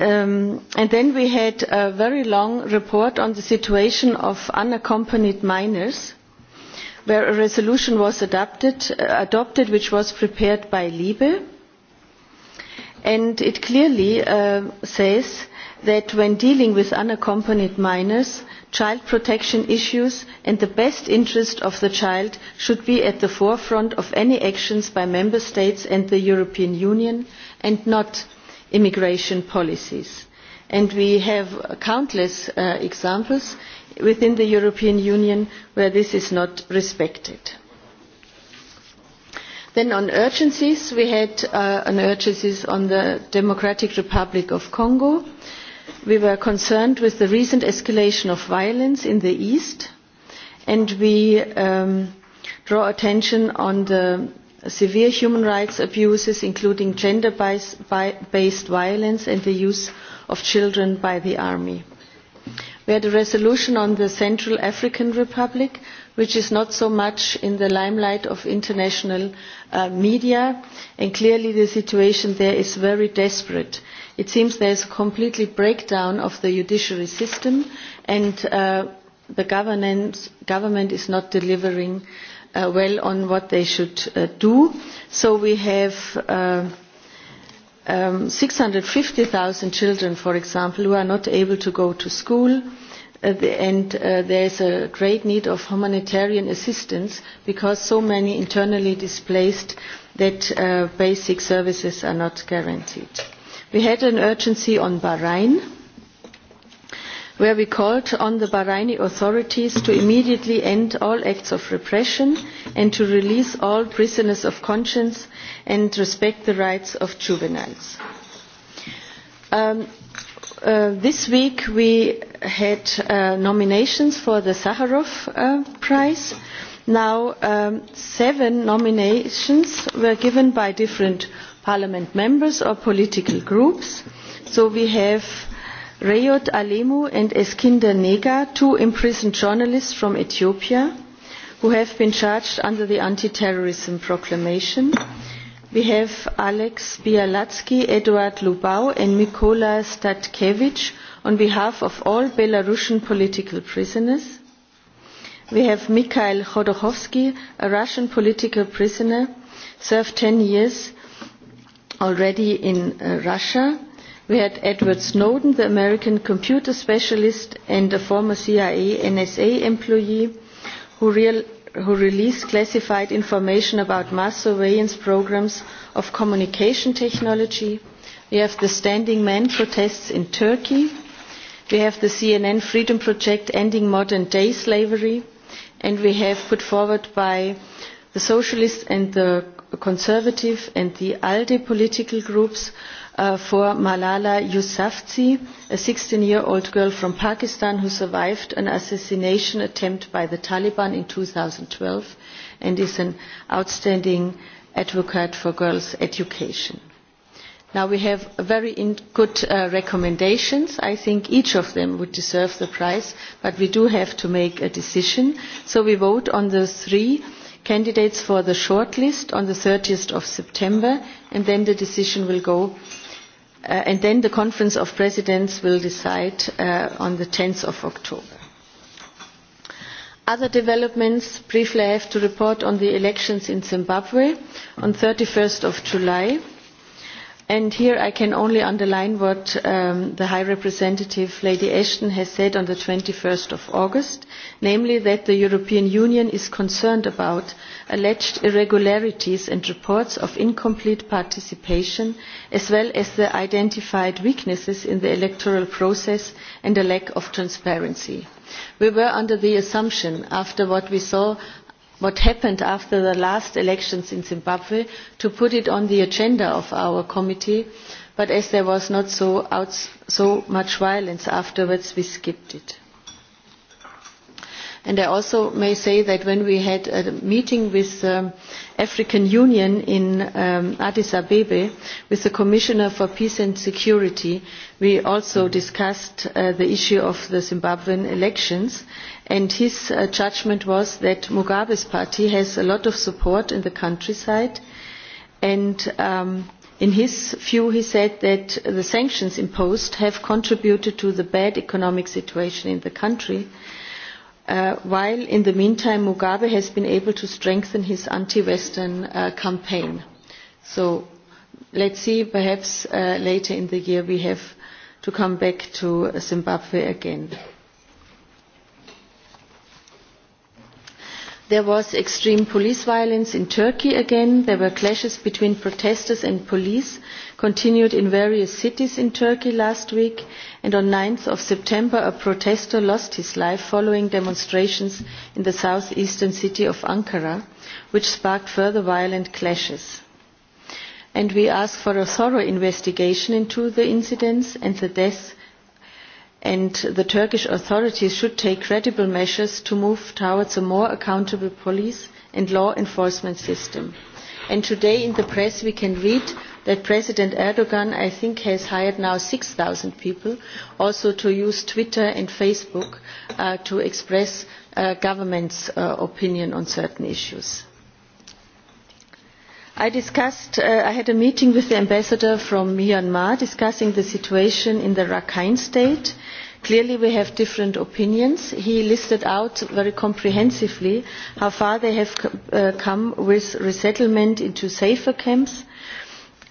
and then we had a very long report on the situation of unaccompanied minors where a resolution was adopted which was prepared by libe and it clearly says that when dealing with unaccompanied minors child protection issues and the best interest of the child should be at the forefront of any actions by member states and the european union and not immigration policies. And we have countless examples within the European Union where this is not respected. Then on urgencies, we had an urgency on the Democratic Republic of Congo. We were concerned with the recent escalation of violence in the east, and we draw attention on the severe human rights abuses including gender based violence and the use of children by the army. we had a resolution on the central african republic which is not so much in the limelight of international media and clearly the situation there is very desperate. it seems there is a complete breakdown of the judiciary system and the government is not delivering well on what they should do. So we have and um, 650,000 children, for example, who are not able to go to school and there is a great need of humanitarian assistance because so many internally displaced that basic services are not guaranteed. We had an urgency on Bahrain where we called on the Bahraini authorities to immediately end all acts of repression and to release all prisoners of conscience and respect the rights of juveniles. this week we had nominations for the Sakharov Prize. Now, seven nominations were given by different parliament members or political groups. So we have Rayot Alemu and Eskinder Nega, two imprisoned journalists from Ethiopia who have been charged under the anti-terrorism proclamation. We have Alex Bialatsky, Eduard Lubau and Mikola Statkevich on behalf of all Belarusian political prisoners. We have Mikhail Khodorkovsky, a Russian political prisoner, served 10 years already in uh, Russia we had edward snowden the american computer specialist and a former cia nsa employee who, real, who released classified information about mass surveillance programmes of communication technology we have the standing man protests in turkey we have the cnn freedom project ending modern day slavery and we have put forward by the socialist and the conservative and the alde political groups for Malala Yousafzai, a 16-year-old girl from Pakistan who survived an assassination attempt by the Taliban in 2012 and is an outstanding advocate for girls' education. Now we have very good recommendations. I think each of them would deserve the prize, but we do have to make a decision. So we vote on the three candidates for the shortlist on the 30th of September, and then the decision will go and then the Conference of Presidents will decide on the 10th of October. Other developments, briefly I have to report on the elections in Zimbabwe on 31st of July. And here I can only underline what the High Representative Lady Ashton has said on the 21st of August, namely that the European Union is concerned about alleged irregularities and reports of incomplete participation as well as the identified weaknesses in the electoral process and a lack of transparency. we were under the assumption after what we saw what happened after the last elections in zimbabwe to put it on the agenda of our committee but as there was not so much violence afterwards we skipped it. And I also may say that when we had a meeting with the African Union in Addis Abebe with the Commissioner for Peace and Security, we also discussed the issue of the Zimbabwean elections. And his judgment was that Mugabe's party has a lot of support in the countryside. And in his view, he said that the sanctions imposed have contributed to the bad economic situation in the country while in the meantime Mugabe has been able to strengthen his anti-Western campaign. So let's see, perhaps later in the year we have to come back to Zimbabwe again. There was extreme police violence in Turkey again. There were clashes between protesters and police continued in various cities in turkey last week and on nine september a protester lost his life following demonstrations in the south eastern city of ankara which sparked further violent clashes and we ask for a thorough investigation into the incidents and the deaths and the Turkish authorities should take credible measures to move towards a more accountable police and law enforcement system. And today in the press we can read that President Erdogan, I think, has hired now 6,000 people also to use Twitter and Facebook uh, to express uh, government's uh, opinion on certain issues. I discussed, uh, I had a meeting with the ambassador from Myanmar discussing the situation in the Rakhine state clearly we have different opinions. he listed out very comprehensively how far they have come with resettlement into safer camps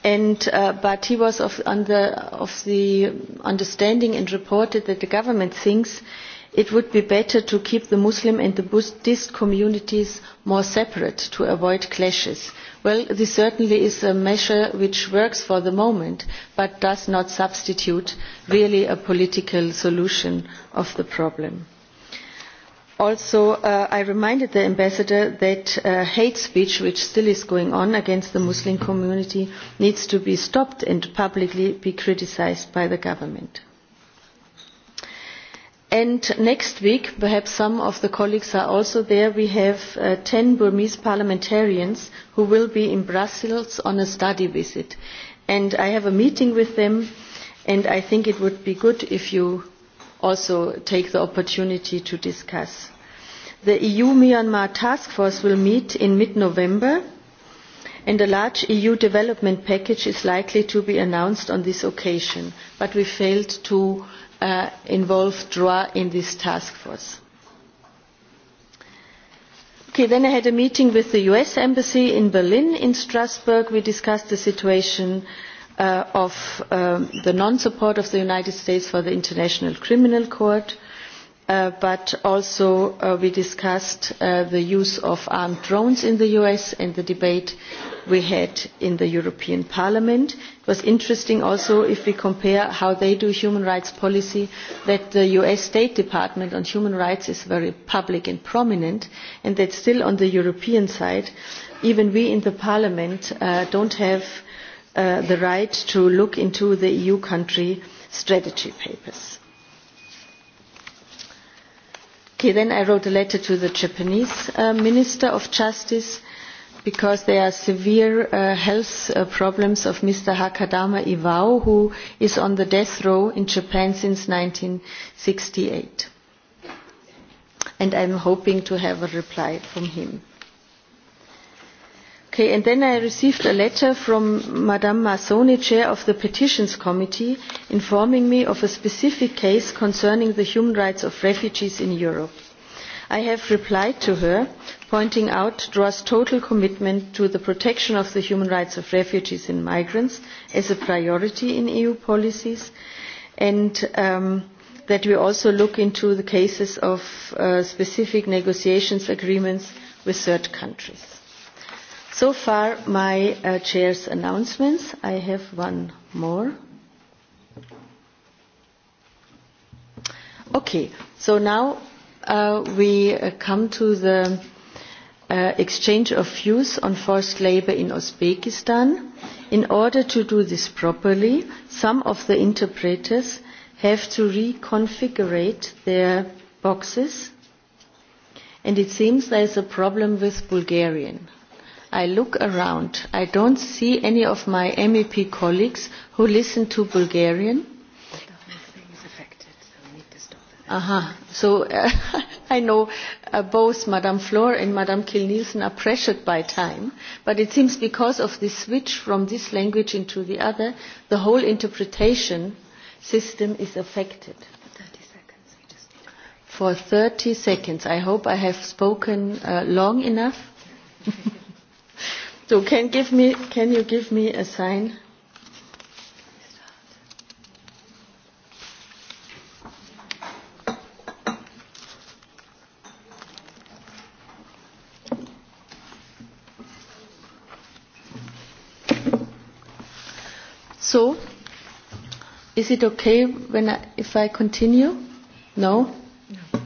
And, uh, but he was of, on the, of the understanding and reported that the government thinks it would be better to keep the Muslim and the Buddhist communities more separate to avoid clashes. Well, this certainly is a measure which works for the moment, but does not substitute really a political solution of the problem also i reminded the ambassador that hate speech which still is going on against the muslim community needs to be stopped and publicly be criticised by the government. next week perhaps some of the colleagues are also there we have ten burmese parliamentarians who will be in brussels on a study visit and i have a meeting with them and i think it would be good if you also take the opportunity to discuss. The EU-Myanmar Task Force will meet in mid-November and a large EU development package is likely to be announced on this occasion, but we failed to involve DROA in this task force. Okay, then I had a meeting with the US Embassy in Berlin, in Strasbourg. We discussed the situation of the non-support of the United States for the International Criminal Court, but also we discussed the use of armed drones in the US and the debate we had in the European Parliament. It was interesting also if we compare how they do human rights policy that the US State Department on human rights is very public and prominent and that still on the European side even we in the Parliament do not have the right to look into the EU country strategy papers. Okay, then I wrote a letter to the Japanese uh, Minister of Justice because there are severe uh, health uh, problems of Mr. Hakadama Iwao, who is on the death row in Japan since 1968. And I'm hoping to have a reply from him. Okay, and then I received a letter from ms Mazzoni, Chair of the Petitions Committee, informing me of a specific case concerning the human rights of refugees in Europe. I have replied to her, pointing out DROA's total commitment to the protection of the human rights of refugees and migrants as a priority in EU policies, and that we also look into the cases of specific negotiations agreements with third countries So far, my uh, chair's announcements. I have one more. Okay, so now uh, we uh, come to the uh, exchange of views on forced labor in Uzbekistan. In order to do this properly, some of the interpreters have to reconfigure their boxes, and it seems there is a problem with Bulgarian. I look around. I don't see any of my MEP colleagues who listen to Bulgarian. Aha. So uh, I know uh, both Madame Flor and Madame Kiel Nielsen are pressured by time, but it seems because of the switch from this language into the other, the whole interpretation system is affected. For 30 seconds. I hope I have spoken uh, long enough. So can give me can you give me a sign? So, is it okay when I, if I continue? No? No.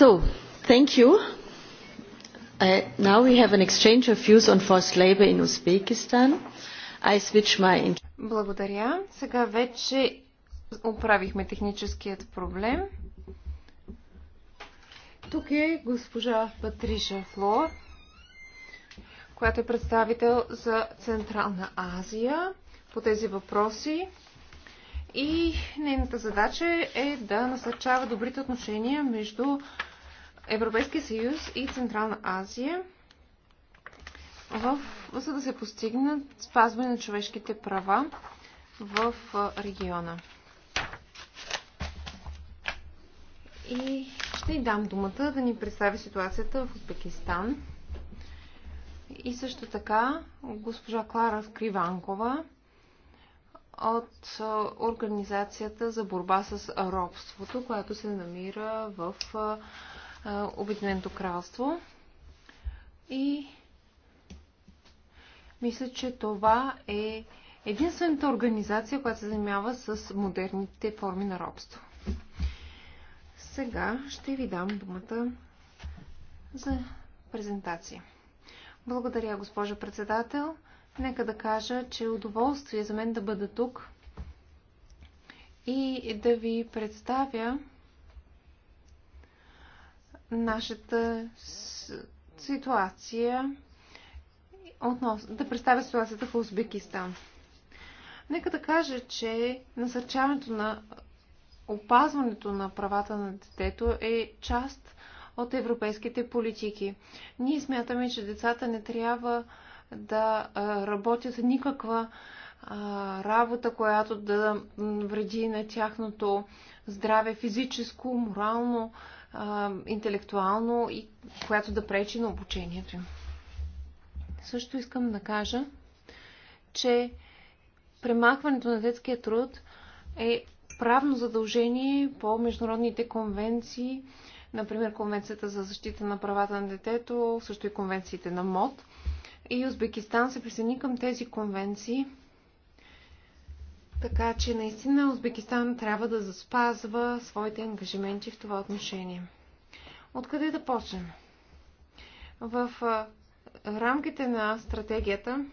So, thank you. Uh, now we have an exchange of views on forced labor in Uzbekistan. I switch my... Благодаря. Сега вече оправихме техническият проблем. Тук е госпожа Патриша Флор, която е представител за Централна Азия по тези въпроси. И нейната задача е да насърчава добрите отношения между Европейския съюз и Централна Азия, в, за да се постигнат спазване на човешките права в региона. И ще ни дам думата да ни представи ситуацията в Узбекистан. И също така госпожа Клара Скриванкова от Организацията за борба с робството, която се намира в Обединеното кралство. И мисля, че това е единствената организация, която се занимава с модерните форми на робство. Сега ще ви дам думата за презентация. Благодаря, госпожо председател. Нека да кажа, че е удоволствие за мен да бъда тук и да ви представя нашата ситуация относно, да представя ситуацията в Узбекистан. Нека да кажа, че насърчаването на опазването на правата на детето е част от европейските политики. Ние смятаме, че децата не трябва да работят никаква работа, която да вреди на тяхното здраве физическо, морално, а, интелектуално и която да пречи на обучението им. Също искам да кажа, че премахването на детския труд е правно задължение по международните конвенции, например Конвенцията за защита на правата на детето, също и конвенциите на МОД. И Узбекистан се присъедини към тези конвенции – така че наистина Узбекистан трябва да заспазва своите ангажименти в това отношение. Откъде да почнем? В рамките на стратегията,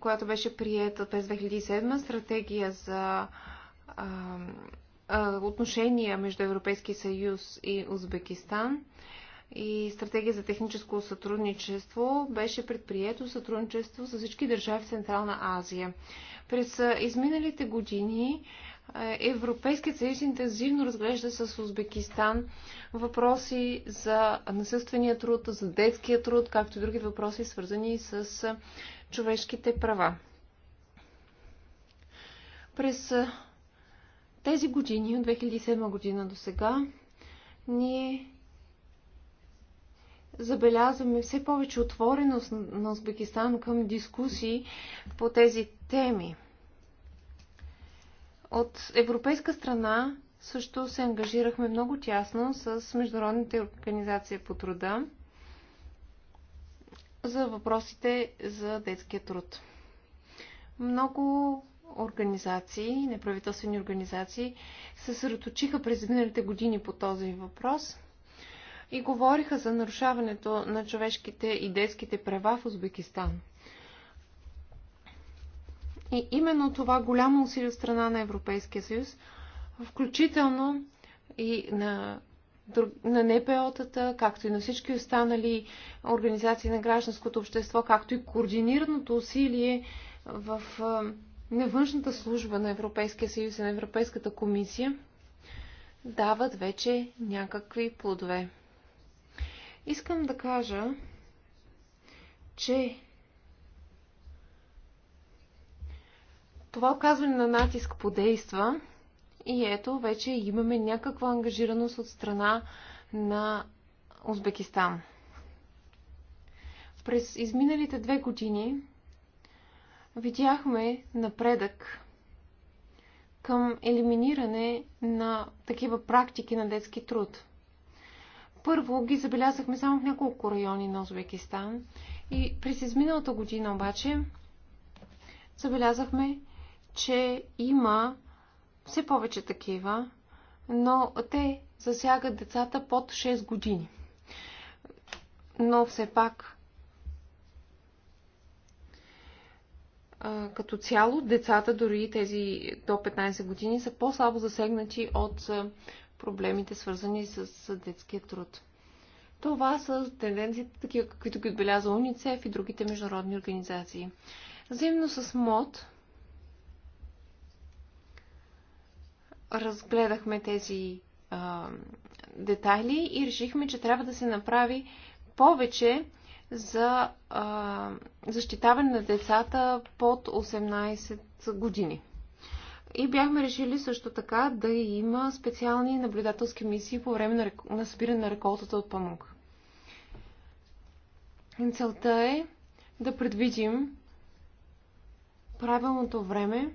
която беше приета през 2007, стратегия за отношения между Европейския съюз и Узбекистан, и стратегия за техническо сътрудничество беше предприето сътрудничество с всички държави в Централна Азия. През изминалите години Европейският съюз интензивно разглежда с Узбекистан въпроси за насъствения труд, за детския труд, както и други въпроси, свързани с човешките права. През тези години, от 2007 година до сега, ние забелязваме все повече отвореност на Узбекистан към дискусии по тези теми. От европейска страна също се ангажирахме много тясно с международните организации по труда за въпросите за детския труд. Много организации, неправителствени организации, се съсредоточиха през миналите години по този въпрос – и говориха за нарушаването на човешките и детските права в Узбекистан. И именно това голямо усилие от страна на Европейския съюз, включително и на, на НПО-тата, както и на всички останали организации на гражданското общество, както и координираното усилие в на външната служба на Европейския съюз и на Европейската комисия дават вече някакви плодове. Искам да кажа, че това оказване на натиск подейства и ето вече имаме някаква ангажираност от страна на Узбекистан. През изминалите две години видяхме напредък към елиминиране на такива практики на детски труд – първо ги забелязахме само в няколко райони на Узбекистан и през изминалата година обаче забелязахме, че има все повече такива, но те засягат децата под 6 години. Но все пак като цяло децата, дори тези до 15 години, са по-слабо засегнати от проблемите, свързани с детския труд. Това са тенденциите, такива каквито ги отбеляза УНИЦЕФ и другите международни организации. Заедно с МОД разгледахме тези а, детайли и решихме, че трябва да се направи повече за а, защитаване на децата под 18 години. И бяхме решили също така да има специални наблюдателски мисии по време на, рек... на събиране на реколтата от памук. Целта е да предвидим правилното време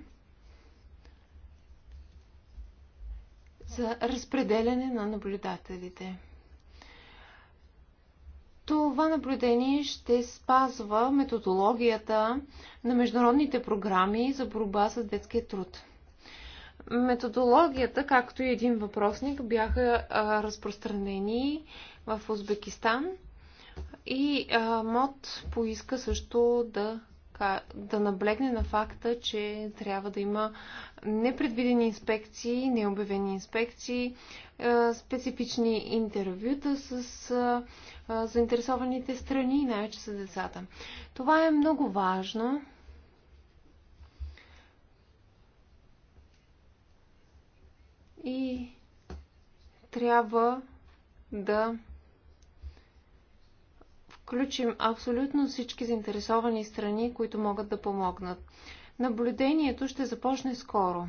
за разпределяне на наблюдателите. Това наблюдение ще спазва методологията на международните програми за борба с детския труд. Методологията, както и един въпросник, бяха а, разпространени в Узбекистан и а, МОД поиска също да, да наблегне на факта, че трябва да има непредвидени инспекции, необявени инспекции, а, специфични интервюта с а, а, заинтересованите страни, най-вече с децата. Това е много важно, и трябва да включим абсолютно всички заинтересовани страни, които могат да помогнат. Наблюдението ще започне скоро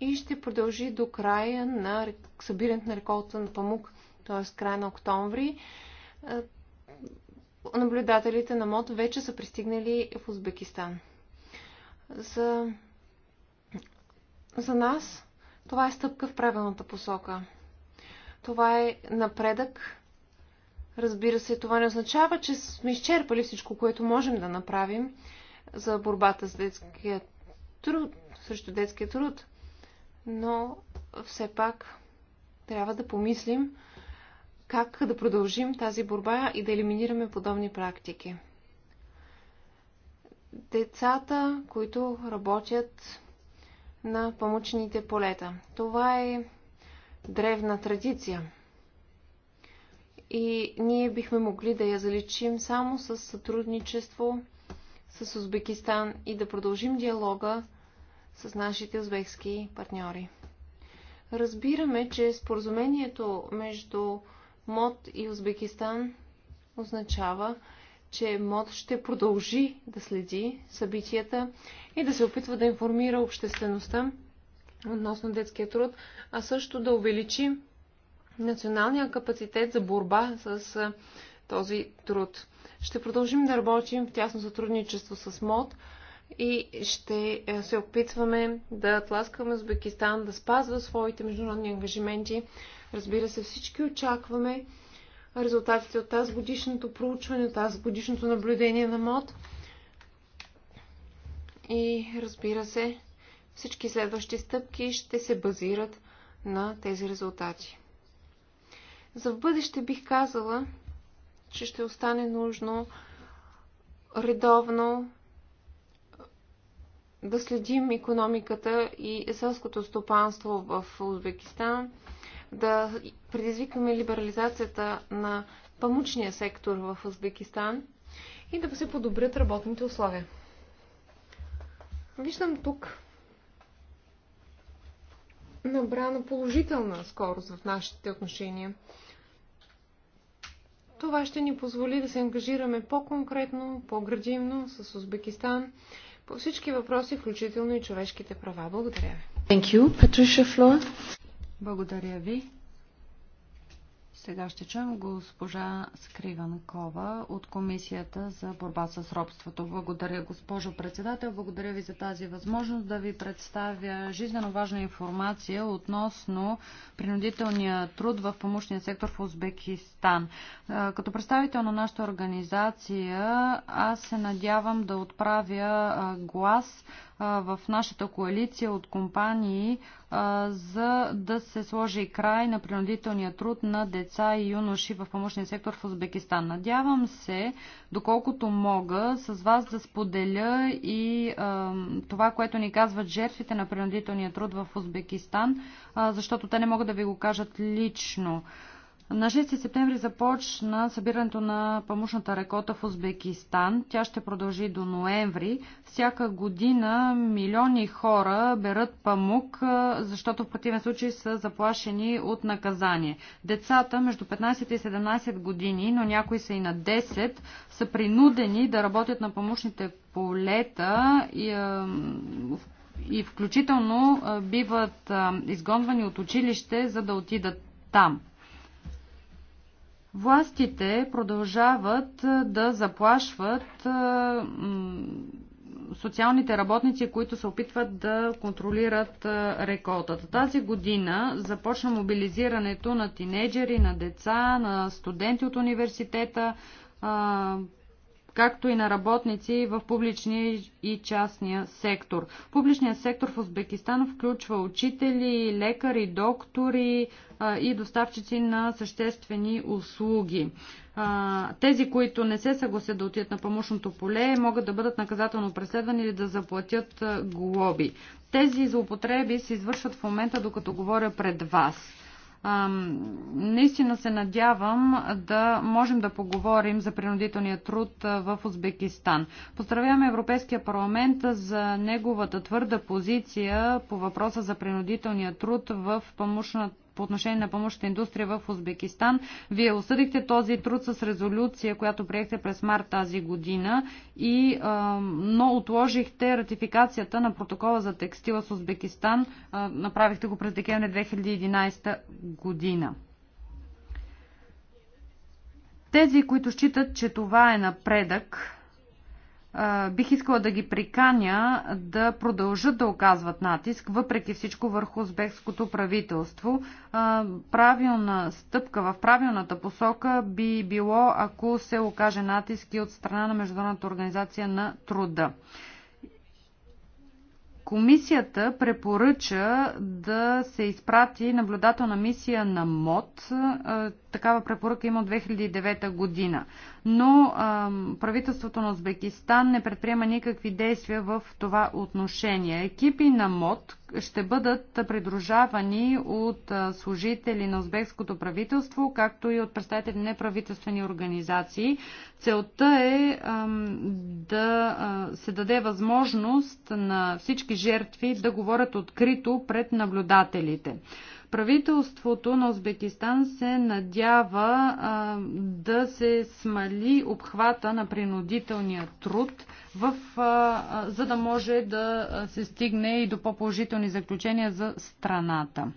и ще продължи до края на събирането на реколта на памук, т.е. края на октомври. Е, наблюдателите на МОД вече са пристигнали в Узбекистан. За, за нас това е стъпка в правилната посока. Това е напредък. Разбира се, това не означава, че сме изчерпали всичко, което можем да направим за борбата с детския труд, срещу детския труд. Но все пак трябва да помислим как да продължим тази борба и да елиминираме подобни практики. Децата, които работят на памучните полета. Това е древна традиция. И ние бихме могли да я заличим само с сътрудничество с Узбекистан и да продължим диалога с нашите узбекски партньори. Разбираме, че споразумението между МОД и Узбекистан означава, че МОД ще продължи да следи събитията и да се опитва да информира обществеността относно детския труд, а също да увеличи националния капацитет за борба с този труд. Ще продължим да работим в тясно сътрудничество с МОД и ще се опитваме да тласкаме Узбекистан да спазва своите международни ангажименти. Разбира се, всички очакваме резултатите от тази годишното проучване, от тази годишното наблюдение на МОД. И разбира се, всички следващи стъпки ще се базират на тези резултати. За в бъдеще бих казала, че ще остане нужно редовно да следим економиката и селското стопанство в Узбекистан – да предизвикаме либерализацията на памучния сектор в Узбекистан и да се подобрят работните условия. Виждам тук набрана положителна скорост в нашите отношения. Това ще ни позволи да се ангажираме по-конкретно, по-градивно с Узбекистан по всички въпроси, включително и човешките права. Благодаря ви. Thank you, Patricia Floor. Благодаря ви. Сега ще чуем госпожа Скриванкова от Комисията за борба с робството. Благодаря, госпожо председател. Благодаря ви за тази възможност да ви представя жизненно важна информация относно принудителния труд в помощния сектор в Узбекистан. Като представител на нашата организация, аз се надявам да отправя глас в нашата коалиция от компании, за да се сложи край на принудителния труд на деца и юноши в помощния сектор в Узбекистан. Надявам се, доколкото мога, с вас да споделя и това, което ни казват жертвите на принудителния труд в Узбекистан, защото те не могат да ви го кажат лично. На 6 септември започна събирането на памушната рекота в Узбекистан. Тя ще продължи до ноември. Всяка година милиони хора берат памук, защото в противен случай са заплашени от наказание. Децата между 15 и 17 години, но някои са и на 10, са принудени да работят на памушните полета и, и включително биват изгонвани от училище, за да отидат там. Властите продължават да заплашват социалните работници, които се опитват да контролират реколтата. Тази година започна мобилизирането на тинейджери, на деца, на студенти от университета както и на работници в публичния и частния сектор. Публичният сектор в Узбекистан включва учители, лекари, доктори и доставчици на съществени услуги. Тези, които не се съгласят да отидат на помощното поле, могат да бъдат наказателно преследвани или да заплатят глоби. Тези злоупотреби се извършват в момента, докато говоря пред вас. Наистина се надявам да можем да поговорим за принудителния труд в Узбекистан. Поздравяваме Европейския парламент за неговата твърда позиция по въпроса за принудителния труд в помощната по отношение на помощната индустрия в Узбекистан. Вие осъдихте този труд с резолюция, която приехте през март тази година, и, но отложихте ратификацията на протокола за текстила с Узбекистан. Направихте го през декември 2011 година. Тези, които считат, че това е напредък, бих искала да ги приканя да продължат да оказват натиск, въпреки всичко върху узбекското правителство. Правилна стъпка в правилната посока би било, ако се окаже натиски от страна на Международната организация на труда. Комисията препоръча да се изпрати наблюдателна мисия на МОД такава препоръка има от 2009 година. Но ам, правителството на Узбекистан не предприема никакви действия в това отношение. Екипи на МОД ще бъдат придружавани от служители на узбекското правителство, както и от представители на неправителствени организации. Целта е ам, да се даде възможност на всички жертви да говорят открито пред наблюдателите. Правителството на Узбекистан се надява а, да се смали обхвата на принудителния труд, в, а, а, за да може да се стигне и до по-положителни заключения за страната.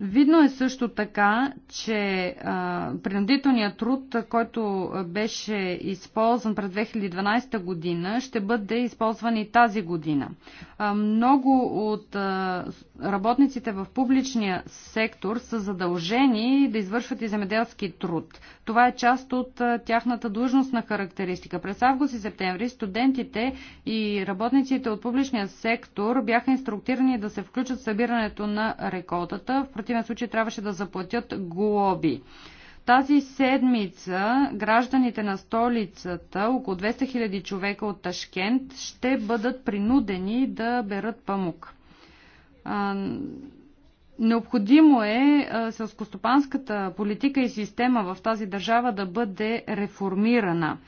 Видно е също така, че а, принудителният труд, който беше използван през 2012 година, ще бъде използван и тази година. А, много от а, работниците в публичния сектор са задължени да извършват и земеделски труд. Това е част от а, тяхната длъжностна характеристика. През август и септември студентите и работниците от публичния сектор бяха инструктирани да се включат в събирането на реколтата. В противен случай трябваше да заплатят глоби. Тази седмица гражданите на столицата, около 200 000 човека от Ташкент, ще бъдат принудени да берат памук. Необходимо е селскостопанската политика и система в тази държава да бъде реформирана.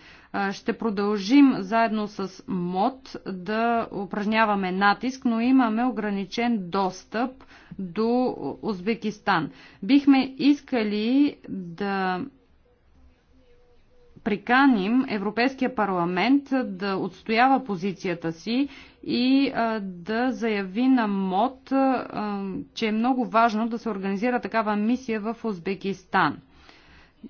Ще продължим заедно с МОД да упражняваме натиск, но имаме ограничен достъп до Узбекистан. Бихме искали да приканим Европейския парламент да отстоява позицията си и да заяви на МОД, че е много важно да се организира такава мисия в Узбекистан.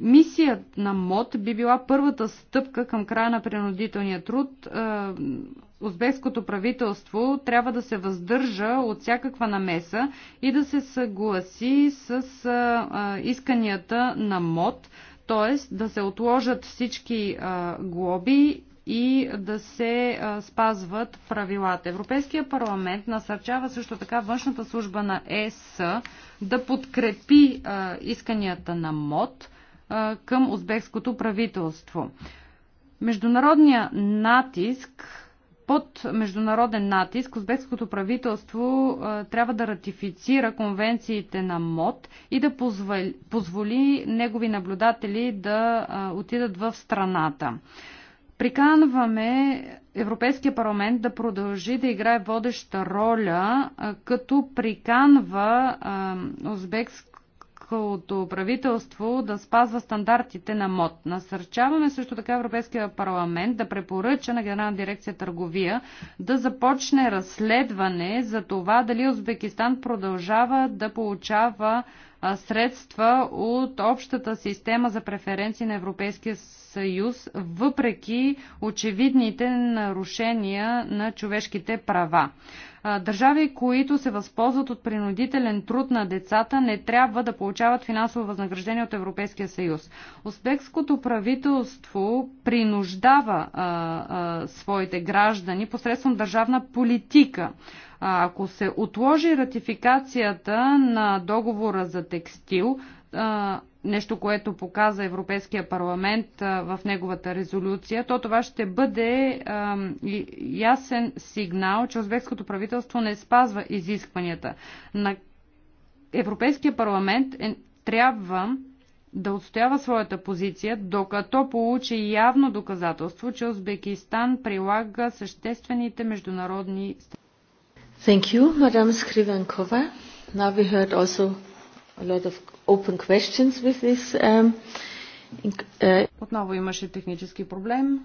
Мисия на МОД би била първата стъпка към края на принудителния труд. Е, узбекското правителство трябва да се въздържа от всякаква намеса и да се съгласи с е, е, исканията на МОД, т.е. да се отложат всички глоби и да се спазват правилата. Европейския парламент насърчава също така външната служба на ЕС да подкрепи исканията на МОД – към узбекското правителство. Международният натиск под международен натиск узбекското правителство а, трябва да ратифицира конвенциите на МОД и да позволи, позволи негови наблюдатели да а, отидат в страната. Приканваме Европейския парламент да продължи да играе водеща роля, а, като приканва узбекски българското правителство да спазва стандартите на МОД. Насърчаваме също така Европейския парламент да препоръча на Генерална дирекция търговия да започне разследване за това дали Узбекистан продължава да получава средства от общата система за преференции на Европейския съюз, въпреки очевидните нарушения на човешките права. Държави, които се възползват от принудителен труд на децата, не трябва да получават финансово възнаграждение от Европейския съюз. Узбекското правителство принуждава а, а, своите граждани посредством държавна политика. А, ако се отложи ратификацията на договора за текстил, нещо, което показа Европейския парламент в неговата резолюция, то това ще бъде ясен сигнал, че узбекското правителство не спазва изискванията. На Европейския парламент е, трябва да отстоява своята позиция, докато получи явно доказателство, че Узбекистан прилага съществените международни Thank you, Madam Skrivenkova. Now we heard also a lot of open questions with this. Um, uh... Отново имаше технически проблем,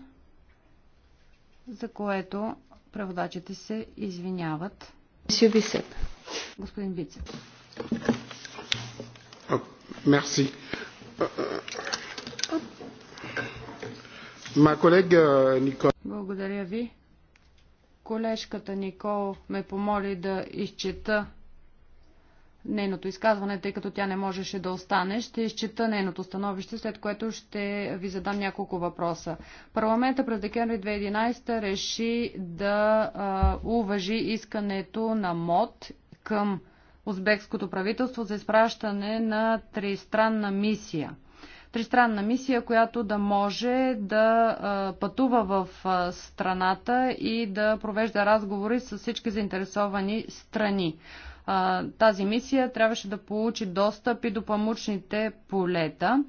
за което преводачите се извиняват. Бисеп. Господин Бицеп. Мерси. Ма колега Никол. Благодаря ви. Колежката Никол ме помоли да изчета нейното изказване, тъй като тя не можеше да остане. Ще изчета нейното становище, след което ще ви задам няколко въпроса. Парламента през декември 2011 реши да а, уважи искането на МОД към узбекското правителство за изпращане на тристранна мисия тристранна мисия, която да може да пътува в страната и да провежда разговори с всички заинтересовани страни а, тази мисия трябваше да получи достъп и до памучните полета.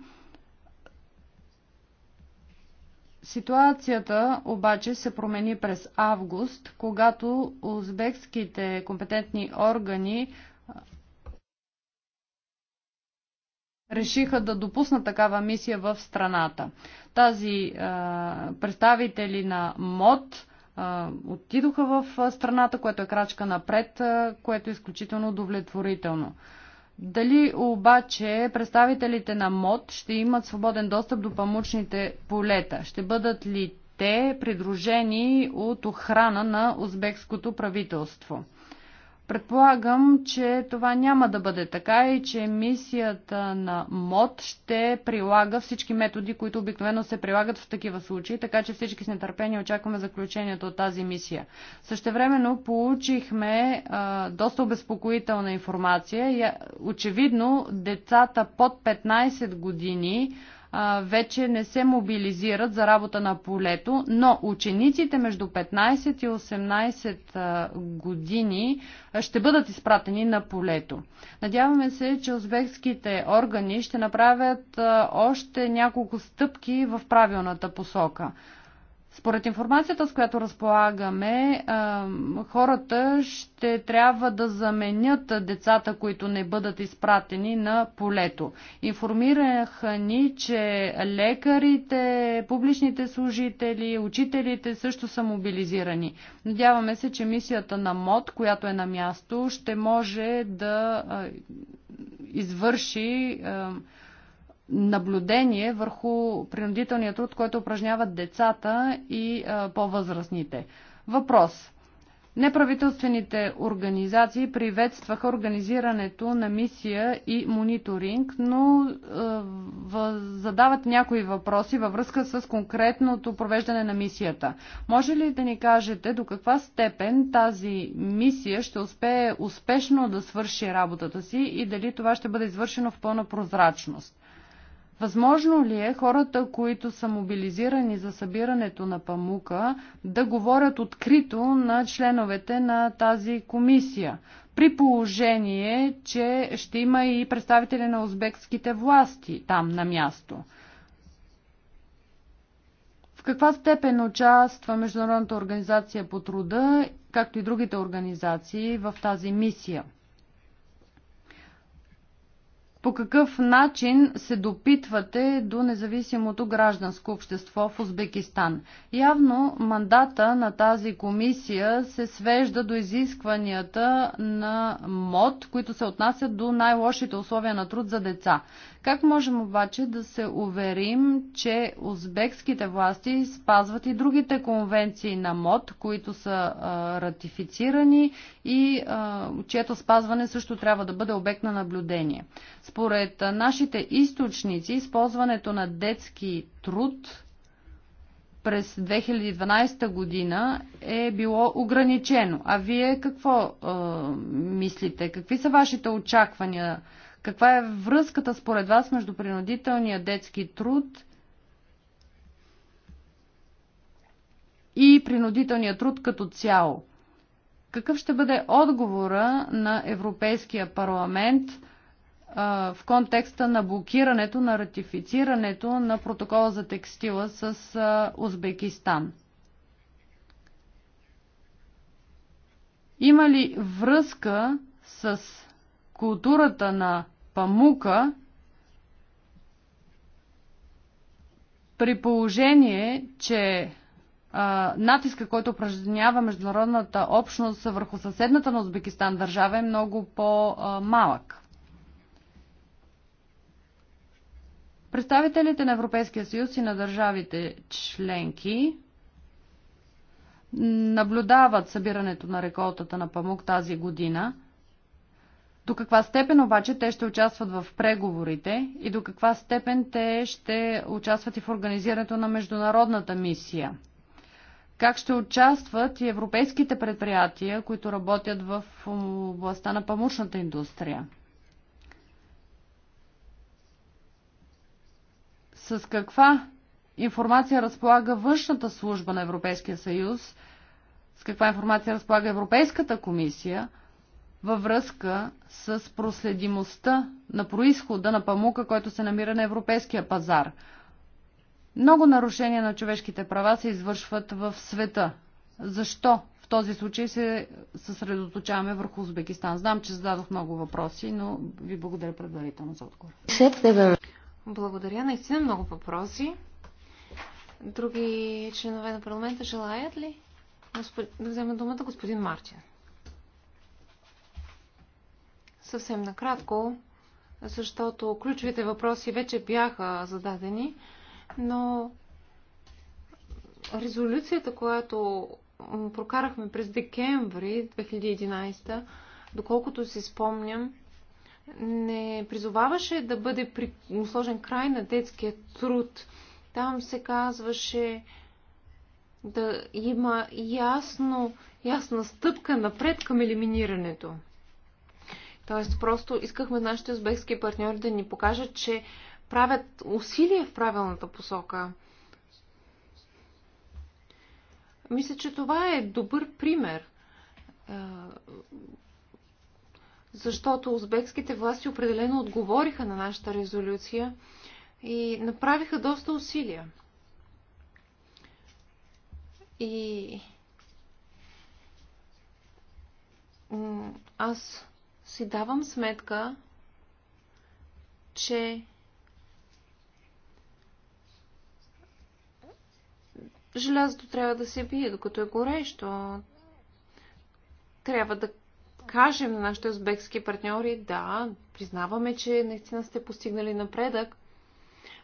Ситуацията обаче се промени през август, когато узбекските компетентни органи решиха да допуснат такава мисия в страната. Тази а, представители на МОД отидоха в страната, което е крачка напред, което е изключително удовлетворително. Дали обаче представителите на МОД ще имат свободен достъп до памучните полета? Ще бъдат ли те придружени от охрана на узбекското правителство? Предполагам, че това няма да бъде така и че мисията на МОД ще прилага всички методи, които обикновено се прилагат в такива случаи, така че всички с нетърпение очакваме заключението от тази мисия. Същевременно получихме а, доста обезпокоителна информация. Очевидно, децата под 15 години вече не се мобилизират за работа на полето, но учениците между 15 и 18 години ще бъдат изпратени на полето. Надяваме се, че узбекските органи ще направят още няколко стъпки в правилната посока. Според информацията, с която разполагаме, хората ще трябва да заменят децата, които не бъдат изпратени на полето. Информираха ни, че лекарите, публичните служители, учителите също са мобилизирани. Надяваме се, че мисията на МОД, която е на място, ще може да извърши наблюдение върху принудителния труд, който упражняват децата и по-възрастните. Въпрос. Неправителствените организации приветстваха организирането на мисия и мониторинг, но е, задават някои въпроси във връзка с конкретното провеждане на мисията. Може ли да ни кажете до каква степен тази мисия ще успее успешно да свърши работата си и дали това ще бъде извършено в пълна прозрачност? Възможно ли е хората, които са мобилизирани за събирането на памука, да говорят открито на членовете на тази комисия? При положение, че ще има и представители на узбекските власти там на място. В каква степен участва Международната организация по труда, както и другите организации в тази мисия? По какъв начин се допитвате до независимото гражданско общество в Узбекистан? Явно мандата на тази комисия се свежда до изискванията на МОД, които се отнасят до най-лошите условия на труд за деца. Как можем обаче да се уверим, че узбекските власти спазват и другите конвенции на МОД, които са а, ратифицирани и а, чието спазване също трябва да бъде обект на наблюдение? Според а, нашите източници, използването на детски труд през 2012 година е било ограничено. А вие какво а, мислите? Какви са вашите очаквания? Каква е връзката според вас между принудителния детски труд и принудителния труд като цяло? Какъв ще бъде отговора на Европейския парламент в контекста на блокирането на ратифицирането на протокола за текстила с Узбекистан? Има ли връзка с културата на памука, при положение, че а, натиска, който упражнява международната общност върху съседната на Узбекистан държава е много по-малък. Представителите на Европейския съюз и на държавите членки наблюдават събирането на реколтата на памук тази година – до каква степен обаче те ще участват в преговорите и до каква степен те ще участват и в организирането на международната мисия? Как ще участват и европейските предприятия, които работят в областта на памучната индустрия? С каква информация разполага външната служба на Европейския съюз? С каква информация разполага Европейската комисия? във връзка с проследимостта на происхода на памука, който се намира на европейския пазар. Много нарушения на човешките права се извършват в света. Защо в този случай се съсредоточаваме върху Узбекистан? Знам, че зададох много въпроси, но ви благодаря предварително за отговор. Благодаря. Наистина много въпроси. Други членове на парламента желаят ли да взема думата господин Мартин? съвсем накратко, защото ключовите въпроси вече бяха зададени, но резолюцията, която прокарахме през декември 2011, доколкото си спомням, не призоваваше да бъде при... сложен край на детския труд. Там се казваше да има ясно, ясна стъпка напред към елиминирането. Тоест, просто искахме нашите узбекски партньори да ни покажат, че правят усилия в правилната посока. Мисля, че това е добър пример. Е, защото узбекските власти определено отговориха на нашата резолюция и направиха доста усилия. И аз си давам сметка, че желязото трябва да се бие, докато е горещо. Трябва да кажем на нашите узбекски партньори, да, признаваме, че наистина сте постигнали напредък,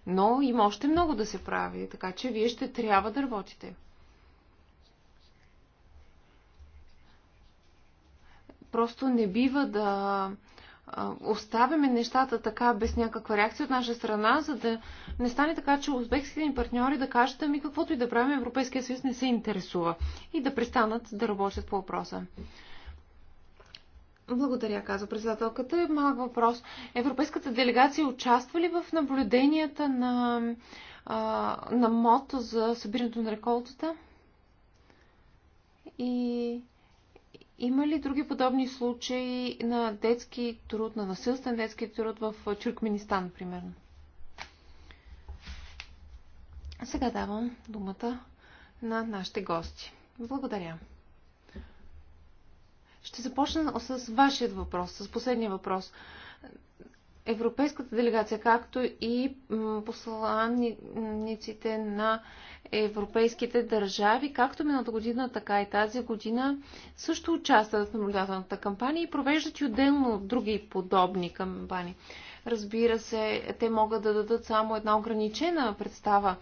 но има още много да се прави, така че вие ще трябва да работите. Просто не бива да оставяме нещата така без някаква реакция от наша страна, за да не стане така, че узбекските ни партньори да кажат, ами каквото и да правим, Европейския съюз не се интересува и да престанат да работят по въпроса. Благодаря, каза председателката. Малък въпрос. Европейската делегация участва ли в наблюденията на, а, на МОД за събирането на реколтата? И има ли други подобни случаи на детски труд, на насилствен детски труд в Чуркменистан, примерно? Сега давам думата на нашите гости. Благодаря. Ще започна с вашият въпрос, с последния въпрос европейската делегация, както и посланниците на европейските държави, както миналата година, така и тази година, също участват в наблюдателната кампания и провеждат и отделно други подобни кампании. Разбира се, те могат да дадат само една ограничена представа,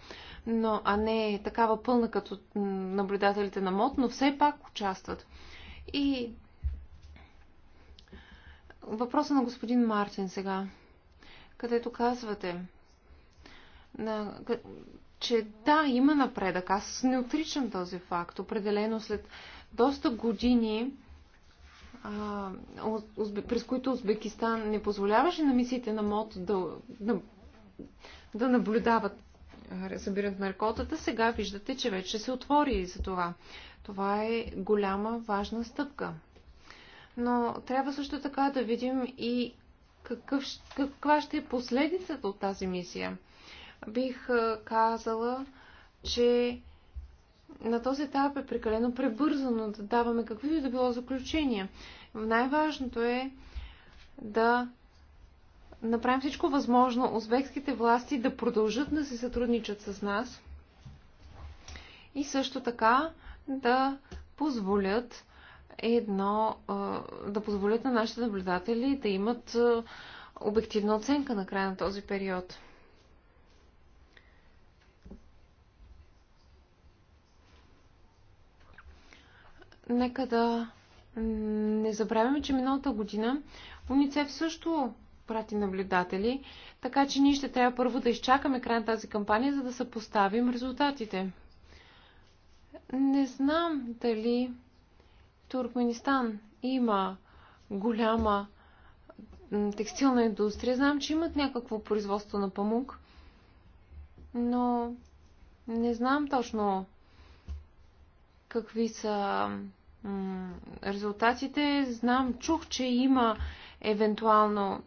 но, а не такава пълна като наблюдателите на МОД, но все пак участват. И Въпроса на господин Мартин сега, където казвате, на, че да, има напредък. Аз не отричам този факт. Определено след доста години, а, узбе, през които Узбекистан не позволяваше на мисиите на МОД да, да, да наблюдават събирането на ръкотата, сега виждате, че вече се отвори за това. Това е голяма важна стъпка но трябва също така да видим и какъв, каква ще е последицата от тази мисия. Бих казала, че на този етап е прекалено пребързано да даваме каквито и да било заключения. Най-важното е да направим всичко възможно узбекските власти да продължат да се сътрудничат с нас и също така да позволят едно, да позволят на нашите наблюдатели да имат обективна оценка на края на този период. Нека да не забравяме, че миналата година уницев също прати наблюдатели, така че ние ще трябва първо да изчакаме край на тази кампания, за да съпоставим резултатите. Не знам дали Туркменистан има голяма текстилна индустрия. Знам, че имат някакво производство на памук, но не знам точно какви са резултатите. Знам, чух, че има евентуално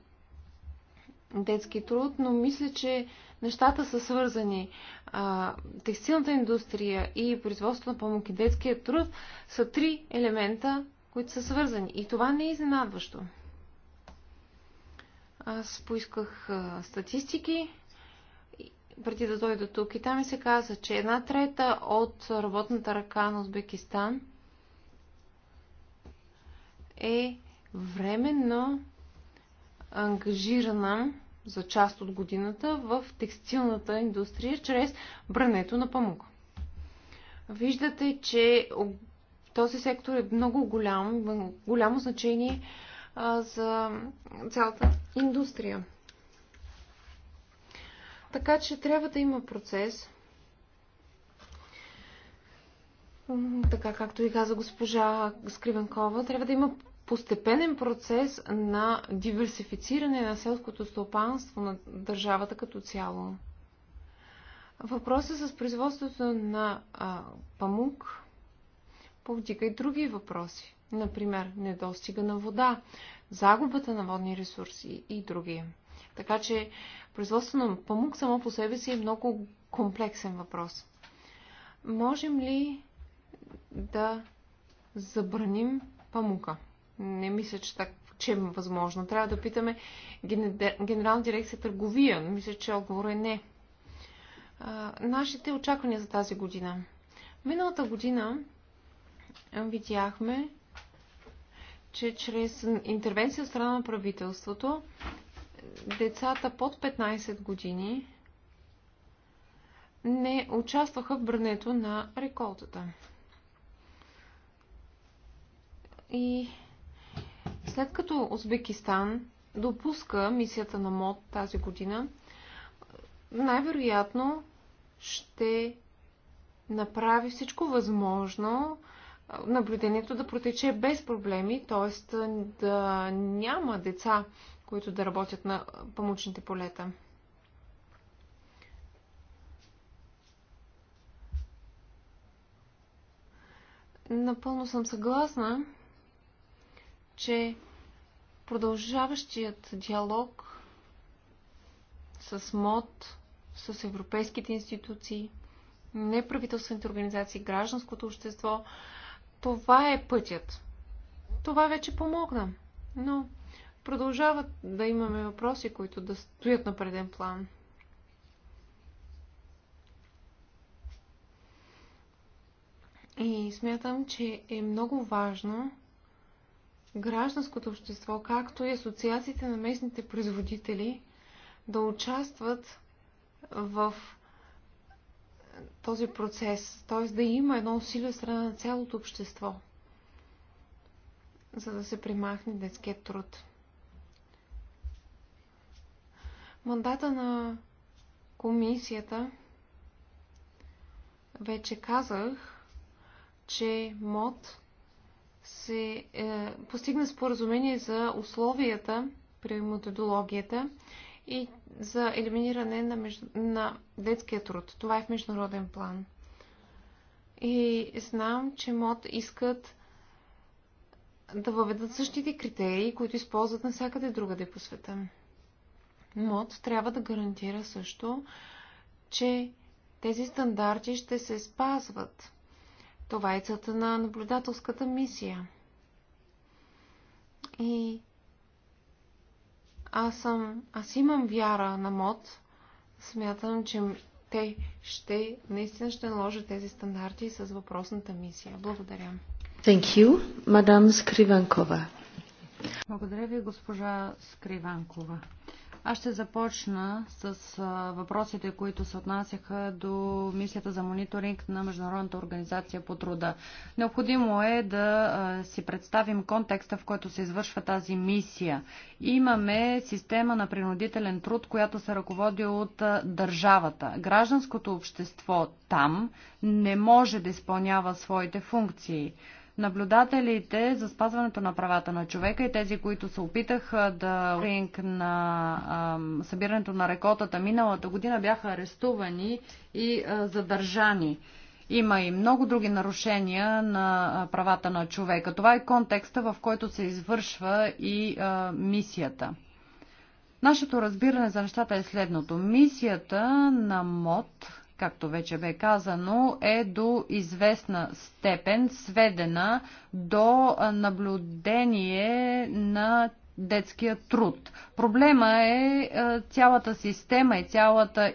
детски труд, но мисля, че нещата са свързани. А, текстилната индустрия и производството на памук детския труд са три елемента, които са свързани. И това не е изненадващо. Аз поисках а, статистики преди да дойда тук и там ми се каза, че една трета от работната ръка на Узбекистан е временно ангажирана за част от годината в текстилната индустрия чрез брането на памук. Виждате, че този сектор е много голям, голямо значение а, за цялата индустрия. Така че трябва да има процес. Така както и каза госпожа Скривенкова, трябва да има постепенен процес на диверсифициране на селското стопанство на държавата като цяло. Въпросът с производството на а, памук повдига и други въпроси. Например, недостига на вода, загубата на водни ресурси и други. Така че производството на памук само по себе си е много комплексен въпрос. Можем ли да забраним памука? Не мисля, че так, че е възможно. Трябва да питаме Генерална дирекция търговия. Мисля, че отговор е не. А, нашите очаквания за тази година. Миналата година видяхме, че чрез интервенция от страна на правителството децата под 15 години не участваха в брането на реколтата. И след като Узбекистан допуска мисията на МОД тази година, най-вероятно ще направи всичко възможно наблюдението да протече без проблеми, т.е. да няма деца, които да работят на памучните полета. Напълно съм съгласна че продължаващият диалог с МОД, с европейските институции, неправителствените организации, гражданското общество, това е пътят. Това вече помогна. Но продължават да имаме въпроси, които да стоят на преден план. И смятам, че е много важно гражданското общество, както и асоциациите на местните производители да участват в този процес, т.е. да има едно усилие страна на цялото общество, за да се примахне детският труд. Мандата на комисията вече казах, че МОД се е, постигна споразумение за условията при методологията и за елиминиране на, между... на детския труд. Това е в международен план. И знам, че МОД искат да въведат същите критерии, които използват навсякъде другаде по света. МОД трябва да гарантира също, че тези стандарти ще се спазват това е целта на наблюдателската мисия. И аз, съм, аз имам вяра на МОД. Смятам, че те ще, наистина ще наложат тези стандарти с въпросната мисия. Благодаря. Thank you, мадам Скриванкова. Благодаря ви, госпожа Скриванкова. Аз ще започна с въпросите, които се отнасяха до мисията за мониторинг на Международната организация по труда. Необходимо е да си представим контекста, в който се извършва тази мисия. Имаме система на принудителен труд, която се ръководи от държавата. Гражданското общество там не може да изпълнява своите функции. Наблюдателите за спазването на правата на човека и тези, които се опитаха да ринг на събирането на рекотата миналата година, бяха арестувани и а, задържани. Има и много други нарушения на правата на човека. Това е контекста, в който се извършва и а, мисията. Нашето разбиране за нещата е следното. Мисията на МОД както вече бе казано, е до известна степен сведена до наблюдение на детския труд. Проблема е, е цялата система и цялата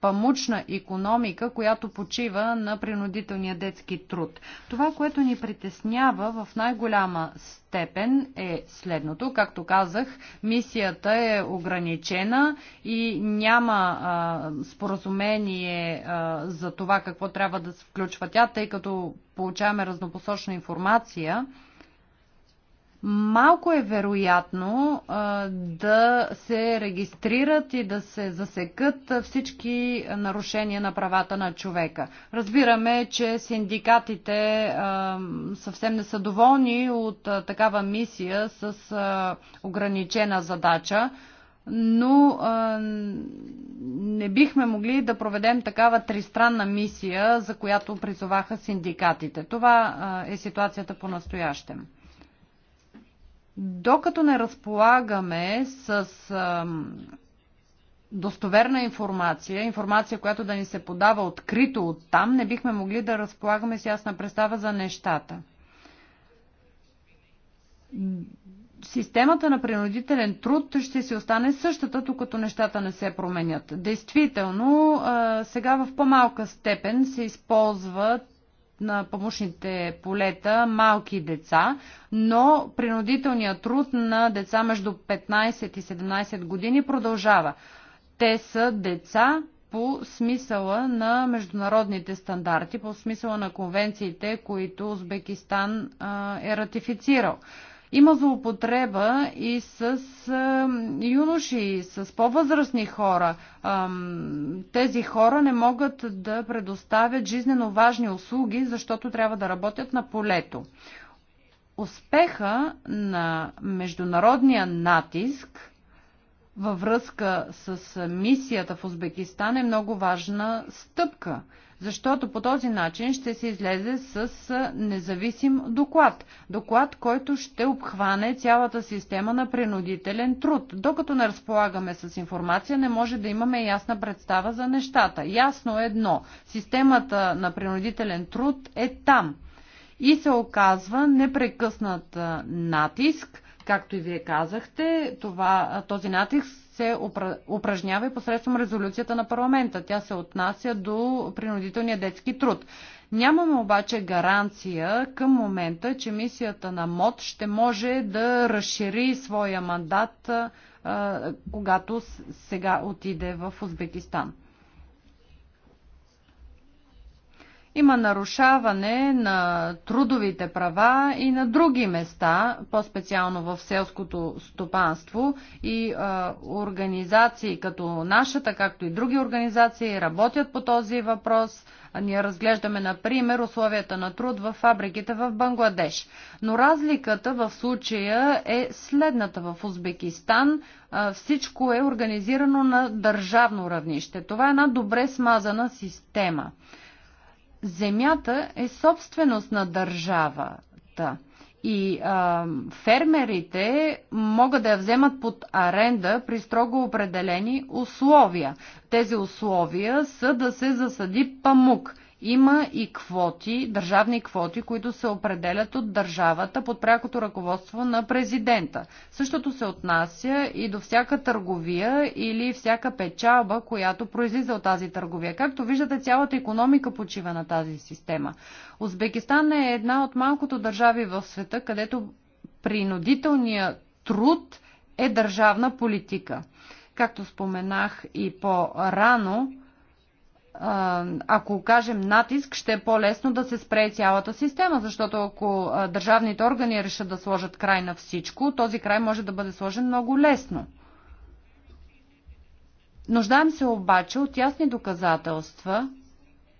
памучна економика, която почива на принудителния детски труд. Това, което ни притеснява в най-голяма степен е следното. Както казах, мисията е ограничена и няма а, споразумение а, за това какво трябва да се включва тя, тъй като получаваме разнопосочна информация малко е вероятно а, да се регистрират и да се засекат всички нарушения на правата на човека. Разбираме, че синдикатите а, съвсем не са доволни от а, такава мисия с а, ограничена задача, но а, не бихме могли да проведем такава тристранна мисия, за която призоваха синдикатите. Това а, е ситуацията по настоящем. Докато не разполагаме с достоверна информация, информация, която да ни се подава открито от там, не бихме могли да разполагаме с ясна представа за нещата. Системата на принудителен труд ще си остане същата, докато нещата не се променят. Действително, сега в по-малка степен се използват на помощните полета малки деца, но принудителният труд на деца между 15 и 17 години продължава. Те са деца по смисъла на международните стандарти, по смисъла на конвенциите, които Узбекистан е ратифицирал. Има злоупотреба и с юноши, с по-възрастни хора. Тези хора не могат да предоставят жизнено важни услуги, защото трябва да работят на полето. Успеха на международния натиск във връзка с мисията в Узбекистан е много важна стъпка – защото по този начин ще се излезе с независим доклад. Доклад, който ще обхване цялата система на принудителен труд. Докато не разполагаме с информация, не може да имаме ясна представа за нещата. Ясно е едно. Системата на принудителен труд е там. И се оказва непрекъснат натиск, както и вие казахте, това, този натиск се упражнява и посредством резолюцията на парламента. Тя се отнася до принудителния детски труд. Нямаме обаче гаранция към момента, че мисията на МОД ще може да разшири своя мандат, когато сега отиде в Узбекистан. Има нарушаване на трудовите права и на други места, по-специално в селското стопанство и а, организации като нашата, както и други организации работят по този въпрос. Ние разглеждаме, например, условията на труд в фабриките в Бангладеш. Но разликата в случая е следната. В Узбекистан всичко е организирано на държавно равнище. Това е една добре смазана система земята е собственост на държавата. И а, фермерите могат да я вземат под аренда при строго определени условия. Тези условия са да се засади памук – има и квоти, държавни квоти, които се определят от държавата под прякото ръководство на президента. Същото се отнася и до всяка търговия или всяка печалба, която произлиза от тази търговия. Както виждате, цялата економика почива на тази система. Узбекистан е една от малкото държави в света, където принудителният труд е държавна политика. Както споменах и по-рано, ако кажем натиск, ще е по-лесно да се спре цялата система, защото ако държавните органи решат да сложат край на всичко, този край може да бъде сложен много лесно. Нуждаем се обаче от ясни доказателства,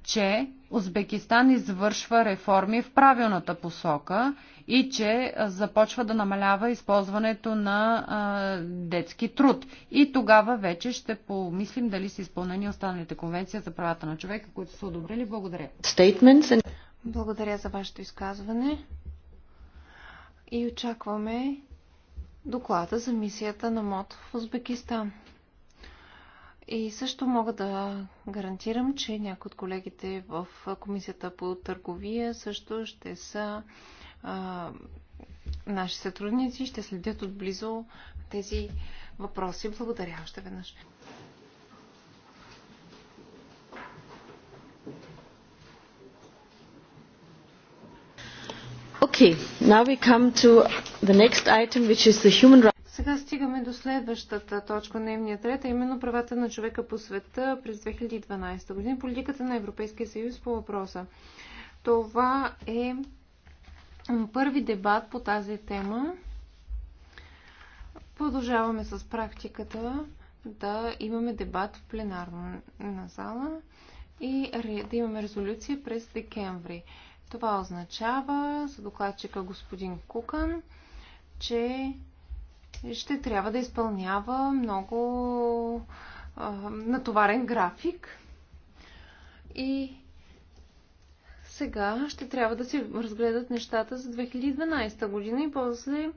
че Узбекистан извършва реформи в правилната посока и че започва да намалява използването на а, детски труд. И тогава вече ще помислим дали са изпълнени останалите конвенции за правата на човека, които са одобрили. Благодаря. And... Благодаря за вашето изказване и очакваме доклада за мисията на МОД в Узбекистан. И също мога да гарантирам, че някои от колегите в Комисията по търговия също ще са а, наши сътрудници, ще следят отблизо тези въпроси. Благодаря още веднъж. Okay, now we come to the next item, which is the human rights. Сега стигаме до следващата точка на дневния ред, а именно правата на човека по света през 2012 година, политиката на Европейския съюз по въпроса. Това е първи дебат по тази тема. Продължаваме с практиката да имаме дебат в пленарна зала и да имаме резолюция през декември. Това означава за докладчика господин Кукан, че ще трябва да изпълнява много а, натоварен график. И сега ще трябва да се разгледат нещата за 2012 година и после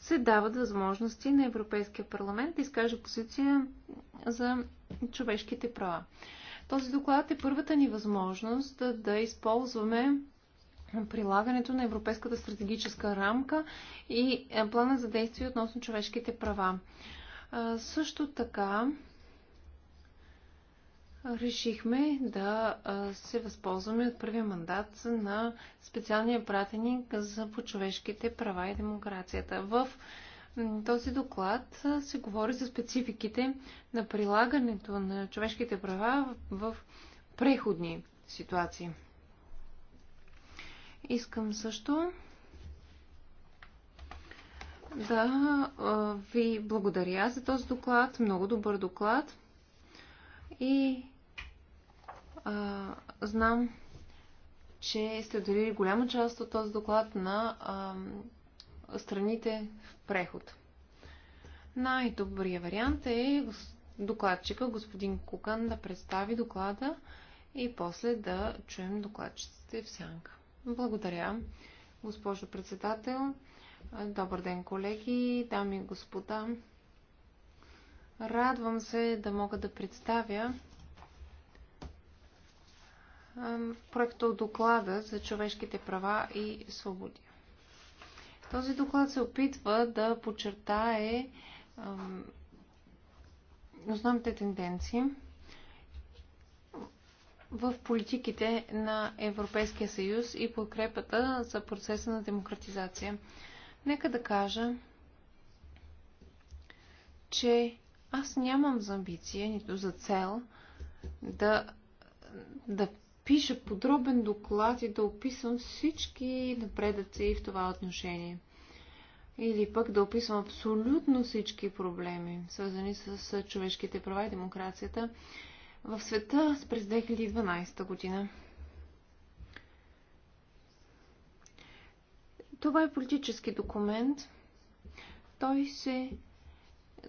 се дават възможности на Европейския парламент да изкаже позиция за човешките права. Този доклад е първата ни възможност да, да използваме прилагането на Европейската стратегическа рамка и е, плана за действие относно човешките права. Също така решихме да се възползваме от първия мандат на специалния пратеник за по човешките права и демокрацията. В този доклад се говори за спецификите на прилагането на човешките права в преходни ситуации. Искам също да ви благодаря за този доклад. Много добър доклад. И а, знам, че сте дарили голяма част от този доклад на а, страните в преход. Най-добрият вариант е докладчика, господин Кукан, да представи доклада и после да чуем докладчиците в сянка. Благодаря, госпожо председател. Добър ден, колеги, дами и господа. Радвам се да мога да представя проекта от доклада за човешките права и свободи. Този доклад се опитва да подчертае основните тенденции в политиките на Европейския съюз и подкрепата за процеса на демократизация. Нека да кажа, че аз нямам за амбиция, нито за цел да, да пиша подробен доклад и да описвам всички напредъци в това отношение. Или пък да описвам абсолютно всички проблеми, свързани с човешките права и демокрацията в света през 2012 година. Това е политически документ. Той, се,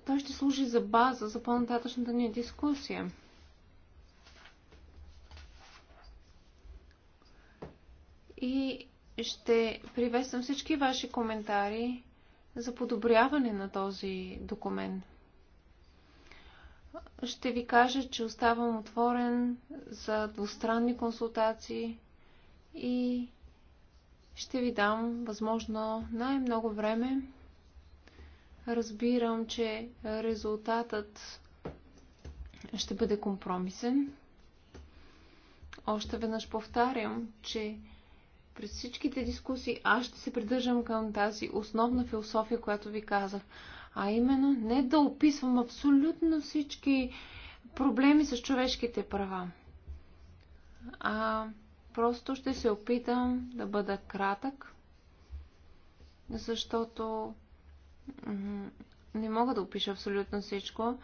той ще служи за база за по-нататъчната ни дискусия. И ще приветствам всички ваши коментари за подобряване на този документ ще ви кажа, че оставам отворен за двустранни консултации и ще ви дам възможно най-много време. Разбирам, че резултатът ще бъде компромисен. Още веднъж повтарям, че през всичките дискусии аз ще се придържам към тази основна философия, която ви казах а именно не да описвам абсолютно всички проблеми с човешките права, а просто ще се опитам да бъда кратък, защото не мога да опиша абсолютно всичко.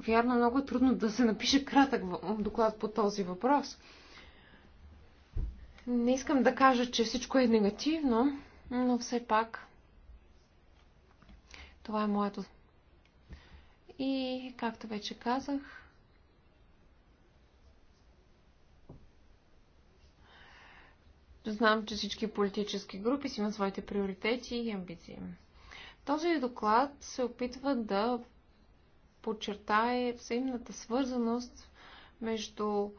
Вярно, много е трудно да се напише кратък доклад по този въпрос. Не искам да кажа, че всичко е негативно, но все пак това е моето. И, както вече казах, знам, че всички политически групи си имат своите приоритети и амбиции. Този доклад се опитва да подчертае взаимната свързаност между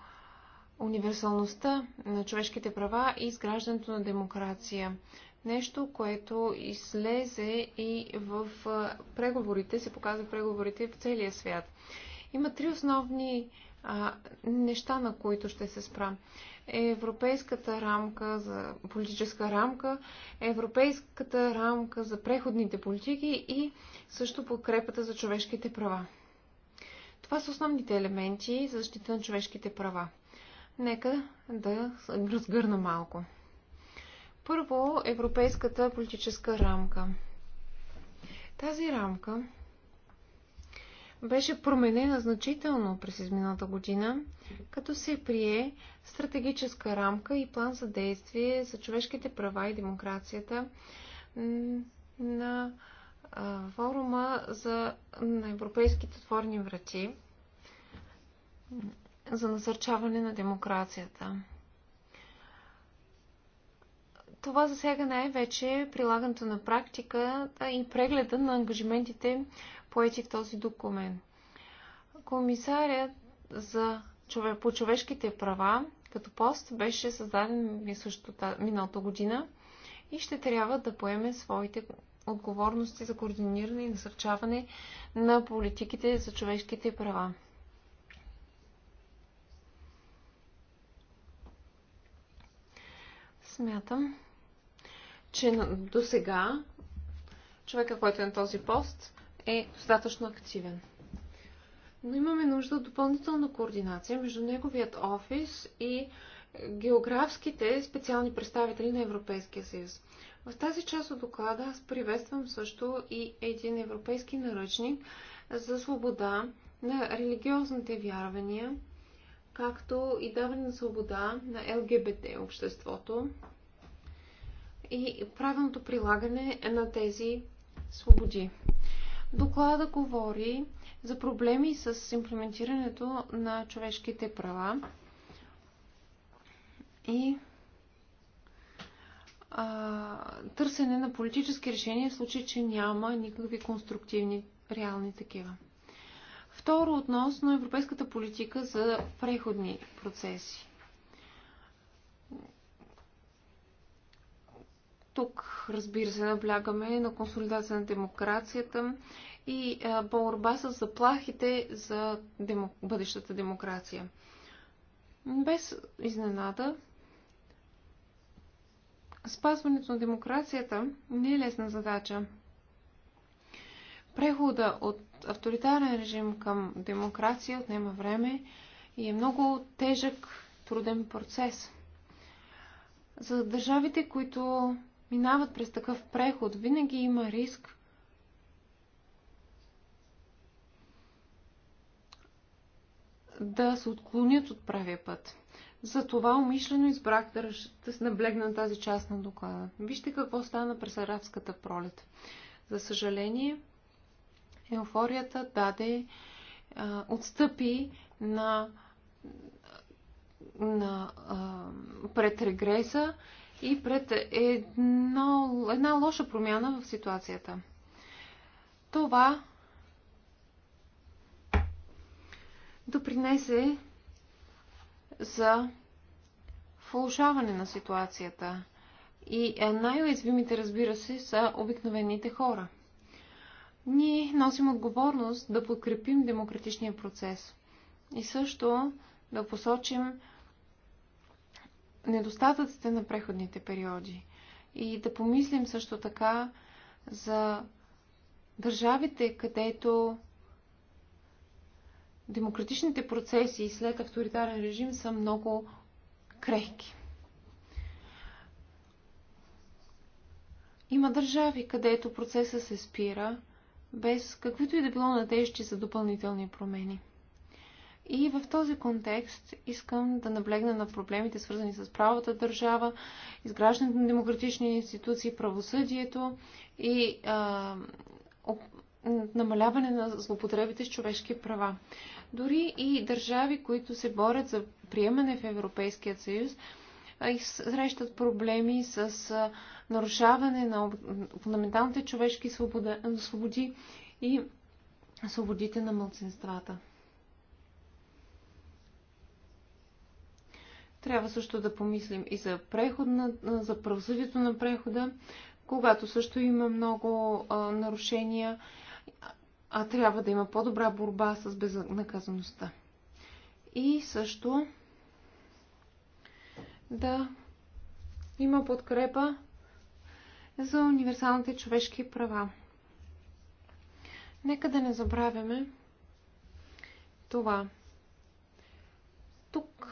универсалността на човешките права и изграждането на демокрация. Нещо, което излезе и в преговорите, се показва в преговорите в целия свят. Има три основни а, неща, на които ще се спра. Европейската рамка за политическа рамка, европейската рамка за преходните политики и също подкрепата за човешките права. Това са основните елементи за защита на човешките права. Нека да разгърна малко. Първо, европейската политическа рамка. Тази рамка беше променена значително през изминалата година, като се прие стратегическа рамка и план за действие за човешките права и демокрацията на форума за, на европейските отворни врати за насърчаване на демокрацията това засяга най-вече прилагането на практика и прегледа на ангажиментите поети в този документ. Комисарят за човек, по човешките права като пост беше създаден също миналата година и ще трябва да поеме своите отговорности за координиране и насърчаване на политиките за човешките права. Смятам, че до сега човека, който е на този пост, е достатъчно активен. Но имаме нужда от допълнителна координация между неговият офис и географските специални представители на Европейския съюз. В тази част от доклада аз приветствам също и един европейски наръчник за свобода на религиозните вярвания, както и даване на свобода на ЛГБТ обществото, и правилното прилагане на тези свободи. Доклада говори за проблеми с имплементирането на човешките права и а, търсене на политически решения в случай, че няма никакви конструктивни реални такива. Второ, относно европейската политика за преходни процеси. Тук, разбира се, наблягаме на консолидация на демокрацията и борба с заплахите за демо... бъдещата демокрация. Без изненада, спазването на демокрацията не е лесна задача. Прехода от авторитарен режим към демокрация отнема време и е много тежък, труден процес. За държавите, които минават през такъв преход, винаги има риск да се отклонят от правия път. Затова умишлено избрах да, да се наблегна на тази част на доклада. Вижте какво стана през арабската пролет. За съжаление, еуфорията даде, а, отстъпи на, на, а, пред регреса и пред едно, една лоша промяна в ситуацията. Това допринесе за влушаване на ситуацията. И най-уязвимите, разбира се, са обикновените хора. Ние носим отговорност да подкрепим демократичния процес и също да посочим недостатъците на преходните периоди и да помислим също така за държавите, където демократичните процеси след авторитарен режим са много крехки. Има държави, където процеса се спира без каквито и да било надежди за допълнителни промени. И в този контекст искам да наблегна на проблемите, свързани с правата държава, изграждането на демократични институции, правосъдието и а, намаляване на злопотребите с човешки права. Дори и държави, които се борят за приемане в Европейския съюз, срещат проблеми с нарушаване на фундаменталните човешки свободи и свободите на мълцинствата. Трябва също да помислим и за, преходна, за правосъдието на прехода, когато също има много а, нарушения, а трябва да има по-добра борба с безнаказаността. И също да има подкрепа за универсалните човешки права. Нека да не забравяме това. Тук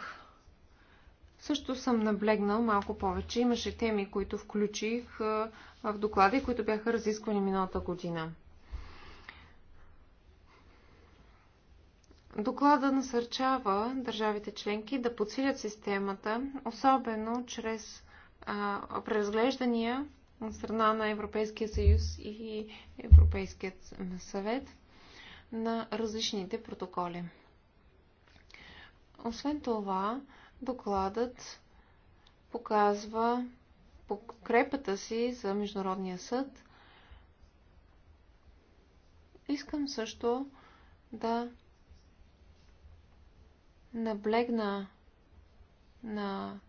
също съм наблегнал малко повече. Имаше теми, които включих в доклади, които бяха разисквани миналата година. Доклада насърчава държавите членки да подсилят системата, особено чрез а, преразглеждания от страна на Европейския съюз и Европейският съвет на различните протоколи. Освен това, докладът показва подкрепата си за Международния съд. Искам също да наблегна на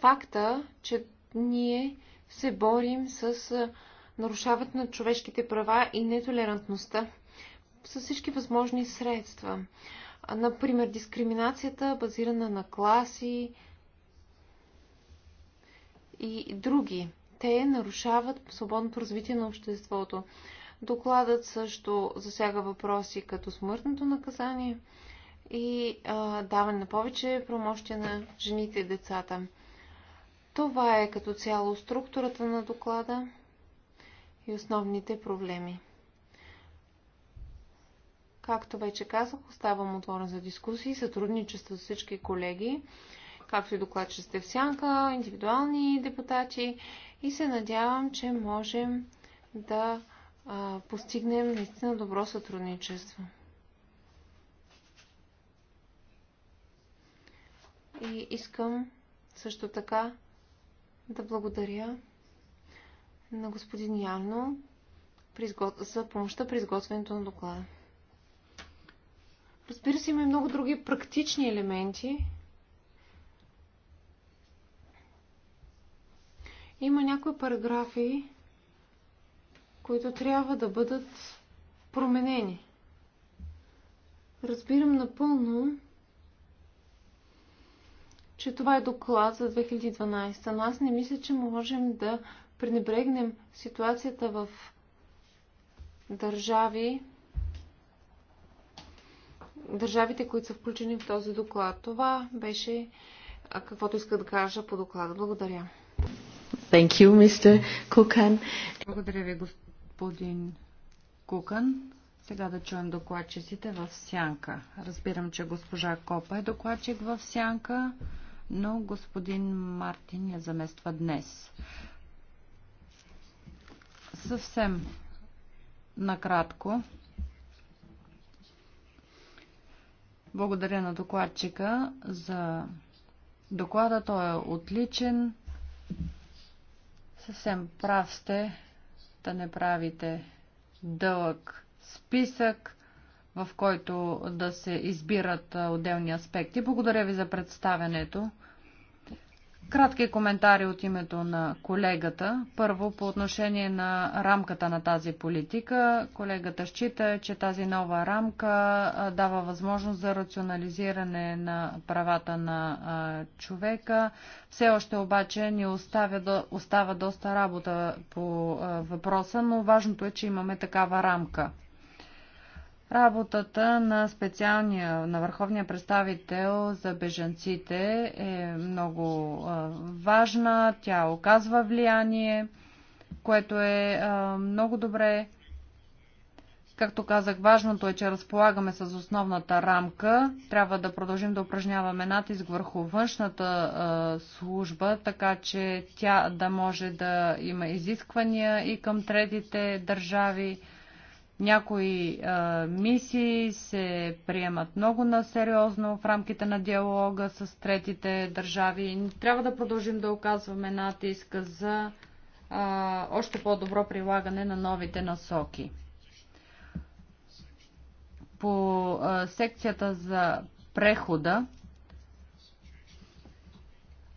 факта, че ние се борим с нарушаването на човешките права и нетолерантността с всички възможни средства. Например, дискриминацията, базирана на класи и други. Те нарушават свободното развитие на обществото. Докладът също засяга въпроси като смъртното наказание и а, даване на повече промощия на жените и децата. Това е като цяло структурата на доклада и основните проблеми. Както вече казах, оставам отворен за дискусии, сътрудничество с всички колеги, както и сте в сянка, индивидуални депутати и се надявам, че можем да а, постигнем наистина добро сътрудничество. И искам също така да благодаря на господин Явно за помощта при изготвянето на доклада. Разбира се, има и много други практични елементи. Има някои параграфи, които трябва да бъдат променени. Разбирам напълно, че това е доклад за 2012, но аз не мисля, че можем да пренебрегнем ситуацията в държави, държавите, които са включени в този доклад. Това беше каквото иска да кажа по доклада. Благодаря. Thank you, Mr. Kukan. Благодаря ви, господин Кукан. Сега да чуем докладчиците в сянка. Разбирам, че госпожа Копа е докладчик в сянка, но господин Мартин я замества днес. Съвсем накратко, Благодаря на докладчика за доклада. Той е отличен. Съвсем прав сте да не правите дълъг списък, в който да се избират отделни аспекти. Благодаря ви за представянето. Кратки коментари от името на колегата. Първо, по отношение на рамката на тази политика, колегата счита, че тази нова рамка дава възможност за рационализиране на правата на човека. Все още обаче ни оставя, остава доста работа по въпроса, но важното е, че имаме такава рамка. Работата на специалния, на върховния представител за бежанците е много важна. Тя оказва влияние, което е много добре. Както казах, важното е, че разполагаме с основната рамка. Трябва да продължим да упражняваме натиск върху външната а, служба, така че тя да може да има изисквания и към третите държави. Някои а, мисии се приемат много на сериозно в рамките на диалога с третите държави. Трябва да продължим да оказваме натиска за а, още по-добро прилагане на новите насоки. По а, секцията за прехода,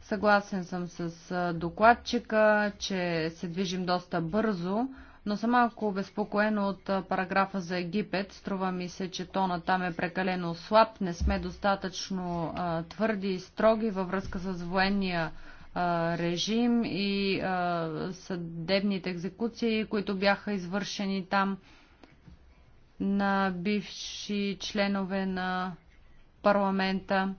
съгласен съм с докладчика, че се движим доста бързо но съм малко обезпокоен от параграфа за Египет. Струва ми се, че тона там е прекалено слаб, не сме достатъчно а, твърди и строги във връзка с военния а, режим и а, съдебните екзекуции, които бяха извършени там на бивши членове на парламента.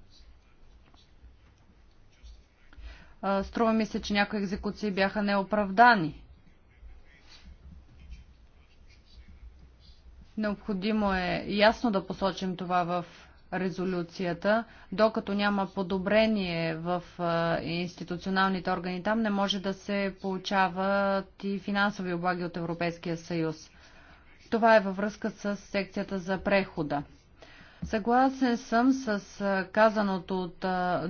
Струва ми се, че някои екзекуции бяха неоправдани. Необходимо е ясно да посочим това в резолюцията, докато няма подобрение в институционалните органи там, не може да се получават и финансови облаги от Европейския съюз. Това е във връзка с секцията за прехода. Съгласен съм с казаното от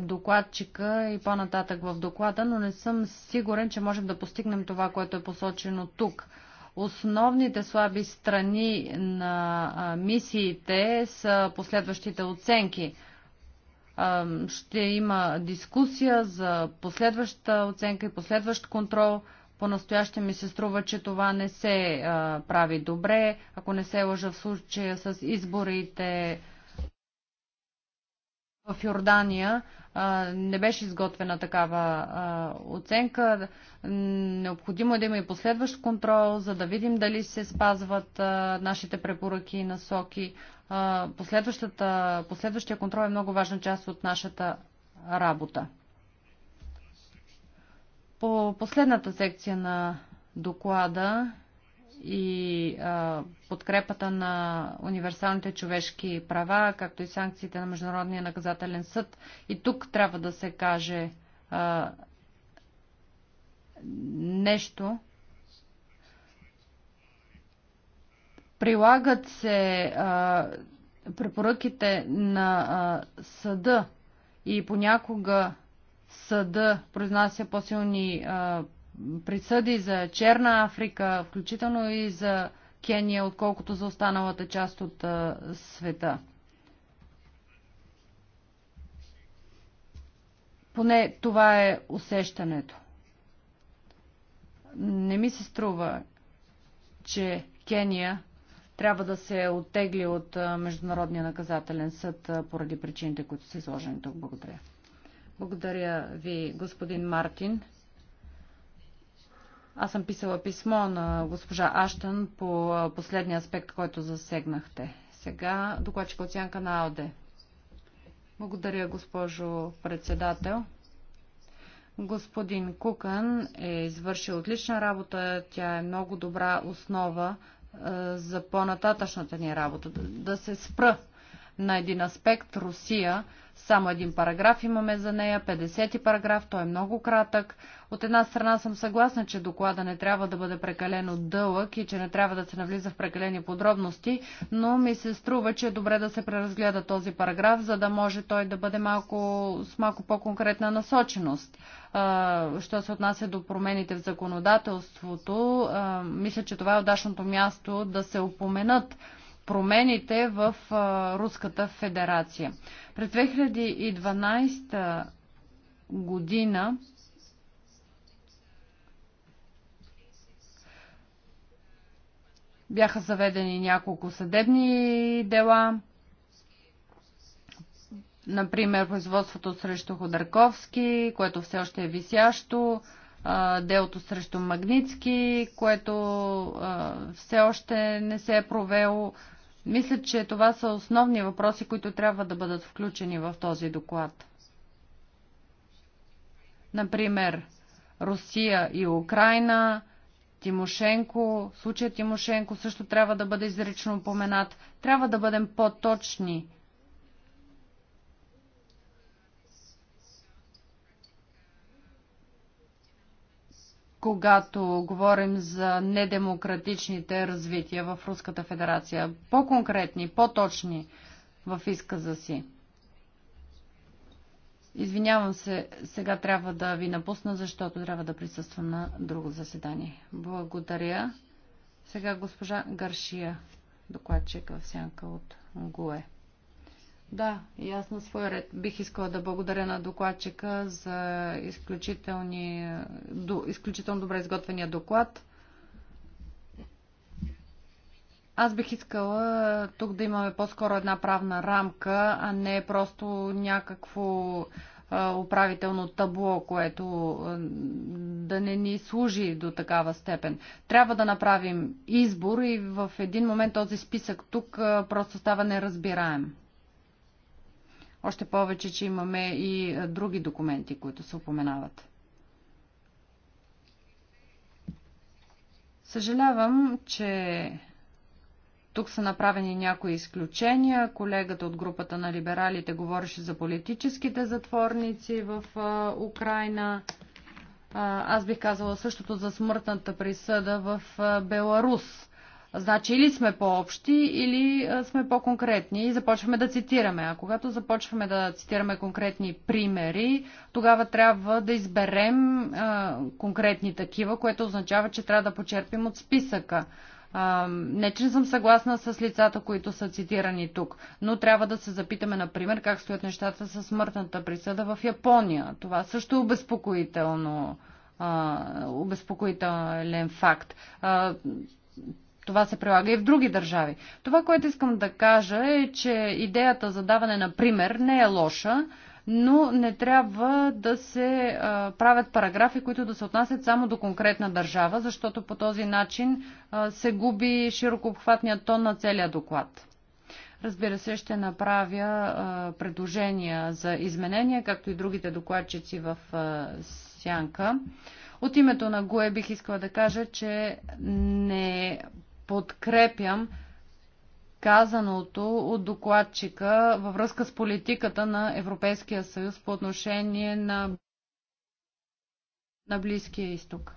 докладчика и по-нататък в доклада, но не съм сигурен, че можем да постигнем това, което е посочено тук – Основните слаби страни на мисиите са последващите оценки. Ще има дискусия за последваща оценка и последващ контрол. По-настояще ми се струва, че това не се прави добре. Ако не се лъжа в случая с изборите, в Йордания не беше изготвена такава оценка. Необходимо е да има и последващ контрол, за да видим дали се спазват нашите препоръки и насоки. Последващия контрол е много важна част от нашата работа. По последната секция на доклада и а, подкрепата на универсалните човешки права, както и санкциите на Международния наказателен съд. И тук трябва да се каже а, нещо. Прилагат се а, препоръките на а, съда и понякога съда произнася по-силни присъди за Черна Африка, включително и за Кения, отколкото за останалата част от а, света. Поне това е усещането. Не ми се струва, че Кения трябва да се оттегли от Международния наказателен съд поради причините, които са изложени тук. Благодаря. Благодаря ви, господин Мартин. Аз съм писала писмо на госпожа Аштън по последния аспект, който засегнахте. Сега докладчика оцянка на АОД. Благодаря, госпожо председател. Господин Кукън е извършил отлична работа. Тя е много добра основа за по-нататъчната ни работа. Да се спра на един аспект Русия. Само един параграф имаме за нея, 50-ти параграф, той е много кратък. От една страна съм съгласна, че доклада не трябва да бъде прекалено дълъг и че не трябва да се навлиза в прекалени подробности, но ми се струва, че е добре да се преразгледа този параграф, за да може той да бъде малко, с малко по-конкретна насоченост. Що се отнася до промените в законодателството, мисля, че това е удачното място да се упоменат промените в Руската федерация. През 2012 година бяха заведени няколко съдебни дела, например производството срещу Ходърковски, което все още е висящо, делото срещу Магницки, което все още не се е провело, мисля, че това са основни въпроси, които трябва да бъдат включени в този доклад. Например, Русия и Украина, Тимошенко, случая Тимошенко също трябва да бъде изрично упоменат. Трябва да бъдем по-точни когато говорим за недемократичните развития в Руската федерация. По-конкретни, по-точни в изказа си. Извинявам се, сега трябва да ви напусна, защото трябва да присъствам на друго заседание. Благодаря. Сега госпожа Гаршия, докладчик в сянка от ГУЕ. Да, и аз на своя ред бих искала да благодаря на докладчика за до, изключително добре изготвения доклад. Аз бих искала тук да имаме по-скоро една правна рамка, а не просто някакво управително табло, което да не ни служи до такава степен. Трябва да направим избор и в един момент този списък тук просто става неразбираем. Още повече, че имаме и е, други документи, които се упоменават. Съжалявам, че тук са направени някои изключения. Колегата от групата на либералите говореше за политическите затворници в е, Украина. аз бих казала същото за смъртната присъда в е, Беларус. Значи или сме по-общи, или сме по-конкретни и започваме да цитираме. А когато започваме да цитираме конкретни примери, тогава трябва да изберем а, конкретни такива, което означава, че трябва да почерпим от списъка. А, не, че не съм съгласна с лицата, които са цитирани тук, но трябва да се запитаме, например, как стоят нещата с смъртната присъда в Япония. Това също е обезпокоително, а, обезпокоителен факт. А, това се прилага и в други държави. Това, което искам да кажа е, че идеята за даване на пример не е лоша, но не трябва да се а, правят параграфи, които да се отнасят само до конкретна държава, защото по този начин а, се губи широкообхватният тон на целия доклад. Разбира се, ще направя а, предложения за изменения, както и другите докладчици в а, сянка. От името на ГОЕ бих искала да кажа, че не подкрепям казаното от докладчика във връзка с политиката на Европейския съюз по отношение на, на Близкия изток.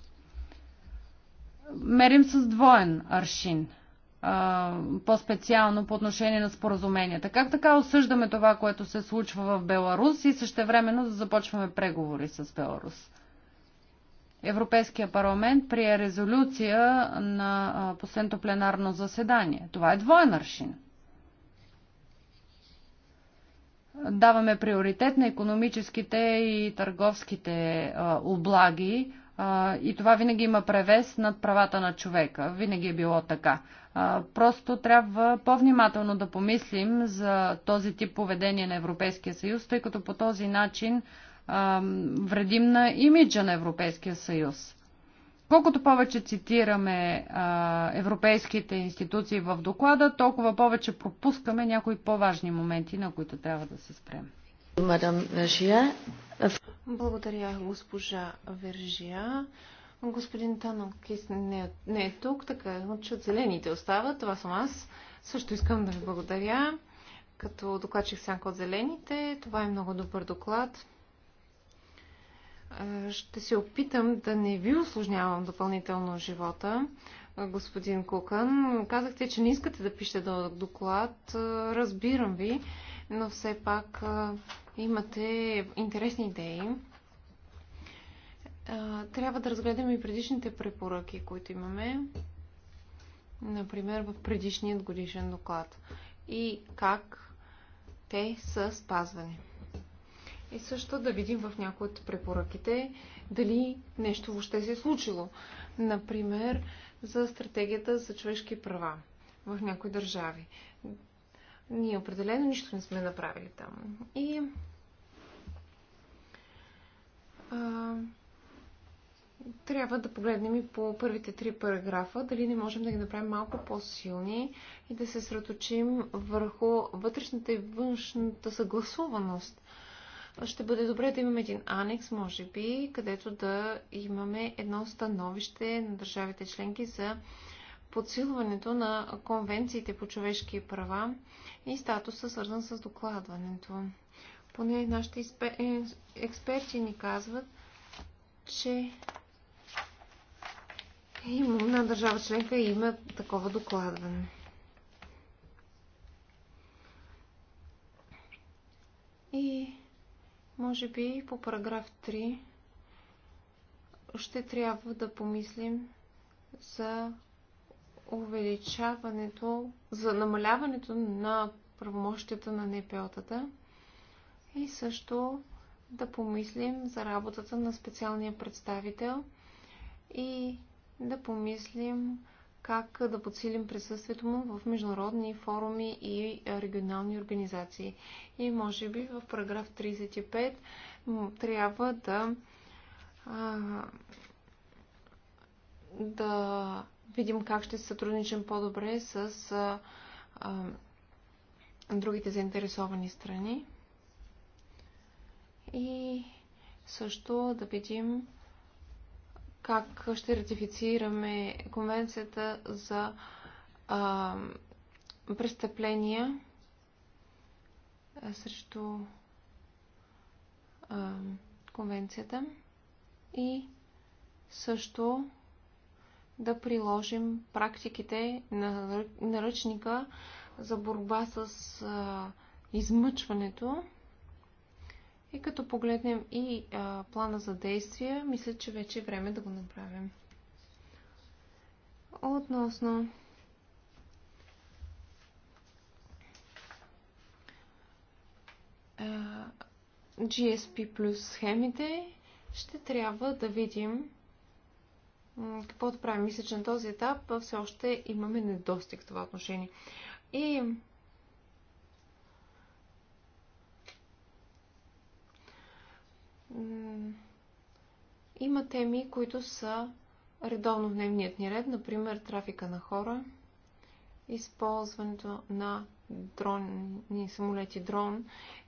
Мерим с двоен аршин, по-специално по отношение на споразуменията. Как така осъждаме това, което се случва в Беларус и същевременно да започваме преговори с Беларус? Европейския парламент прие резолюция на последното пленарно заседание. Това е двоен аршин. Даваме приоритет на економическите и търговските облаги, и това винаги има превес над правата на човека. Винаги е било така. Просто трябва по-внимателно да помислим за този тип поведение на Европейския съюз, тъй като по този начин вредим на имиджа на Европейския съюз. Колкото повече цитираме а, европейските институции в доклада, толкова повече пропускаме някои по-важни моменти, на които трябва да се спрем. Благодаря, госпожа Вержия. Господин Танок не, не е тук, така че от зелените остават. Това съм аз. Също искам да ви благодаря. Като докладчик сянка от зелените, това е много добър доклад. Ще се опитам да не ви осложнявам допълнително живота, господин Кукън. Казахте, че не искате да пишете доклад. Разбирам ви, но все пак имате интересни идеи. Трябва да разгледам и предишните препоръки, които имаме. Например, в предишният годишен доклад. И как те са спазвани и също да видим в някои от препоръките дали нещо въобще се е случило. Например, за стратегията за човешки права в някои държави. Ние определено нищо не сме направили там. И а, трябва да погледнем и по първите три параграфа, дали не можем да ги направим малко по-силни и да се сръточим върху вътрешната и външната съгласуваност ще бъде добре да имаме един анекс, може би, където да имаме едно становище на държавите членки за подсилването на конвенциите по човешки права и статуса, свързан с докладването. Поне нашите е, експерти ни казват, че има, на държава членка има такова докладване. И може би по параграф 3 ще трябва да помислим за увеличаването, за намаляването на правомощията на НПО-тата и също да помислим за работата на специалния представител и да помислим как да подсилим присъствието му в международни форуми и регионални организации. И може би в параграф 35 трябва да да видим как ще се сътрудничим по-добре с а, а, другите заинтересовани страни. И също да видим как ще ратифицираме конвенцията за а, престъпления срещу а, конвенцията и също да приложим практиките на наръчника за борба с а, измъчването и като погледнем и а, плана за действие, мисля, че вече е време да го направим. Относно а, GSP плюс схемите, ще трябва да видим какво да правим. Мисля, че на този етап все още имаме недостиг в това отношение. И Има теми, които са редовно в дневният ни ред, например трафика на хора, използването на дронни самолети дрон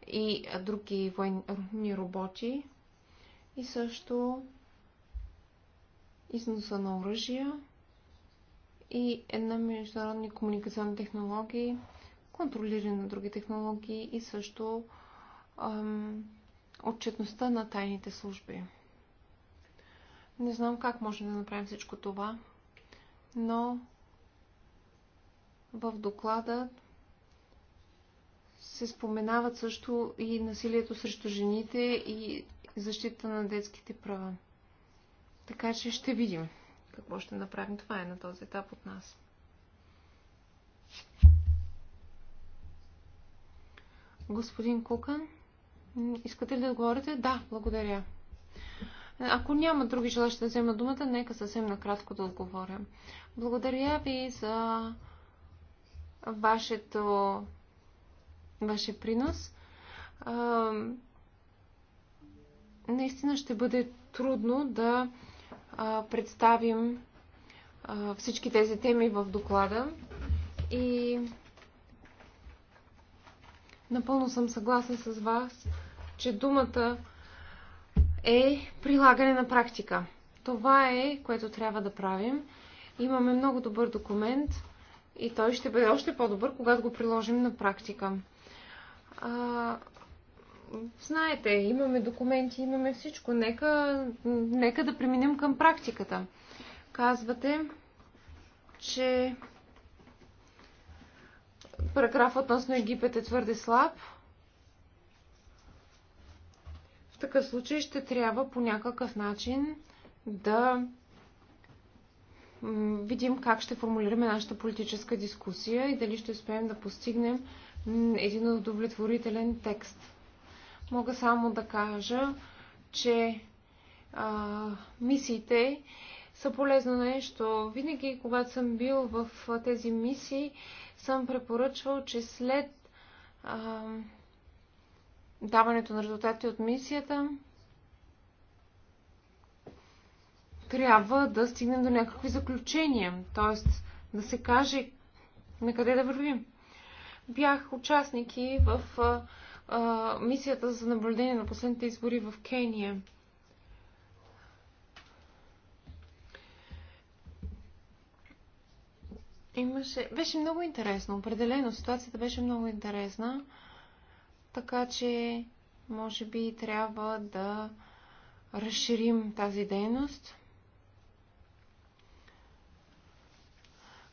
и други военни роботи и също износа на оръжия и една международни комуникационни технологии, контролиране на други технологии и също ам, отчетността на тайните служби. Не знам как можем да направим всичко това, но в доклада се споменават също и насилието срещу жените и защита на детските права. Така че ще видим какво ще направим. Това е на този етап от нас. Господин Кукан. Искате ли да отговорите? Да, благодаря. Ако няма други желащи да взема думата, нека съвсем накратко да отговоря. Благодаря ви за вашето, ваше принос. А, наистина ще бъде трудно да а, представим а, всички тези теми в доклада. И напълно съм съгласен с вас, че думата е прилагане на практика. Това е, което трябва да правим. Имаме много добър документ и той ще бъде още по-добър, когато го приложим на практика. А, знаете, имаме документи, имаме всичко. Нека, нека да преминем към практиката. Казвате, че параграф относно Египет е твърде слаб. такъв случай ще трябва по някакъв начин да видим как ще формулираме нашата политическа дискусия и дали ще успеем да постигнем един удовлетворителен текст. Мога само да кажа, че а, мисиите са полезно нещо. Винаги, когато съм бил в тези мисии, съм препоръчвал, че след а, даването на резултати от мисията, трябва да стигнем до някакви заключения, т.е. да се каже на къде да вървим. Бях участники в а, а, мисията за наблюдение на последните избори в Кения. Имаше... Беше много интересно. Определено ситуацията беше много интересна. А, така че, може би, трябва да разширим тази дейност.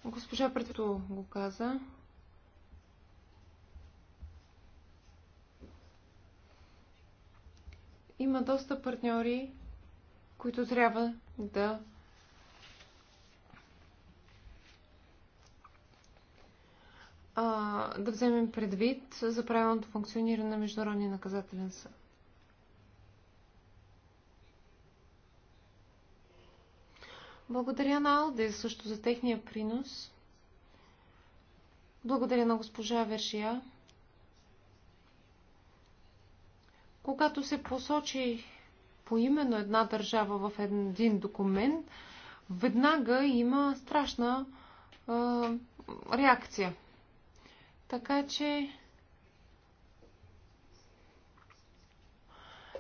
Госпожа Предто го каза. Има доста партньори, които трябва да а, да вземем предвид за правилното функциониране на Международния наказателен съд. Благодаря на Алде също за техния принос. Благодаря на госпожа Вершия. Когато се посочи именно една държава в един документ, веднага има страшна е, реакция. Така че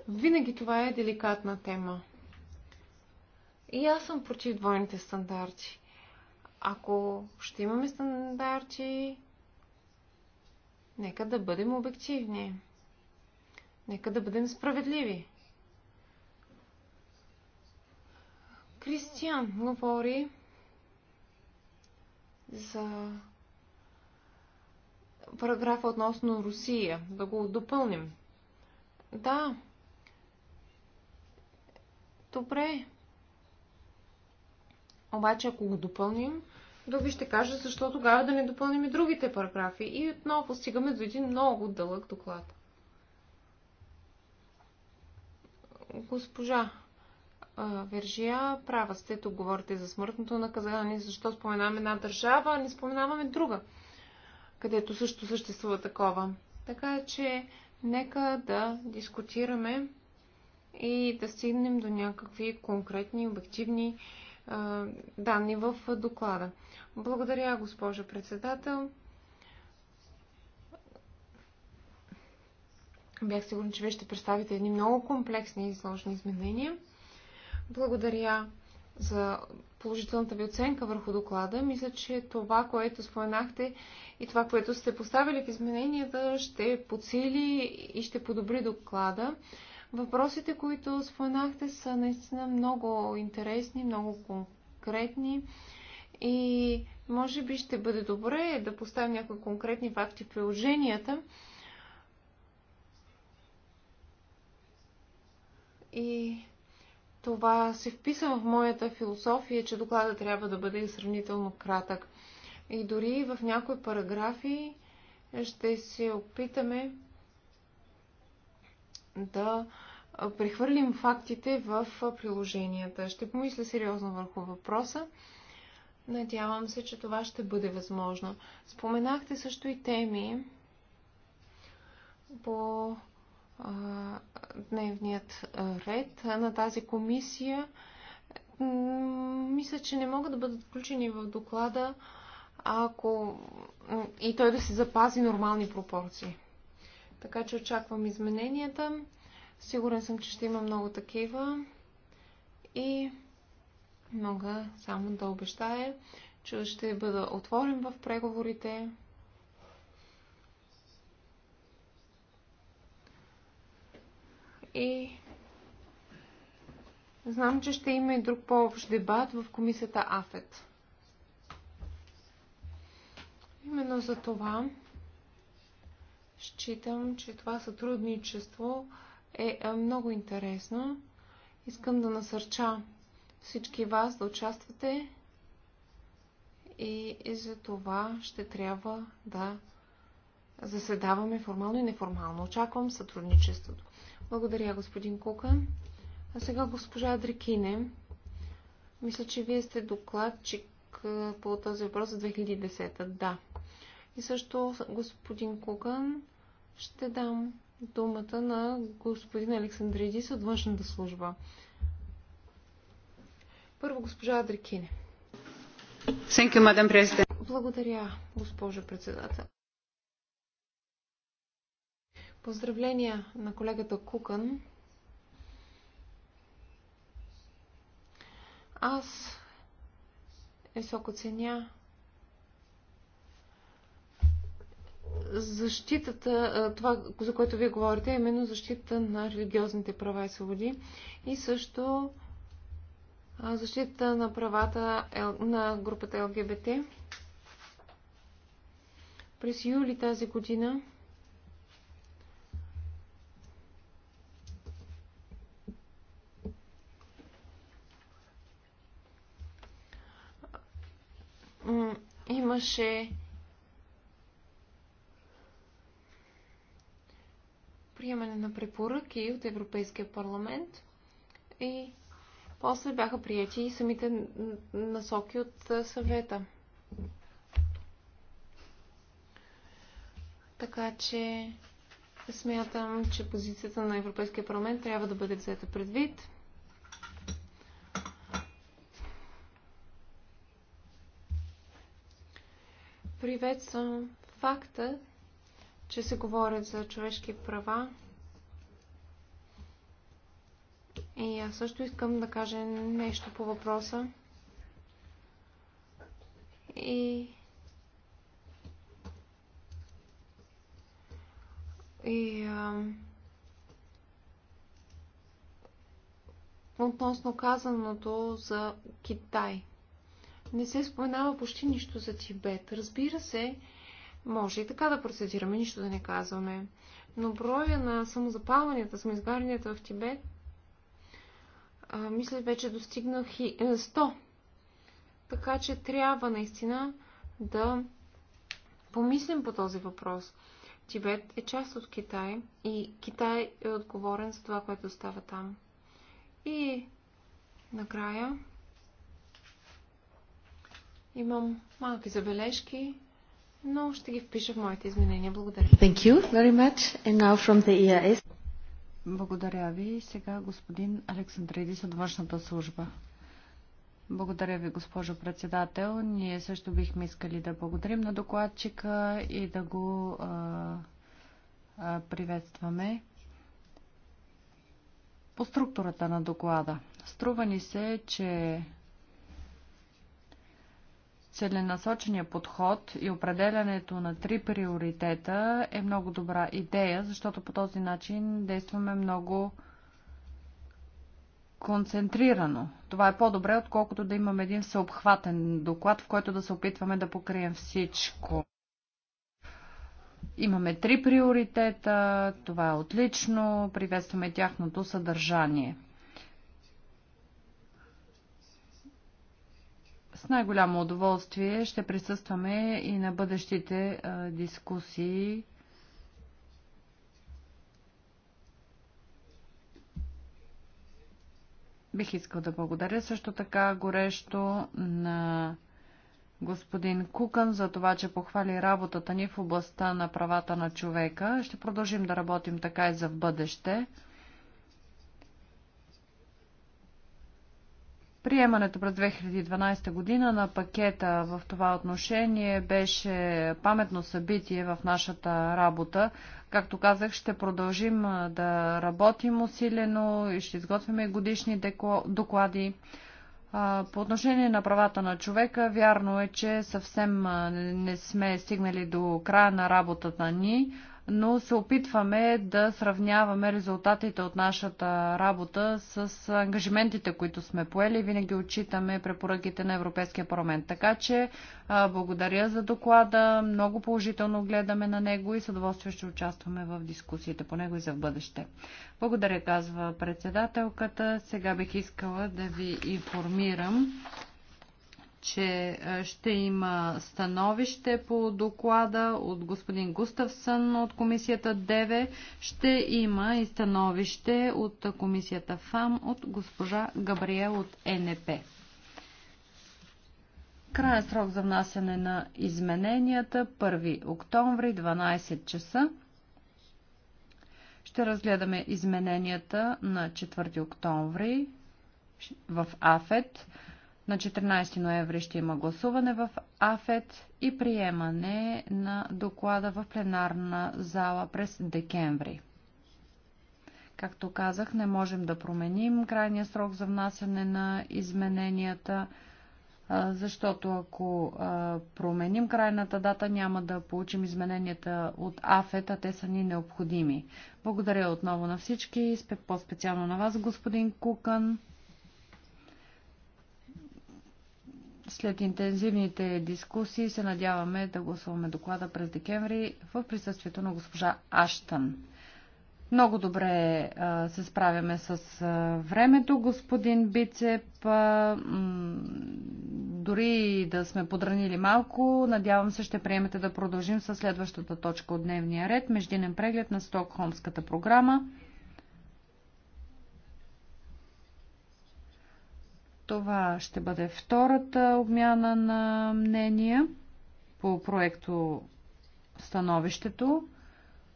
винаги това е деликатна тема. И аз съм против двойните стандарти. Ако ще имаме стандарти, нека да бъдем обективни. Нека да бъдем справедливи. Кристиан говори за параграфа относно Русия, да го допълним. Да. Добре. Обаче, ако го допълним, ви ще каже, защо тогава да не допълним и другите параграфи. И отново стигаме до един много дълъг доклад. Госпожа Вержия, права сте, тук говорите за смъртното наказание, защо споменаваме една държава, а не споменаваме друга където също съществува такова. Така е, че, нека да дискутираме и да стигнем до някакви конкретни, обективни данни в доклада. Благодаря, госпожа председател. Бях сигурна, че вие ще представите едни много комплексни и сложни изменения. Благодаря за положителната ви оценка върху доклада. Мисля, че това, което споменахте и това, което сте поставили в измененията, ще подсили и ще подобри доклада. Въпросите, които споменахте, са наистина много интересни, много конкретни и може би ще бъде добре да поставим някои конкретни факти в приложенията. И това се вписва в моята философия, че доклада трябва да бъде сравнително кратък. И дори в някои параграфи ще се опитаме да прехвърлим фактите в приложенията. Ще помисля сериозно върху въпроса. Надявам се, че това ще бъде възможно. Споменахте също и теми, по дневният ред на тази комисия. Мисля, че не могат да бъдат включени в доклада, ако и той да се запази нормални пропорции. Така че очаквам измененията. Сигурен съм, че ще има много такива. И мога само да обещая, че ще бъда отворен в преговорите и знам, че ще има и друг по-общ дебат в комисията АФЕТ. Именно за това считам, че това сътрудничество е, е много интересно. Искам да насърча всички вас да участвате и, и за това ще трябва да заседаваме формално и неформално. Очаквам сътрудничеството. Благодаря, господин Кука. А сега госпожа Адрикине. Мисля, че вие сте докладчик по този въпрос за 2010 Да. И също господин Кукан ще дам думата на господин Александридис от външната служба. Първо госпожа Адрикине. Благодаря, госпожо председател. Поздравления на колегата Кукън. Аз високо ценя защитата, това, за което вие говорите, е именно защита на религиозните права и свободи и също защита на правата на групата ЛГБТ. През юли тази година имаше приемане на препоръки от Европейския парламент и после бяха прияти и самите насоки от съвета. Така че смятам, че позицията на Европейския парламент трябва да бъде взета предвид. Приветствам факта, че се говорят за човешки права. И аз също искам да кажа нещо по въпроса. И И а, относно казаното за Китай не се споменава почти нищо за Тибет. Разбира се, може и така да процедираме, нищо да не казваме. Но броя на самозапалванията, самоизгарянията в Тибет, а, мисля, вече достигнах и, 100. Е, така че трябва наистина да помислим по този въпрос. Тибет е част от Китай и Китай е отговорен за това, което става там. И накрая Имам малки забележки, но ще ги впиша в моите изменения. Благодаря. Thank you very much. And now from the EAS. Благодаря ви. Сега господин Александридис от външната служба. Благодаря ви, госпожо председател. Ние също бихме искали да благодарим на докладчика и да го а, а, приветстваме. По структурата на доклада. Струва ни се, че целенасочения подход и определянето на три приоритета е много добра идея, защото по този начин действаме много концентрирано. Това е по-добре, отколкото да имаме един съобхватен доклад, в който да се опитваме да покрием всичко. Имаме три приоритета, това е отлично, приветстваме тяхното съдържание. С най-голямо удоволствие ще присъстваме и на бъдещите дискусии. Бих искал да благодаря също така горещо на господин Кукън за това, че похвали работата ни в областта на правата на човека. Ще продължим да работим така и за в бъдеще. Приемането през 2012 година на пакета в това отношение беше паметно събитие в нашата работа. Както казах, ще продължим да работим усилено и ще изготвяме годишни доклади. По отношение на правата на човека, вярно е, че съвсем не сме стигнали до края на работата ни но се опитваме да сравняваме резултатите от нашата работа с ангажиментите, които сме поели. Винаги отчитаме препоръките на Европейския парламент. Така че благодаря за доклада, много положително гледаме на него и с удоволствие ще участваме в дискусиите по него и за в бъдеще. Благодаря, казва председателката. Сега бих искала да ви информирам че е, ще има становище по доклада от господин Густавсън от комисията ДЕВЕ. Ще има и становище от комисията ФАМ от госпожа Габриел от НП. Крайен срок за внасяне на измененията 1 октомври 12 часа. Ще разгледаме измененията на 4 октомври в АФЕТ. На 14 ноември ще има гласуване в АФЕТ и приемане на доклада в пленарна зала през декември. Както казах, не можем да променим крайния срок за внасяне на измененията, защото ако променим крайната дата, няма да получим измененията от АФЕТ, а те са ни необходими. Благодаря отново на всички, по-специално на вас, господин Кукан. След интензивните дискусии се надяваме да гласуваме доклада през декември в присъствието на госпожа Аштън. Много добре а, се справяме с а, времето, господин Бицеп. А, дори да сме подранили малко, надявам се ще приемете да продължим с следващата точка от дневния ред, междинен преглед на Стокхолмската програма. Това ще бъде втората обмяна на мнения по проекто становището.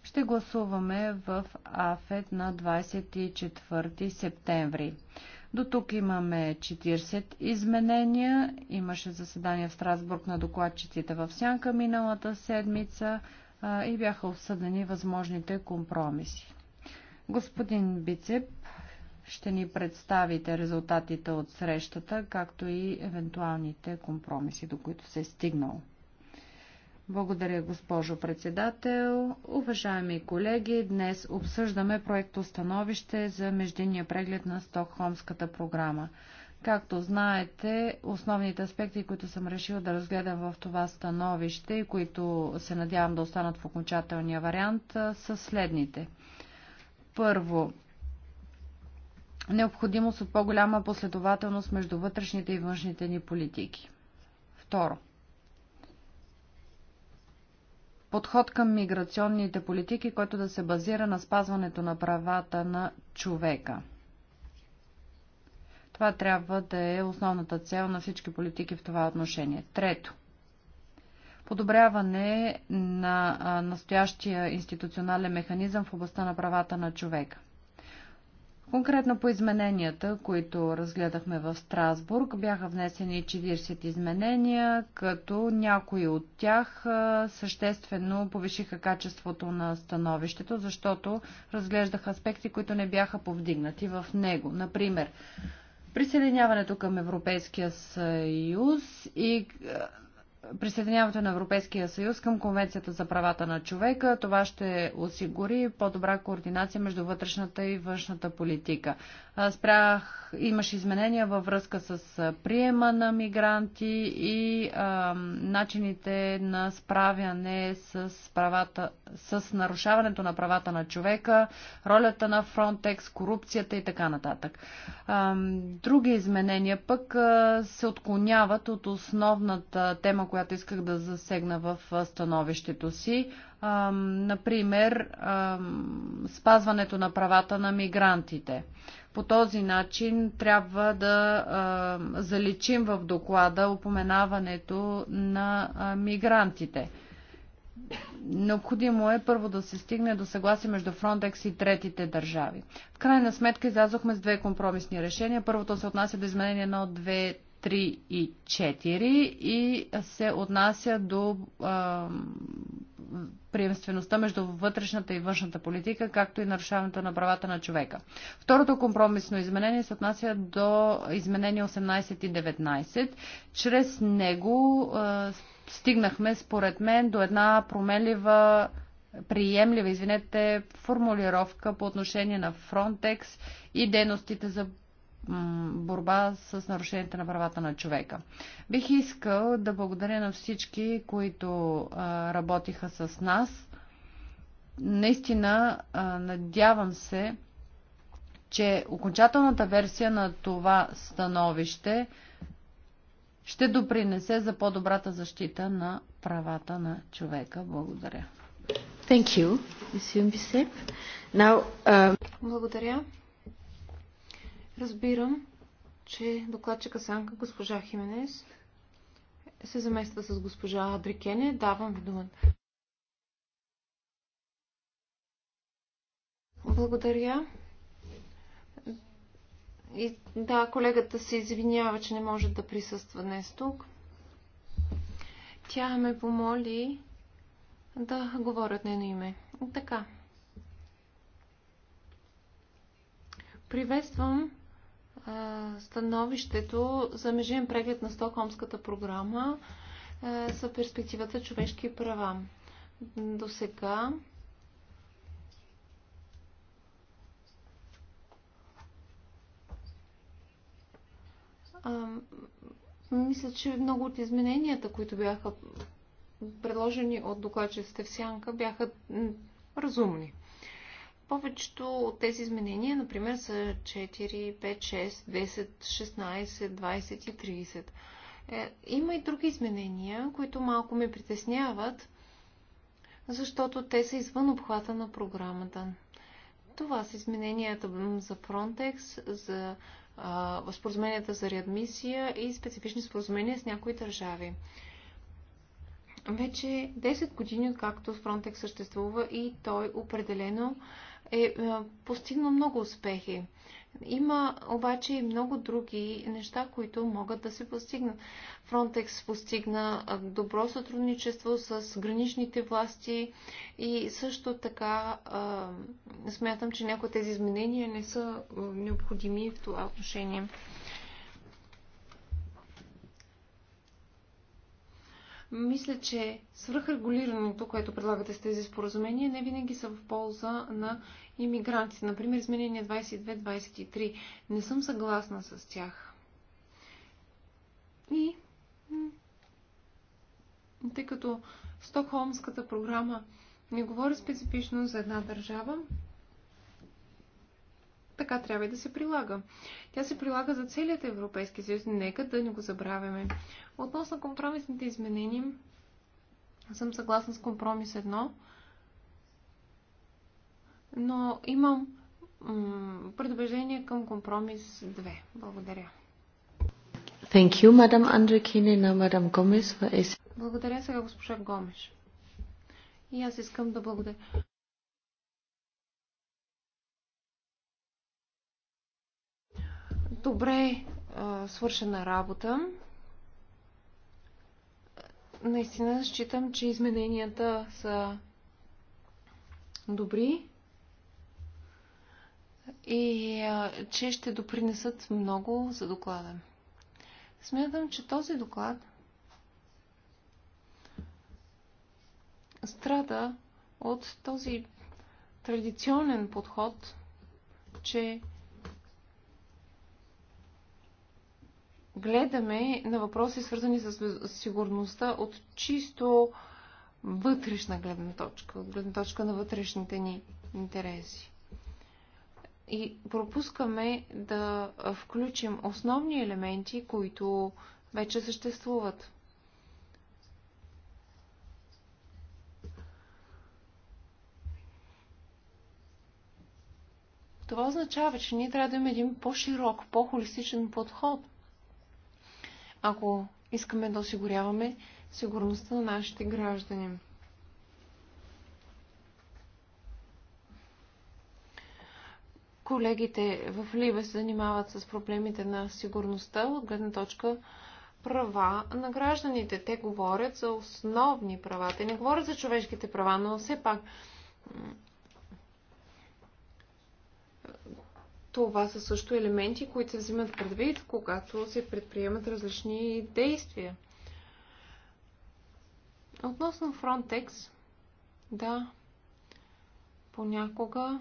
Ще гласуваме в АФЕД на 24 септември. До тук имаме 40 изменения. Имаше заседание в Страсбург на докладчиците в Сянка миналата седмица и бяха обсъдени възможните компромиси. Господин Бицеп ще ни представите резултатите от срещата, както и евентуалните компромиси, до които се е стигнало. Благодаря, госпожо председател. Уважаеми колеги, днес обсъждаме проекто становище за междинния преглед на Стокхолмската програма. Както знаете, основните аспекти, които съм решил да разгледам в това становище и които се надявам да останат в окончателния вариант, са следните. Първо, необходимост от по-голяма последователност между вътрешните и външните ни политики. Второ. Подход към миграционните политики, който да се базира на спазването на правата на човека. Това трябва да е основната цел на всички политики в това отношение. Трето. Подобряване на настоящия институционален механизъм в областта на правата на човека. Конкретно по измененията, които разгледахме в Страсбург, бяха внесени 40 изменения, като някои от тях съществено повишиха качеството на становището, защото разглеждаха аспекти, които не бяха повдигнати в него. Например, присъединяването към Европейския съюз и присъединяването на Европейския съюз към Конвенцията за правата на човека. Това ще осигури по-добра координация между вътрешната и външната политика. Спрях, имаш изменения във връзка с приема на мигранти и а, начините на справяне с, правата, с нарушаването на правата на човека, ролята на Фронтекс, корупцията и така нататък. А, други изменения пък а, се отклоняват от основната тема, която исках да засегна в становището си, например, спазването на правата на мигрантите. По този начин трябва да а, заличим в доклада упоменаването на а, мигрантите. Необходимо е първо да се стигне до съгласие между Фронтекс и третите държави. В крайна сметка излязохме с две компромисни решения. Първото се отнася до изменение на две 3 и 4 и се отнася до а, приемствеността между вътрешната и външната политика, както и нарушаването на правата на човека. Второто компромисно изменение се отнася до изменение 18 и 19. Чрез него а, стигнахме, според мен, до една променлива приемлива, извинете, формулировка по отношение на Frontex и дейностите за борба с нарушенията на правата на човека. Бих искал да благодаря на всички, които работиха с нас. Наистина, надявам се, че окончателната версия на това становище ще допринесе за по-добрата защита на правата на човека. Благодаря. Thank you, Now, uh... Благодаря. Разбирам, че докладчика Санка, госпожа Хименес, се замества с госпожа Адрикене. Давам ви думата. Благодаря. И, да, колегата се извинява, че не може да присъства днес тук. Тя ме помоли да говоря от нейно име. Така. Приветствам становището за межен преглед на Стокхолмската програма за перспективата човешки права. До сега мисля, че много от измененията, които бяха предложени от докладчиците в Сянка, бяха разумни. Повечето от тези изменения, например, са 4, 5, 6, 10, 16, 20 и 30. Е, има и други изменения, които малко ме притесняват, защото те са извън обхвата на програмата. Това са измененията за Frontex, за споразуменията за реадмисия и специфични споразумения с някои държави. Вече 10 години, откакто Frontex съществува и той определено е, е постигнал много успехи. Има обаче и много други неща, които могат да се постигнат. Фронтекс постигна добро сътрудничество с граничните власти и също така смятам, че някои от тези изменения не са необходими в това отношение. Мисля, че свръхрегулирането, което предлагате с тези споразумения, не винаги са в полза на иммигрантите. Например, изменение 22-23. Не съм съгласна с тях. И тъй като Стокхолмската програма не говори специфично за една държава, така трябва и да се прилага. Тя се прилага за целият Европейски съюз. Нека да не го забравяме. Относно компромисните изменения, съм съгласна с компромис едно, но имам предубеждение към компромис 2. Благодаря. Thank you, Madam Andrekine на Madam Gomez Благодаря сега, госпожа Гомеш. И аз искам да благодаря. добре а, свършена работа. Наистина считам, че измененията са добри и а, че ще допринесат много за доклада. Смятам, че този доклад страда от този традиционен подход, че гледаме на въпроси, свързани с сигурността от чисто вътрешна гледна точка, от гледна точка на вътрешните ни интереси. И пропускаме да включим основни елементи, които вече съществуват. Това означава, че ние трябва да имаме един по-широк, по-холистичен подход – ако искаме да осигуряваме сигурността на нашите граждани. Колегите в Либе се занимават с проблемите на сигурността от гледна точка права на гражданите. Те говорят за основни права. Те не говорят за човешките права, но все пак това са също елементи, които се взимат предвид, когато се предприемат различни действия. Относно Frontex, да, понякога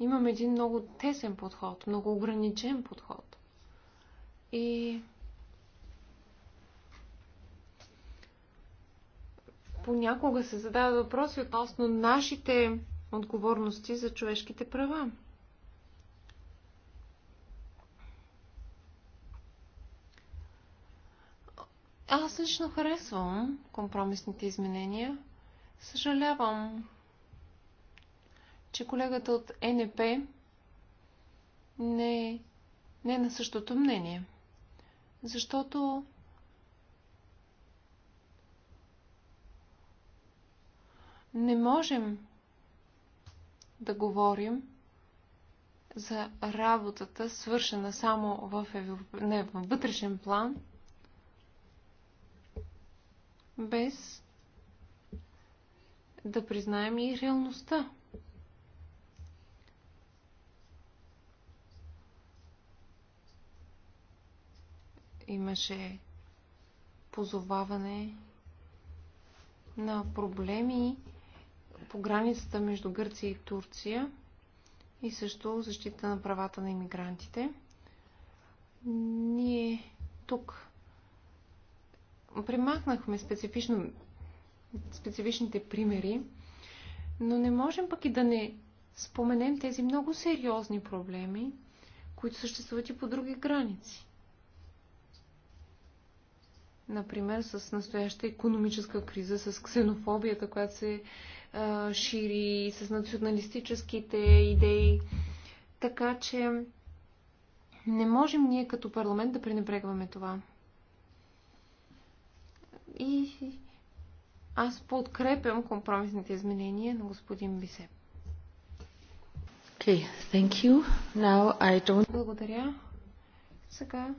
имам един много тесен подход, много ограничен подход. И понякога се задават въпроси относно нашите отговорности за човешките права. Аз лично харесвам компромисните изменения. Съжалявам, че колегата от НП не, не е на същото мнение. Защото не можем да говорим за работата, свършена само в, ев... не, в вътрешен план – без да признаем и реалността. Имаше позоваване на проблеми по границата между Гърция и Турция и също защита на правата на иммигрантите. Ние тук примахнахме специфично, специфичните примери, но не можем пък и да не споменем тези много сериозни проблеми, които съществуват и по други граници. Например, с настояща економическа криза, с ксенофобията, която се а, шири, с националистическите идеи. Така че не можем ние като парламент да пренебрегваме това. И аз подкрепям компромисните изменения на господин Бисеп. Okay, thank you. Now I don't... Благодаря. Сега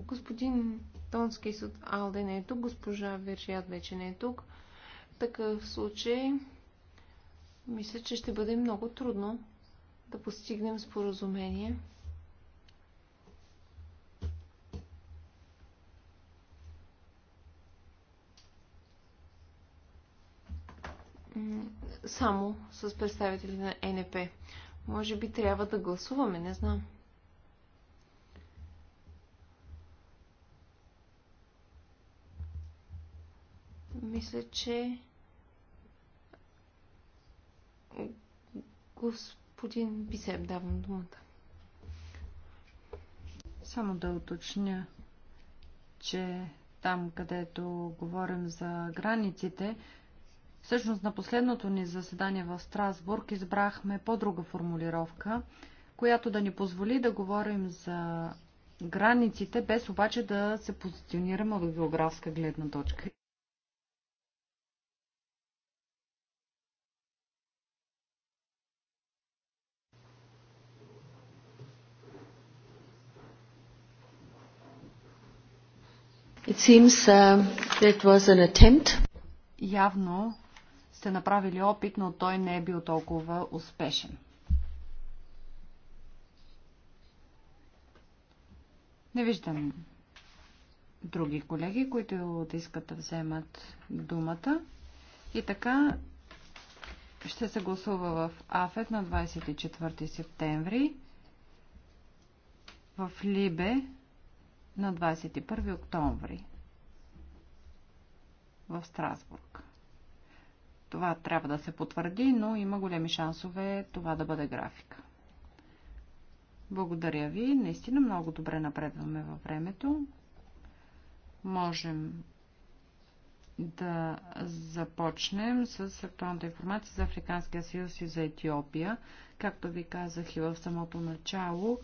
господин Тонски от Алде не е тук, госпожа Вершият вече не е тук. В такъв случай мисля, че ще бъде много трудно да постигнем споразумение. само с представители на НП. Може би трябва да гласуваме, не знам. Мисля, че господин Бисеп давам думата. Само да уточня, че там, където говорим за границите, Всъщност на последното ни заседание в Страсбург избрахме по-друга формулировка, която да ни позволи да говорим за границите, без обаче да се позиционираме от географска гледна точка. It seems uh, that was an attempt. Явно сте направили опит, но той не е бил толкова успешен. Не виждам други колеги, които да искат да вземат думата. И така ще се гласува в АФЕТ на 24 септември, в Либе на 21 октомври в Страсбург. Това трябва да се потвърди, но има големи шансове това да бъде графика. Благодаря ви. Наистина много добре напредваме във времето. Можем да започнем с актуалната информация за Африканския съюз и за Етиопия. Както ви казах и в самото начало,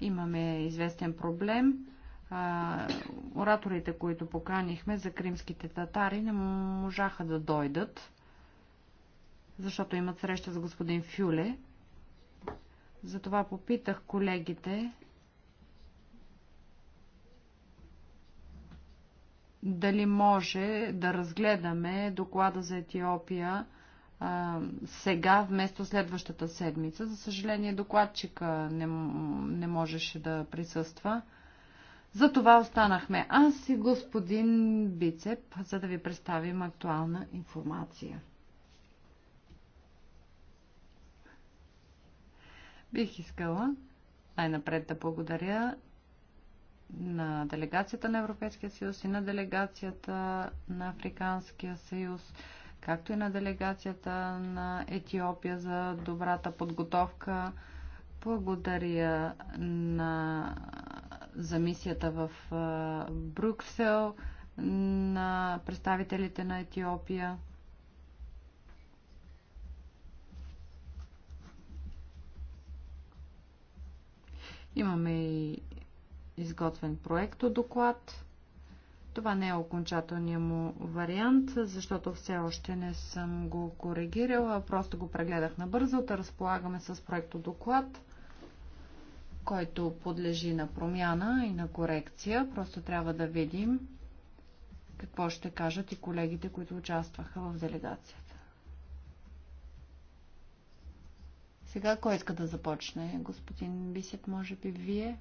имаме известен проблем. А, ораторите, които поканихме за кримските татари, не можаха да дойдат защото имат среща с господин Фюле. Затова попитах колегите дали може да разгледаме доклада за Етиопия а, сега, вместо следващата седмица. За съжаление, докладчика не, не можеше да присъства. Затова останахме аз и господин Бицеп, за да ви представим актуална информация. Бих искала най-напред да благодаря на делегацията на Европейския съюз и на делегацията на Африканския съюз, както и на делегацията на Етиопия за добрата подготовка. Благодаря на, за мисията в Брюксел, на представителите на Етиопия. Имаме и изготвен проект от доклад. Това не е окончателният му вариант, защото все още не съм го коригирала, просто го прегледах набързо. Да разполагаме с проекто доклад, който подлежи на промяна и на корекция. Просто трябва да видим какво ще кажат и колегите, които участваха в делегацията. Сега кой иска да започне? Господин Бисет, може би вие?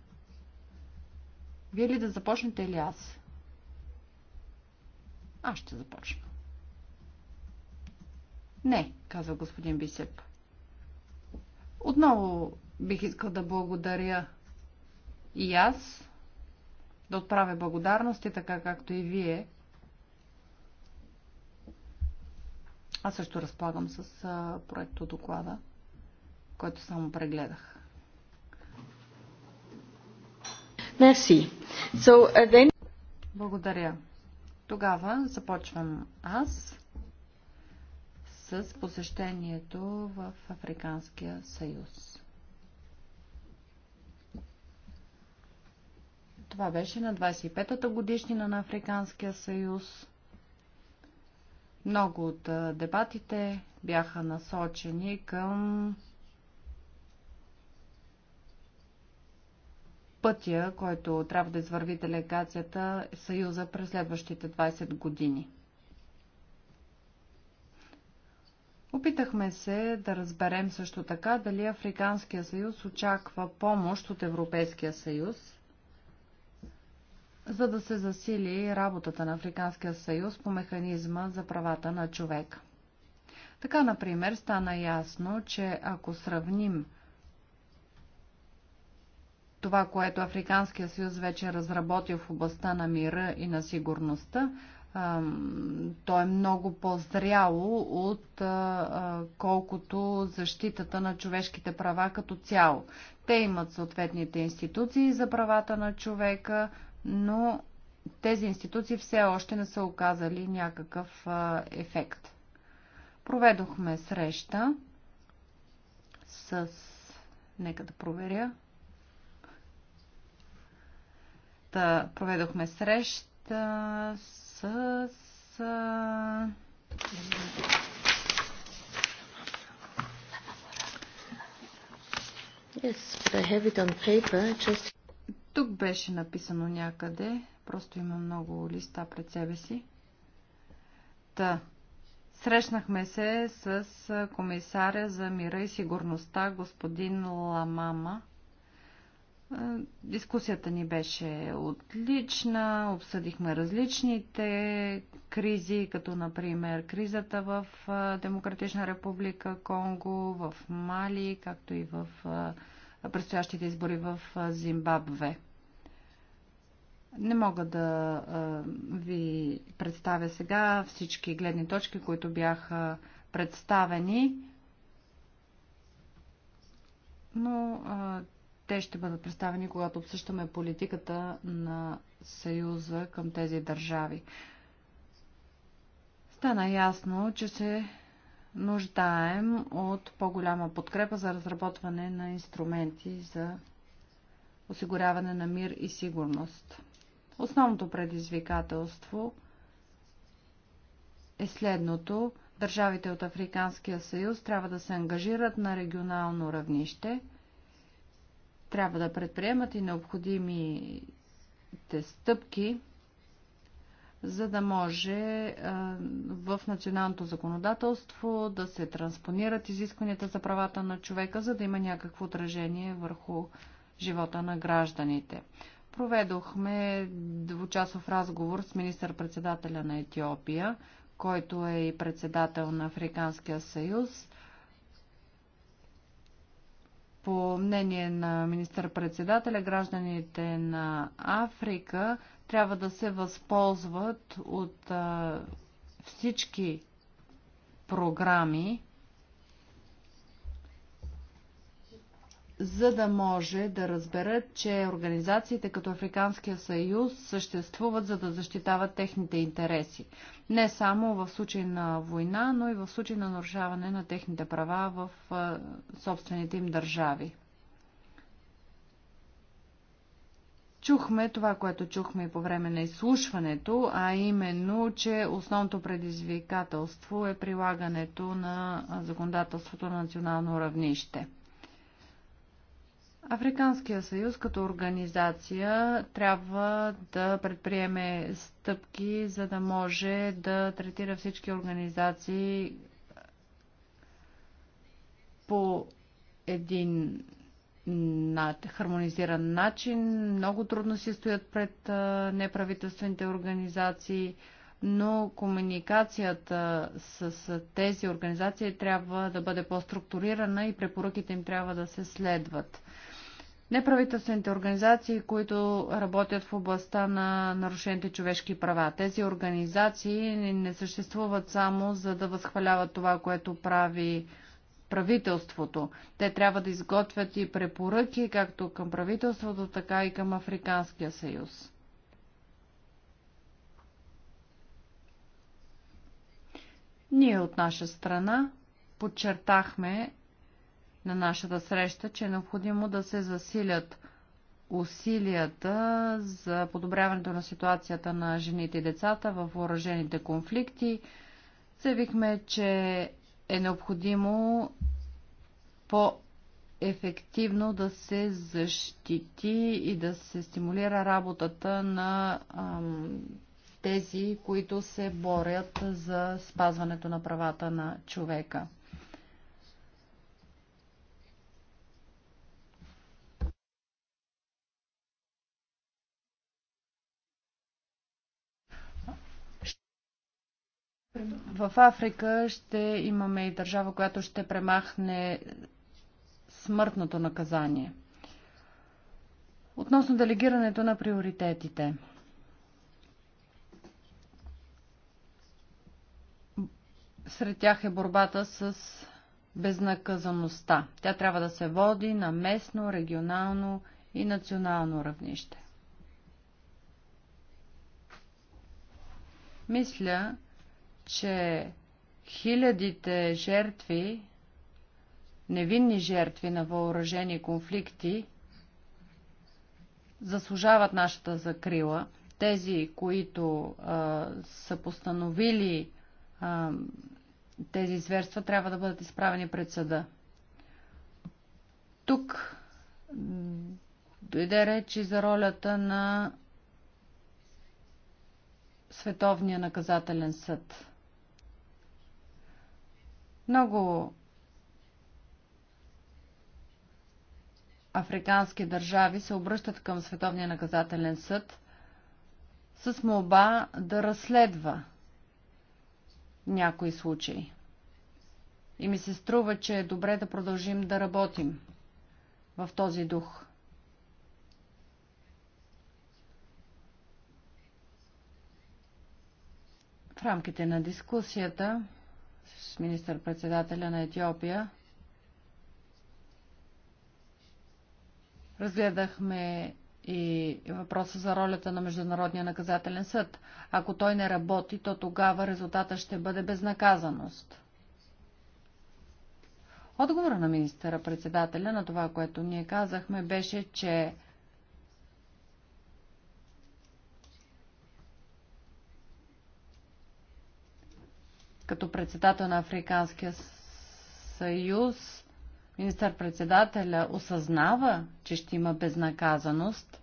Вие ли да започнете или аз? Аз ще започна. Не, казва господин Бисеп. Отново бих искал да благодаря и аз, да отправя благодарности, така както и вие. Аз също разполагам с проекто доклада което само прегледах. Merci. So, uh, then... Благодаря. Тогава започвам аз с посещението в Африканския съюз. Това беше на 25-та годишнина на Африканския съюз. Много от дебатите бяха насочени към пътя, който трябва да извърви делегацията Съюза през следващите 20 години. Опитахме се да разберем също така дали Африканския съюз очаква помощ от Европейския съюз, за да се засили работата на Африканския съюз по механизма за правата на човека. Така, например, стана ясно, че ако сравним това, което Африканския съюз вече е разработил в областта на мира и на сигурността, то е много по-зряло от колкото защитата на човешките права като цяло. Те имат съответните институции за правата на човека, но тези институции все още не са оказали някакъв ефект. Проведохме среща с... Нека да проверя. проведохме среща с Yes, I have it on paper, just... Тук беше написано някъде. Просто има много листа пред себе си. Та. Срещнахме се с комисаря за мира и сигурността господин Ламама. Дискусията ни беше отлична, обсъдихме различните кризи, като например кризата в Демократична република Конго, в Мали, както и в предстоящите избори в Зимбабве. Не мога да ви представя сега всички гледни точки, които бяха представени, но те ще бъдат представени, когато обсъщаме политиката на Съюза към тези държави. Стана ясно, че се нуждаем от по-голяма подкрепа за разработване на инструменти за осигуряване на мир и сигурност. Основното предизвикателство е следното. Държавите от Африканския съюз трябва да се ангажират на регионално равнище – трябва да предприемат и необходимите стъпки, за да може в националното законодателство да се транспонират изискванията за правата на човека, за да има някакво отражение върху живота на гражданите. Проведохме двучасов разговор с министър-председателя на Етиопия, който е и председател на Африканския съюз – по мнение на министър-председателя, гражданите на Африка трябва да се възползват от всички програми, за да може да разберат, че организациите като Африканския съюз съществуват, за да защитават техните интереси. Не само в случай на война, но и в случай на нарушаване на техните права в собствените им държави. Чухме това, което чухме и по време на изслушването, а именно, че основното предизвикателство е прилагането на законодателството на национално равнище – Африканския съюз като организация трябва да предприеме стъпки, за да може да третира всички организации по един над хармонизиран начин. Много трудно си стоят пред неправителствените организации, но комуникацията с тези организации трябва да бъде по-структурирана и препоръките им трябва да се следват неправителствените организации, които работят в областта на нарушените човешки права. Тези организации не съществуват само за да възхваляват това, което прави правителството. Те трябва да изготвят и препоръки както към правителството, така и към Африканския съюз. Ние от наша страна подчертахме на нашата среща, че е необходимо да се засилят усилията за подобряването на ситуацията на жените и децата в въоръжените конфликти. Заявихме, че е необходимо по-ефективно да се защити и да се стимулира работата на ам, тези, които се борят за спазването на правата на човека. В Африка ще имаме и държава, която ще премахне смъртното наказание. Относно делегирането на приоритетите. Сред тях е борбата с безнаказаността. Тя трябва да се води на местно, регионално и национално равнище. Мисля, че хилядите жертви, невинни жертви на въоръжени конфликти, заслужават нашата закрила. Тези, които а, са постановили а, тези зверства, трябва да бъдат изправени пред съда. Тук дойде речи и за ролята на Световния наказателен съд. Много африкански държави се обръщат към Световния наказателен съд с молба да разследва някои случаи. И ми се струва, че е добре да продължим да работим в този дух. В рамките на дискусията министър-председателя на Етиопия. Разгледахме и въпроса за ролята на Международния наказателен съд. Ако той не работи, то тогава резултата ще бъде безнаказаност. Отговора на министъра-председателя на това, което ние казахме, беше, че като председател на Африканския съюз, министър-председателя осъзнава, че ще има безнаказаност,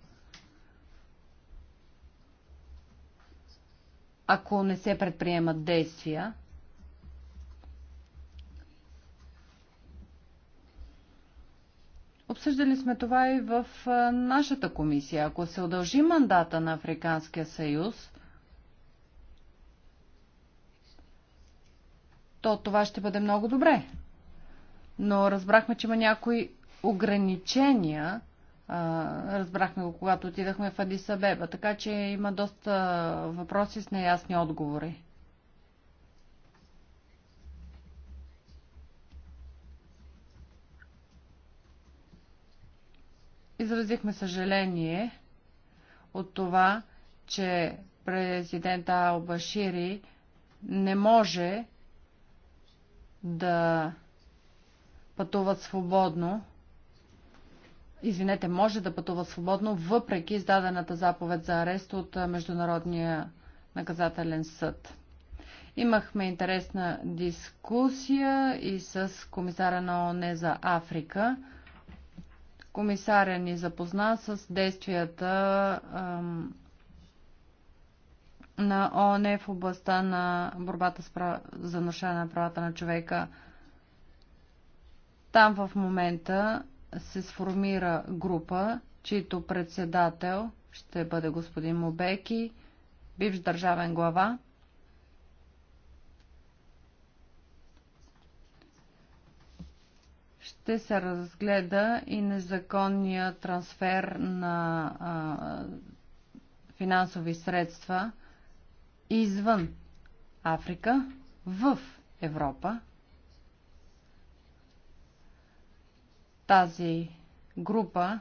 ако не се предприемат действия. Обсъждали сме това и в нашата комисия. Ако се удължи мандата на Африканския съюз, то това ще бъде много добре. Но разбрахме, че има някои ограничения. Разбрахме го, когато отидахме в Адисабеба, така че има доста въпроси с неясни отговори. Изразихме съжаление от това, че президента Албашири не може да пътуват свободно. Извинете, може да пътуват свободно, въпреки издадената заповед за арест от Международния наказателен съд. Имахме интересна дискусия и с комисара на ОНЕ за Африка. Комисаря ни запозна с действията ам, на ОНЕ в областта на борбата за нарушаване на правата на човека. Там в момента се сформира група, чийто председател ще бъде господин Мобеки, бивш държавен глава. Ще се разгледа и незаконния трансфер на а, финансови средства извън Африка, в Европа. Тази група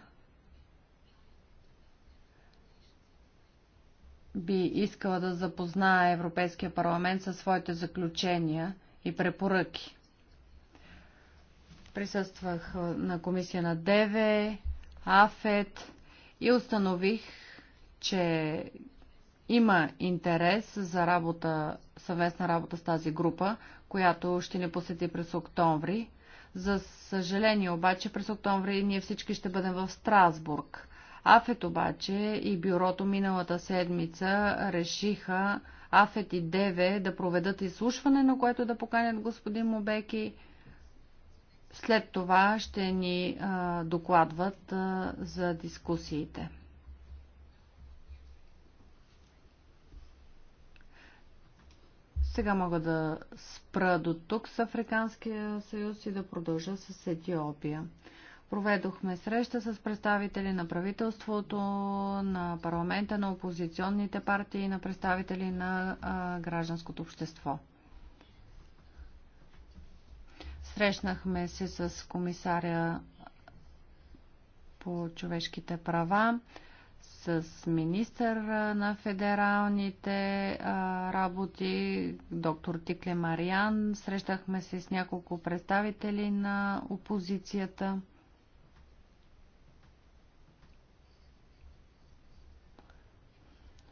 би искала да запознае Европейския парламент със своите заключения и препоръки. Присъствах на комисия на ДВ, АФЕТ и установих, че има интерес за работа, съвместна работа с тази група, която ще ни посети през октомври. За съжаление обаче през октомври ние всички ще бъдем в Страсбург. Афет обаче и бюрото миналата седмица решиха Афет и Деве да проведат изслушване, на което да поканят господин Мобеки. След това ще ни а, докладват а, за дискусиите. Сега мога да спра до тук с Африканския съюз и да продължа с Етиопия. Проведохме среща с представители на правителството, на парламента, на опозиционните партии, на представители на а, гражданското общество. Срещнахме се с комисаря по човешките права с министър на федералните а, работи, доктор Тикле Мариан. Срещахме се с няколко представители на опозицията.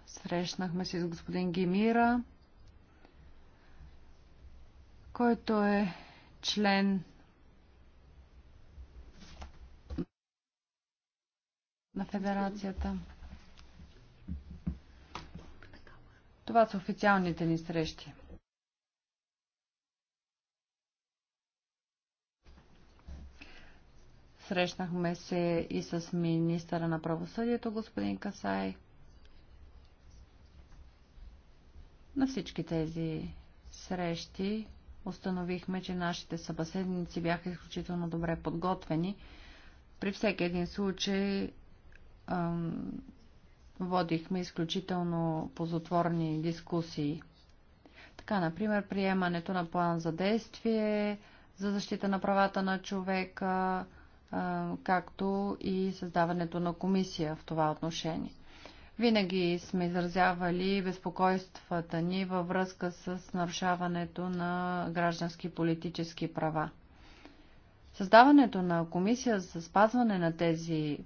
Срещнахме се с господин Гемира, който е член на федерацията. Това са официалните ни срещи. Срещнахме се и с министъра на правосъдието, господин Касай. На всички тези срещи установихме, че нашите събеседници бяха изключително добре подготвени. При всеки един случай водихме изключително позотворни дискусии. Така, например, приемането на план за действие, за защита на правата на човека, както и създаването на комисия в това отношение. Винаги сме изразявали безпокойствата ни във връзка с нарушаването на граждански политически права. Създаването на комисия за спазване на тези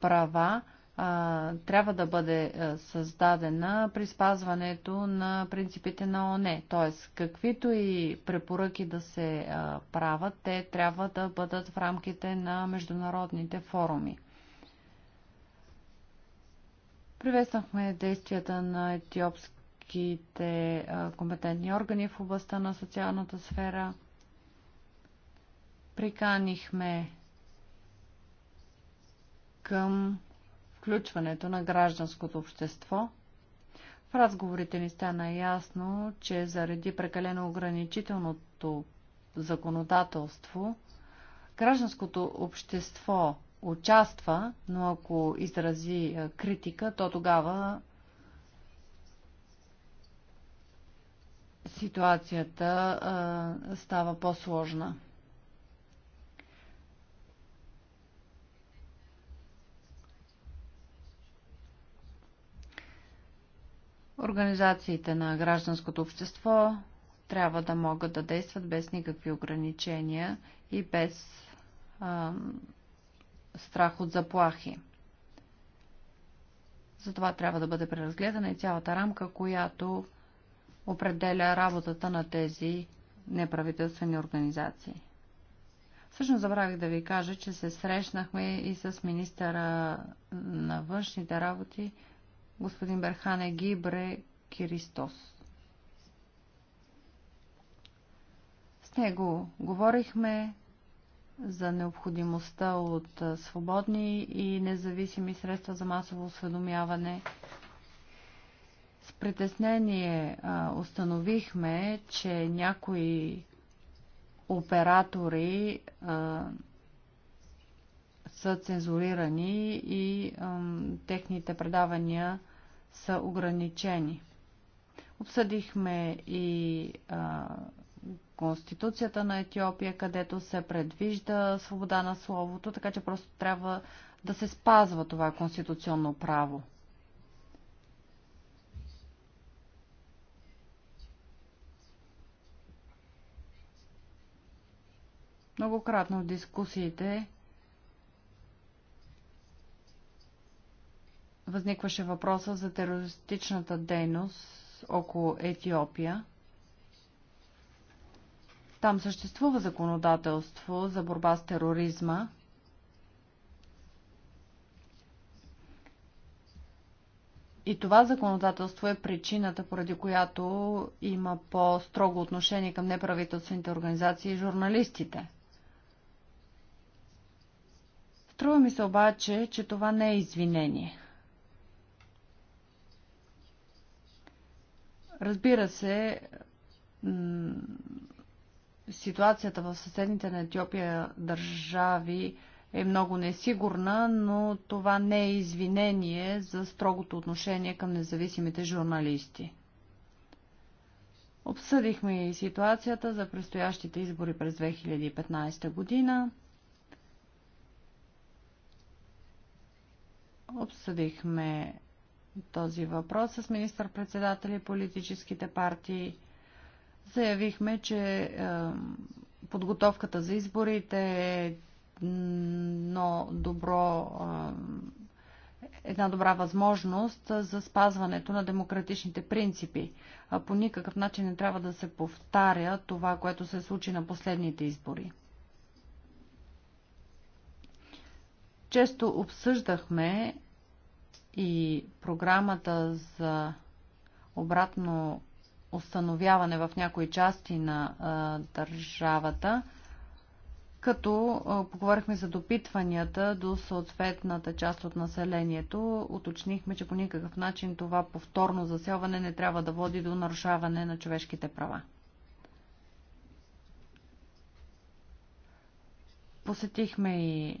права а, трябва да бъде създадена при спазването на принципите на ОНЕ. Т.е. каквито и препоръки да се а, правят, те трябва да бъдат в рамките на международните форуми. Приветствахме действията на етиопските компетентни органи в областта на социалната сфера. Приканихме към включването на гражданското общество. В разговорите ни стана ясно, че заради прекалено ограничителното законодателство, гражданското общество участва, но ако изрази критика, то тогава ситуацията а, става по-сложна. Организациите на гражданското общество трябва да могат да действат без никакви ограничения и без а, страх от заплахи. Затова трябва да бъде преразгледана и цялата рамка, която определя работата на тези неправителствени организации. Всъщност забравих да ви кажа, че се срещнахме и с министъра на външните работи господин Берхане Гибре Киристос. С него говорихме за необходимостта от свободни и независими средства за масово осведомяване. С притеснение а, установихме, че някои оператори а, са цензурирани и а, техните предавания са ограничени. Обсъдихме и а, Конституцията на Етиопия, където се предвижда свобода на словото, така че просто трябва да се спазва това конституционно право. Многократно в дискусиите възникваше въпроса за терористичната дейност около Етиопия. Там съществува законодателство за борба с тероризма. И това законодателство е причината, поради която има по-строго отношение към неправителствените организации и журналистите. Струва ми се обаче, че това не е извинение. Разбира се, ситуацията в съседните на Етиопия държави е много несигурна, но това не е извинение за строгото отношение към независимите журналисти. Обсъдихме и ситуацията за предстоящите избори през 2015 година. Обсъдихме този въпрос с министър-председатели и политическите партии. Заявихме, че е, подготовката за изборите е но добро, е, една добра възможност за спазването на демократичните принципи. А по никакъв начин не трябва да се повтаря това, което се случи на последните избори. Често обсъждахме и програмата за обратно установяване в някои части на а, държавата, като а, поговорихме за допитванията до съответната част от населението, уточнихме, че по никакъв начин това повторно заселване не трябва да води до нарушаване на човешките права. Посетихме и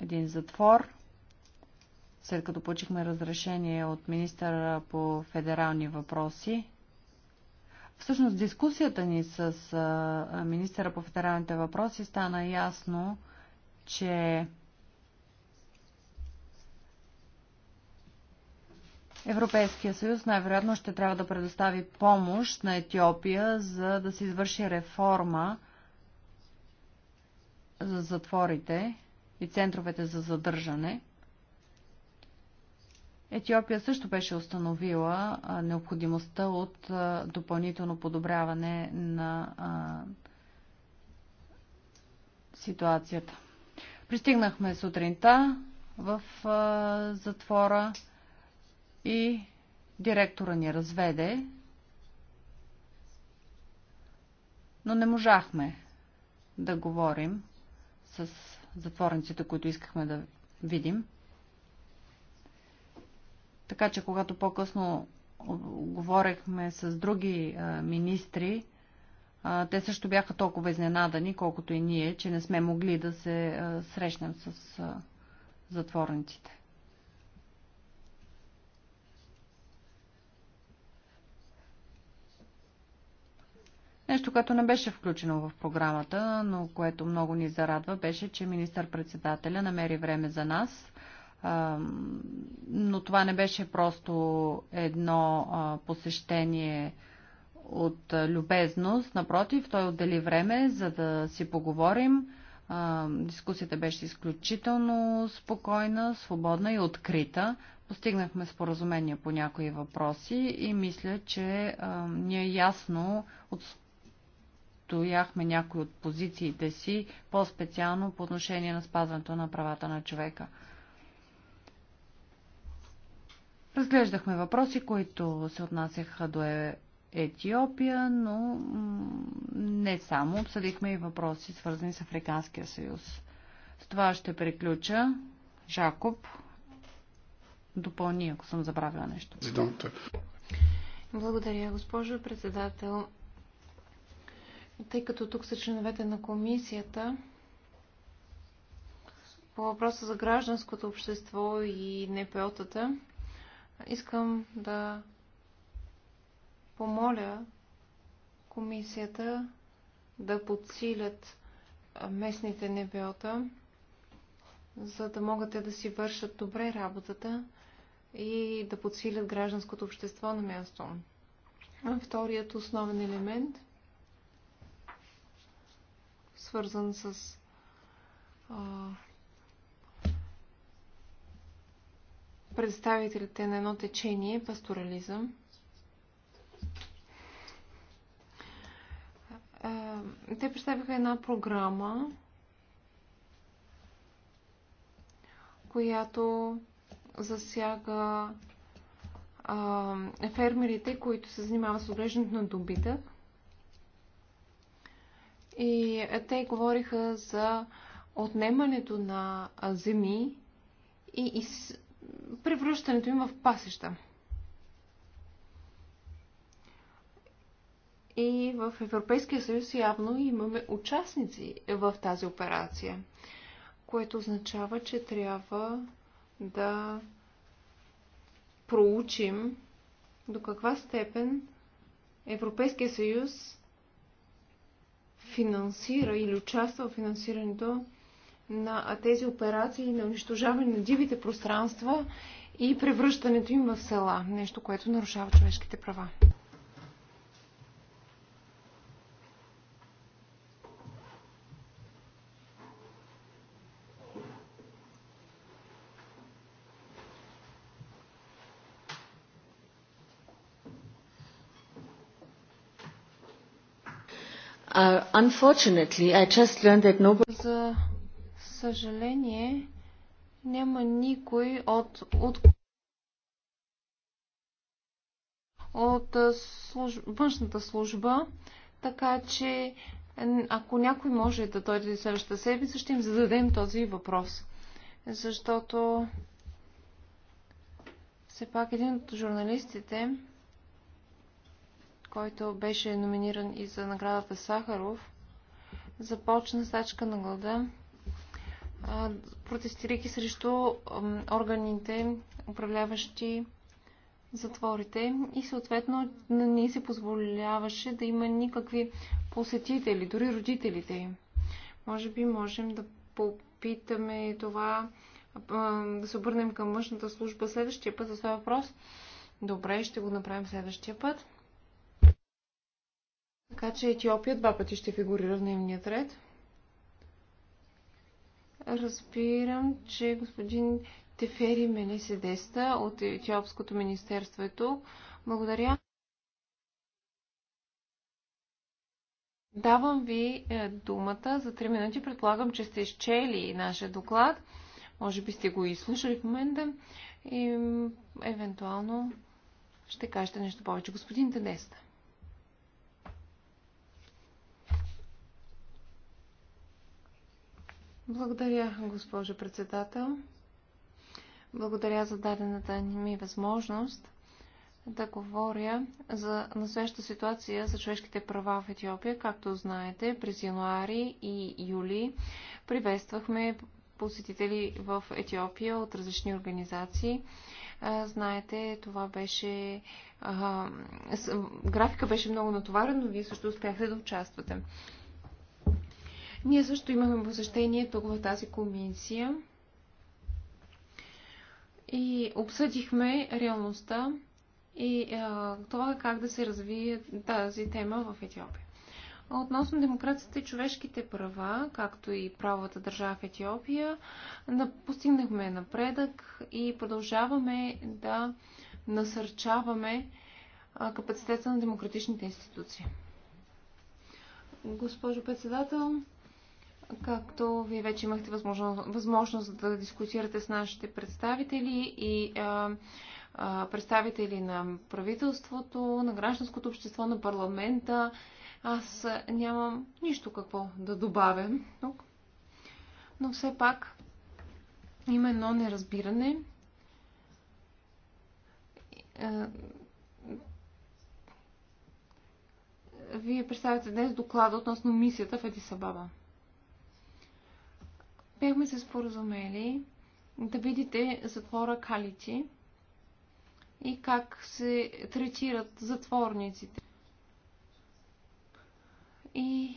един затвор – след като получихме разрешение от министъра по федерални въпроси. Всъщност дискусията ни с министъра по федералните въпроси стана ясно, че Европейския съюз най-вероятно ще трябва да предостави помощ на Етиопия, за да се извърши реформа за затворите и центровете за задържане – Етиопия също беше установила необходимостта от допълнително подобряване на ситуацията. Пристигнахме сутринта в затвора и директора ни разведе, но не можахме да говорим с затворниците, които искахме да видим. Така че, когато по-късно говорехме с други министри, те също бяха толкова изненадани, колкото и ние, че не сме могли да се срещнем с затворниците. Нещо, което не беше включено в програмата, но което много ни зарадва, беше, че министър-председателя намери време за нас – но това не беше просто едно посещение от любезност. Напротив, той отдели време, за да си поговорим. Дискусията беше изключително спокойна, свободна и открита. Постигнахме споразумение по някои въпроси и мисля, че ние ясно отстояхме някои от позициите си, по-специално по отношение на спазването на правата на човека. Разглеждахме въпроси, които се отнасяха до е- Етиопия, но не само. Обсъдихме и въпроси, свързани с Африканския съюз. С това ще приключа. Жакоб, допълни, ако съм забравила нещо. Ами, Благодаря, госпожо председател. Тъй като тук са членовете на комисията, по въпроса за гражданското общество и НПО-тата, Искам да помоля комисията да подсилят местните небеота, за да могат те да си вършат добре работата и да подсилят гражданското общество на място. Вторият основен елемент, свързан с представителите на едно течение пасторализъм. Те представиха една програма, която засяга фермерите, които се занимават с отглеждането на добитък. И те говориха за отнемането на земи и превръщането им в пасища. И в Европейския съюз явно имаме участници в тази операция, което означава, че трябва да проучим до каква степен Европейския съюз финансира или участва в финансирането на тези операции на унищожаване на дивите пространства и превръщането им в села. Нещо, което нарушава човешките права. Uh, unfortunately, I just learned that nobody... За съжаление, няма никой от, от, от служ, външната служба, така че ако някой може да дойде следващата седмица, ще им зададем този въпрос. Защото все пак един от журналистите, който беше номиниран и за наградата Сахаров, започна стачка на глада протестирайки срещу органите, управляващи затворите и съответно не се позволяваше да има никакви посетители, дори родителите им. Може би можем да попитаме това, да се обърнем към мъжната служба следващия път за своя въпрос. Добре, ще го направим следващия път. Така че Етиопия два пъти ще фигурира в дневният ред. Разбирам, че господин Тефери Менисе от Етиопското министерство е тук. Благодаря. Давам ви е, думата за 3 минути. Предполагам, че сте изчели нашия доклад. Може би сте го и слушали в момента. И евентуално ще кажете нещо повече. Господин Тедеста. Благодаря, госпожо председател. Благодаря за дадената ми възможност да говоря за настоящата ситуация за човешките права в Етиопия. Както знаете, през януари и юли приветствахме посетители в Етиопия от различни организации. Знаете, това беше. Графика беше много натоварена, но вие също успяхте да участвате. Ние също имаме посещение тук в тази комисия и обсъдихме реалността и а, това как да се развие тази тема в Етиопия. Относно демокрацията и човешките права, както и правата държава в Етиопия, постигнахме напредък и продължаваме да насърчаваме капацитета на демократичните институции. Госпожо председател, Както вие вече имахте възможност, възможност да дискутирате с нашите представители и а, а, представители на правителството, на гражданското общество, на парламента, аз нямам нищо какво да добавя тук. Но все пак има едно неразбиране. Вие представяте днес доклада относно мисията в Едисабаба бяхме се споразумели да видите затвора Калити и как се третират затворниците. И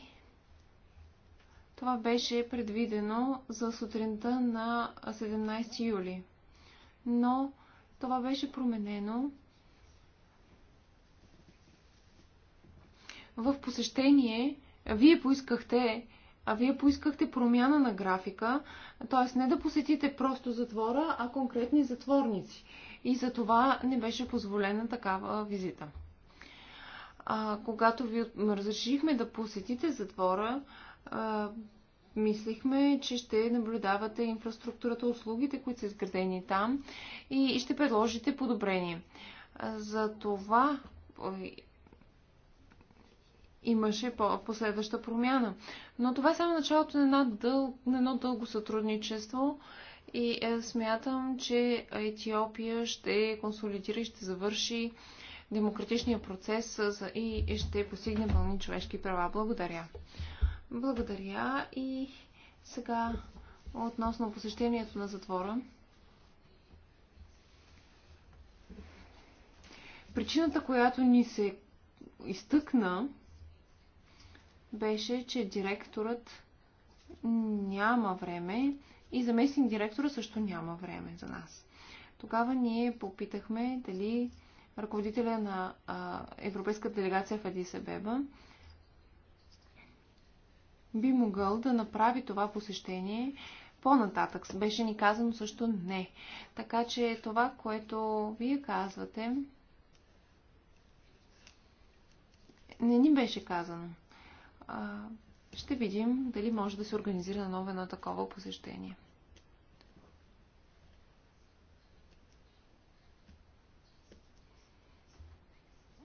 това беше предвидено за сутринта на 17 юли. Но това беше променено в посещение. Вие поискахте а вие поискахте промяна на графика, т.е. не да посетите просто затвора, а конкретни затворници. И за това не беше позволена такава визита. А, когато ви разрешихме да посетите затвора, а, мислихме, че ще наблюдавате инфраструктурата, услугите, които са изградени там и ще предложите подобрение. За това имаше последваща промяна. Но това е само началото на, едно, дъл... на едно дълго сътрудничество и е, смятам, че Етиопия ще консолидира и ще завърши демократичния процес и ще постигне пълни човешки права. Благодаря. Благодаря и сега относно посещението на затвора. Причината, която ни се изтъкна, беше, че директорът няма време и заместник директора също няма време за нас. Тогава ние попитахме дали ръководителя на а, Европейската делегация в Адис би могъл да направи това посещение по-нататък. Беше ни казано също не. Така че това, което вие казвате, не ни беше казано а, ще видим дали може да се организира на ново едно такова посещение.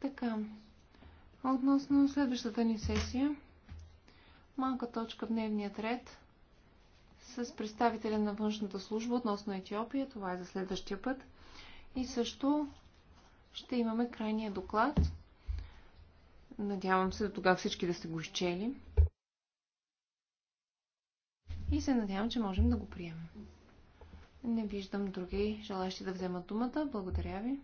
Така, относно следващата ни сесия, малка точка в дневният ред с представителя на външната служба относно Етиопия, това е за следващия път. И също ще имаме крайния доклад Надявам се до тогава всички да сте го изчели. И се надявам, че можем да го приемем. Не виждам други желащи да вземат думата. Благодаря ви.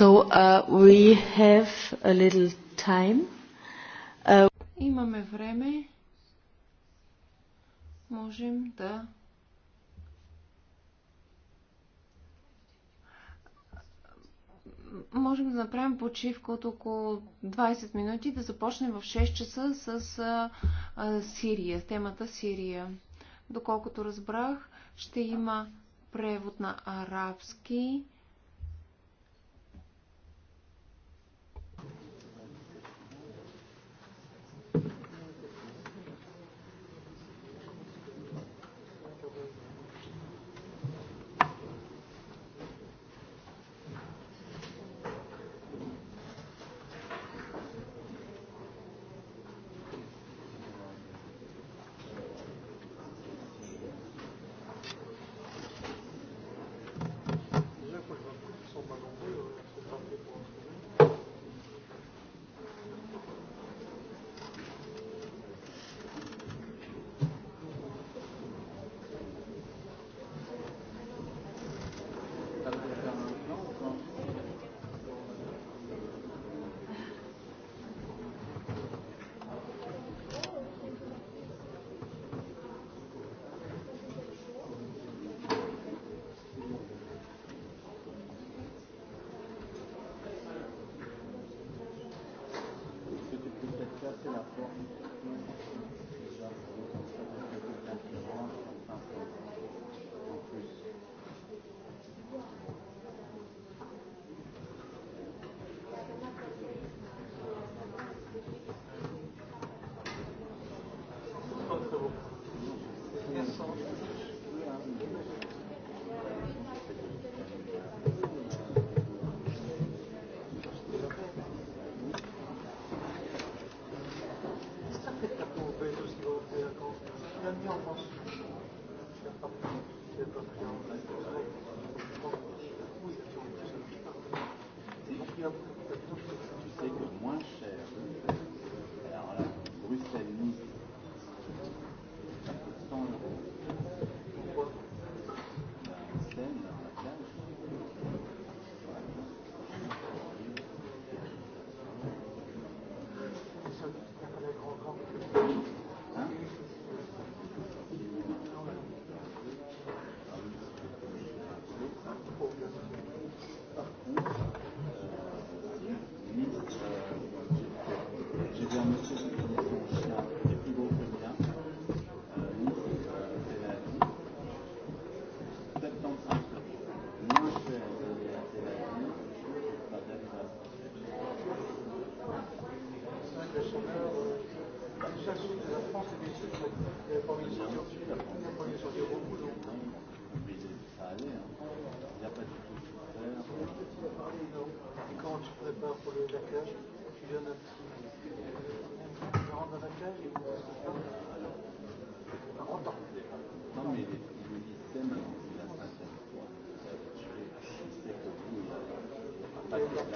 So uh, we have a little time. Uh... Имаме време можем да можем да направим почивка от около 20 минути, да започнем в 6 часа с а, а, Сирия, темата Сирия. Доколкото разбрах, ще има превод на арабски. Tu sais que moins cher.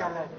Calais.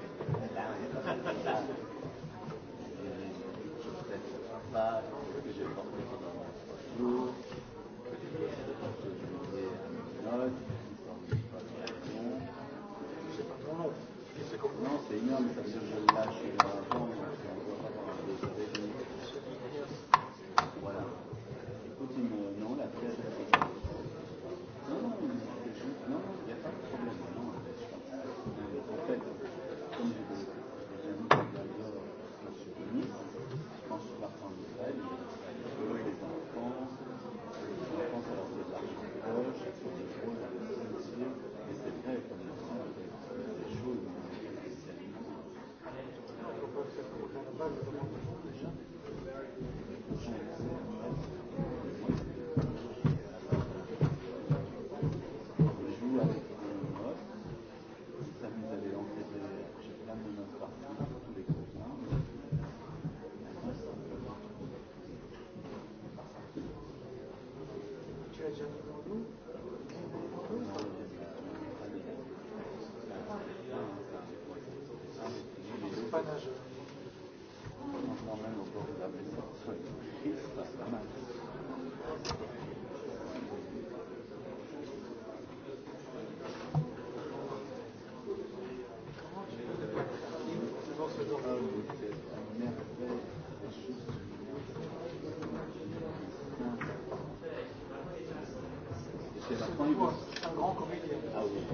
un grand comédien.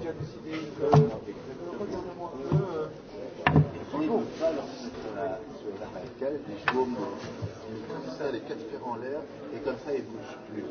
Il a décidé que. Regardez-moi un peu. Sur la l'air, et comme ça, il ne bouge plus.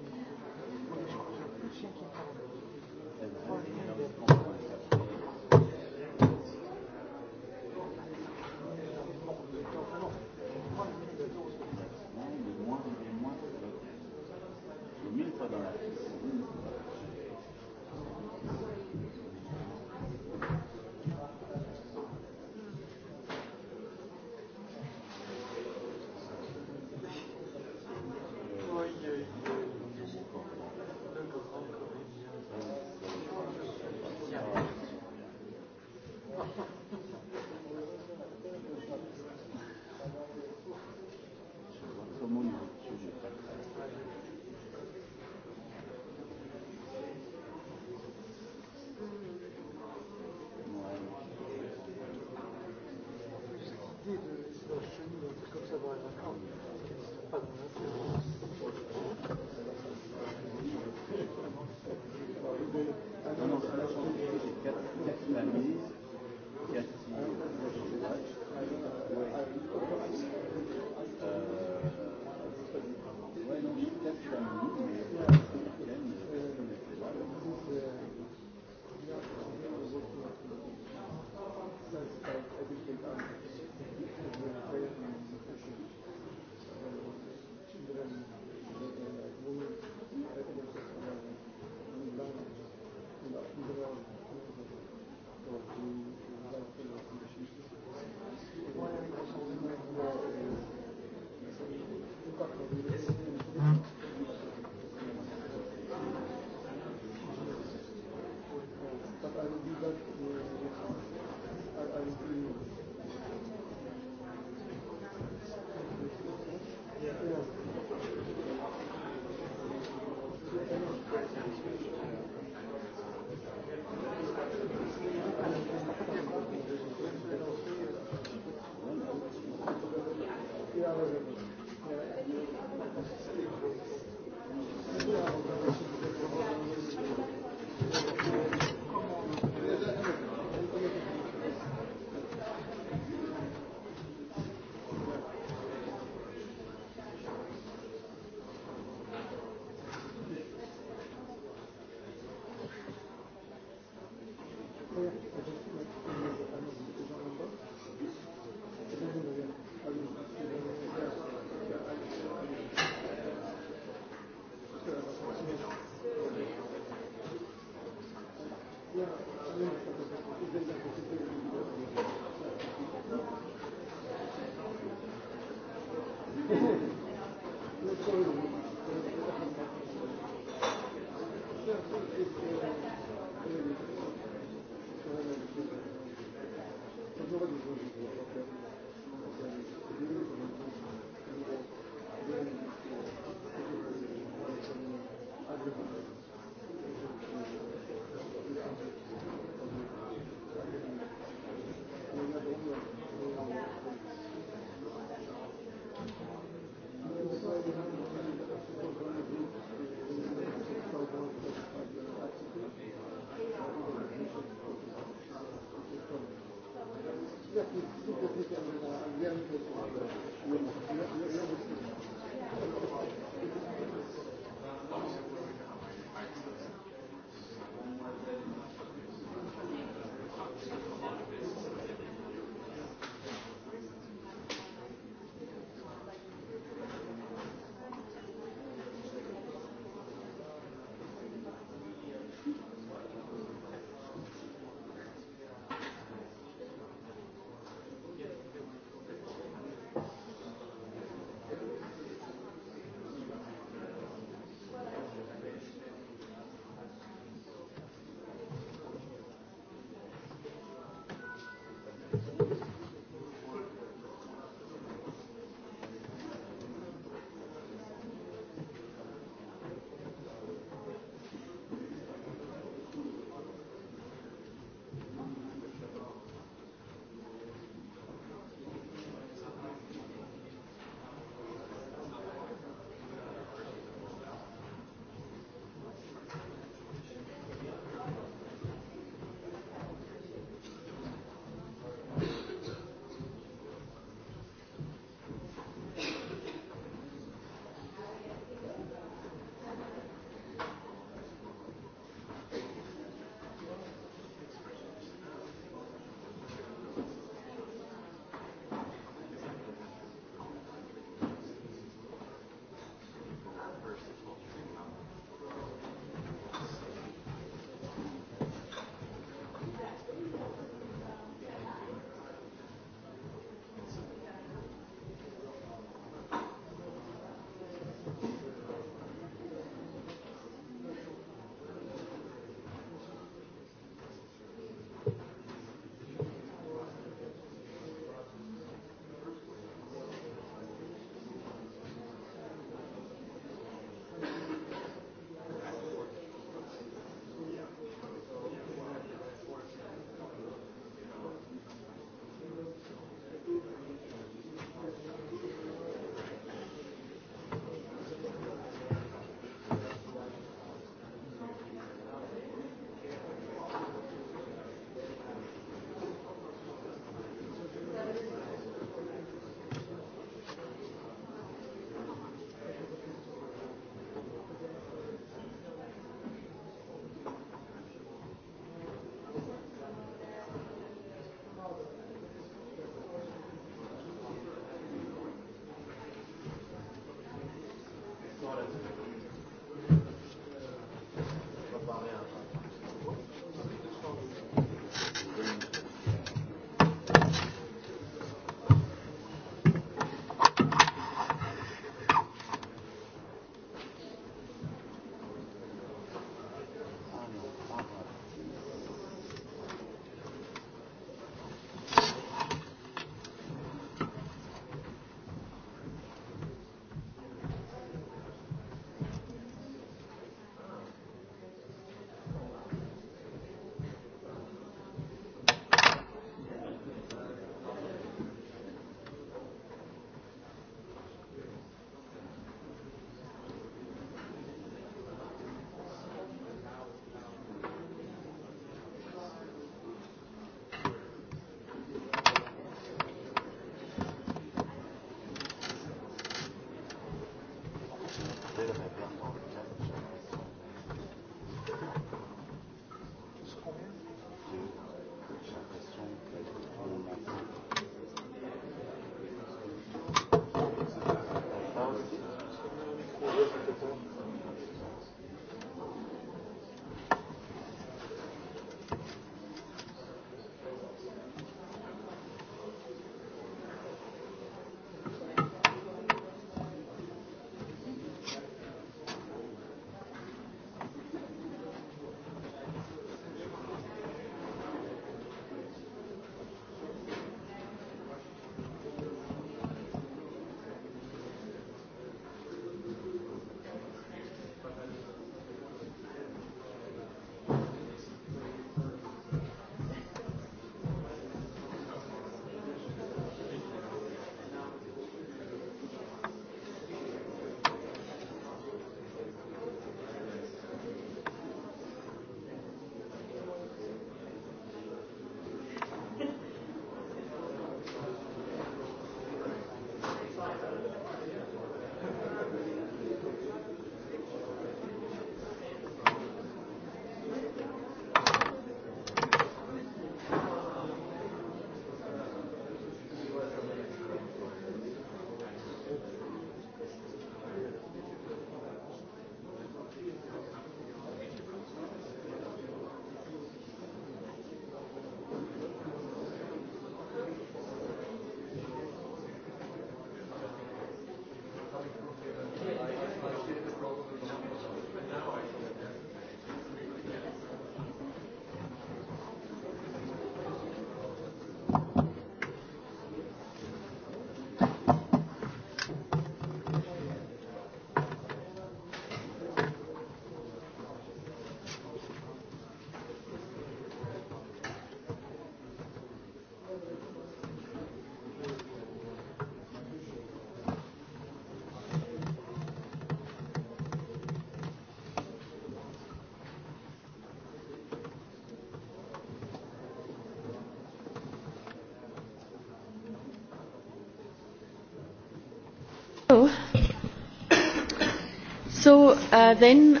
So uh, then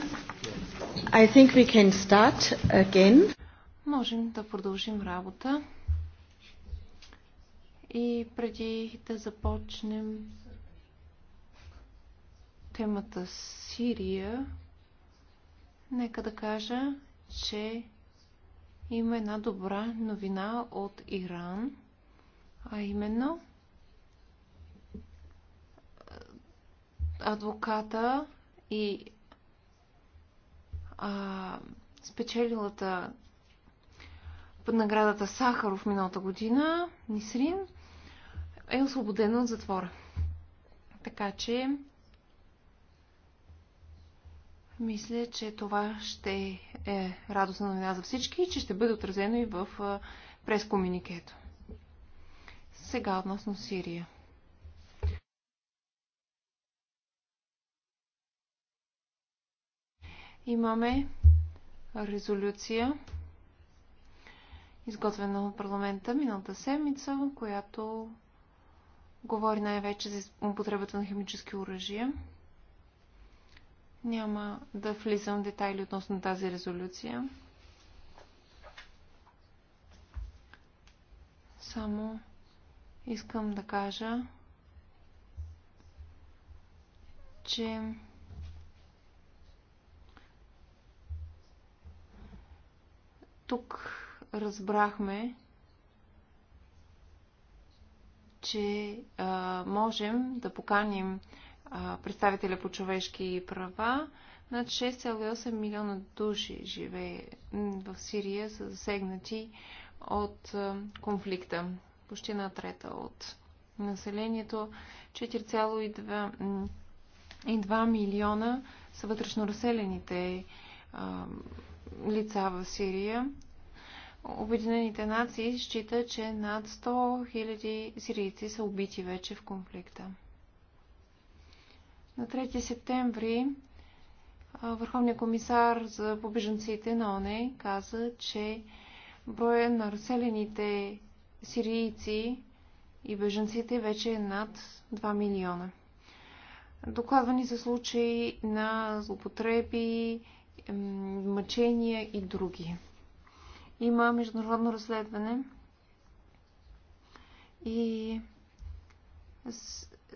I think we can start again. Можем да продължим работа. И преди да започнем темата Сирия, нека да кажа, че има една добра новина от Иран, а именно адвоката и а, спечелилата под наградата Сахаров миналата година, Нисрин, е освободена от затвора. Така че, мисля, че това ще е радостна новина за всички и че ще бъде отразено и в прескомуникето. Сега относно Сирия. Имаме резолюция, изготвена от парламента миналата седмица, която говори най-вече за употребата на химически оръжия. Няма да влизам в детайли относно тази резолюция. Само искам да кажа, че Тук разбрахме, че а, можем да поканим а, представителя по човешки права. Над 6,8 милиона души живее в Сирия, са засегнати от а, конфликта. Почти на трета от населението. 4,2 милиона са вътрешно разселените а, лица в Сирия. Обединените нации считат, че над 100 000 сирийци са убити вече в конфликта. На 3 септември Върховният комисар за побеженците на ОНЕ каза, че броя на разселените сирийци и беженците вече е над 2 милиона. Докладвани са случаи на злопотреби, мъчения и други. Има международно разследване и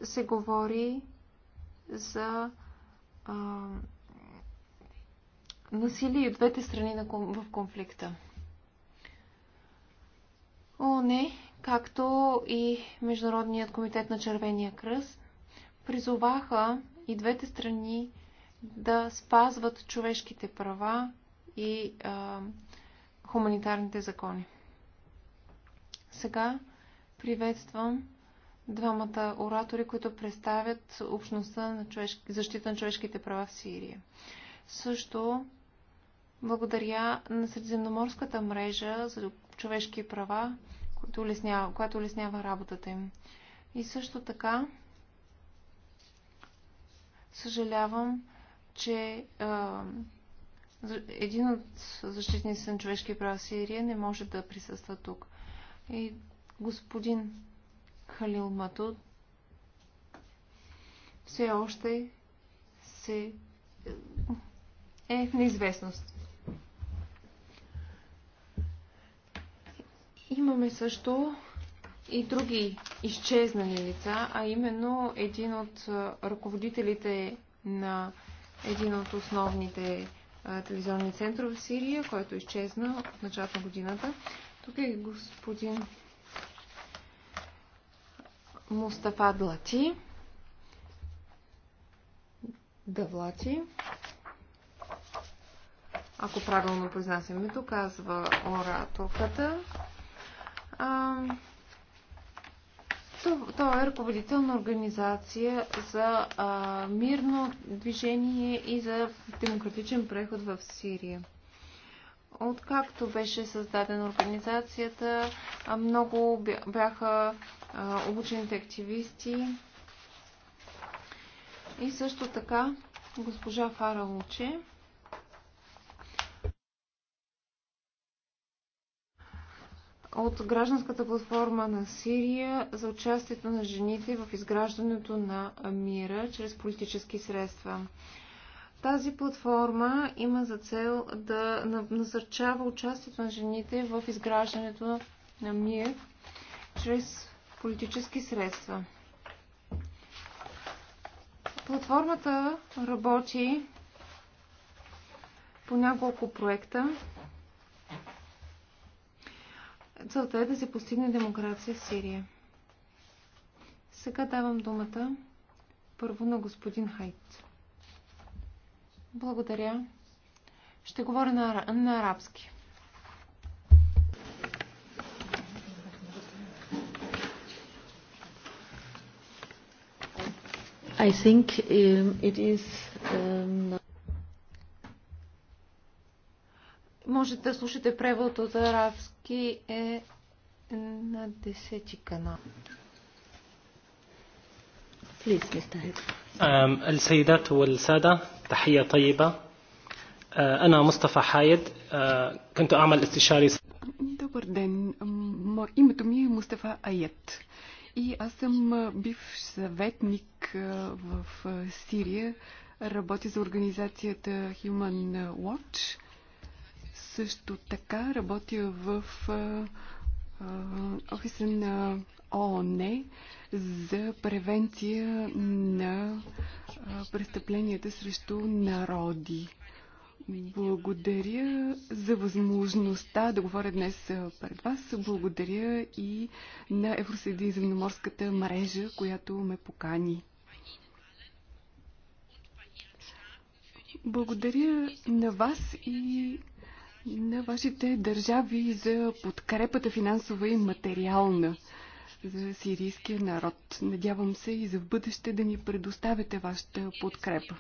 се говори за а, насилие от двете страни на, в конфликта. не, както и Международният комитет на Червения кръст, призоваха и двете страни да спазват човешките права и а, хуманитарните закони. Сега приветствам двамата оратори, които представят общността на човешки, защита на човешките права в Сирия. Също благодаря на Средиземноморската мрежа за човешки права, която улеснява, която улеснява работата им. И също така съжалявам, че а, един от защитниците на човешки права в Сирия не може да присъства тук. И господин Халил Матуд все още се е в неизвестност. Имаме също и други изчезнали лица, а именно един от ръководителите на един от основните телевизионни центрове в Сирия, който изчезна от началото на годината. Тук е господин Мустафа Длати. Давлати. Ако правилно произнасяме, тук, казва ораторката. А, той е ръководител на организация за а, мирно движение и за демократичен преход в Сирия. Откакто беше създадена организацията, много бяха а, обучените активисти. И също така госпожа Фара Луче от гражданската платформа на Сирия за участието на жените в изграждането на мира чрез политически средства. Тази платформа има за цел да насърчава участието на жените в изграждането на мир чрез политически средства. Платформата работи по няколко проекта, целта е да се постигне демокрация в Сирия. Сега давам думата първо на господин Хайт. Благодаря. Ще говоря на, на арабски. I think um, it is um, Може да слушате превод от арабски е на 10 канал. السيدات والسادة تحية طيبة أنا مصطفى حايد كنت أعمل استشاري Добър ден. Името ми е Мустафа Аят. И аз съм бивш съветник в Сирия. Работя за организацията Human Watch – също така работя в офиса на ООН за превенция на престъпленията срещу народи. Благодаря за възможността да говоря днес пред вас. Благодаря и на Евросъединземноморската мрежа, която ме покани. Благодаря на вас и на вашите държави за подкрепата финансова и материална за сирийския народ. Надявам се и за в бъдеще да ни предоставяте вашата подкрепа.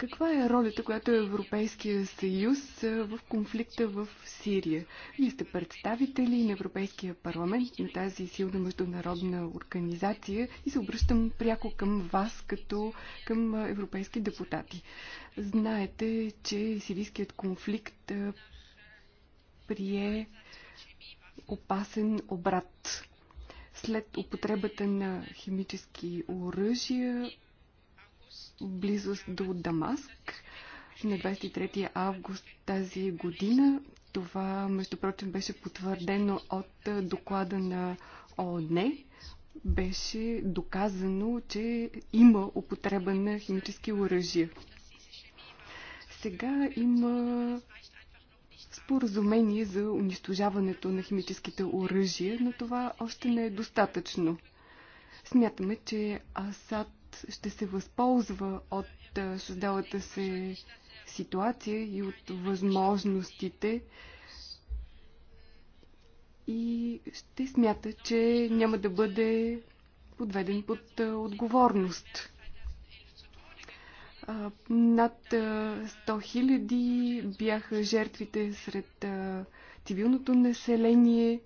Каква е ролята, която е Европейския съюз в конфликта в Сирия? Вие сте представители на Европейския парламент, на тази силна международна организация и се обръщам пряко към вас, като към европейски депутати. Знаете, че сирийският конфликт прие опасен обрат. След употребата на химически оръжия, близост до Дамаск на 23 август тази година. Това, между прочим, беше потвърдено от доклада на ООН. Беше доказано, че има употреба на химически оръжия. Сега има споразумение за унищожаването на химическите оръжия, но това още не е достатъчно. Смятаме, че Асад ще се възползва от създалата се ситуация и от възможностите и ще смята, че няма да бъде подведен под отговорност. Над 100 хиляди бяха жертвите сред цивилното население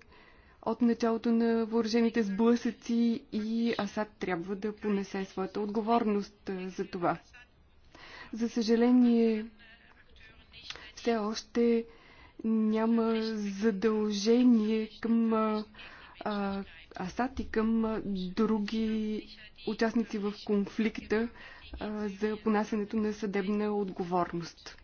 от началото на въоръжените сблъсъци и Асад трябва да понесе своята отговорност за това. За съжаление, все още няма задължение към а, Асад и към други участници в конфликта а, за понасянето на съдебна отговорност.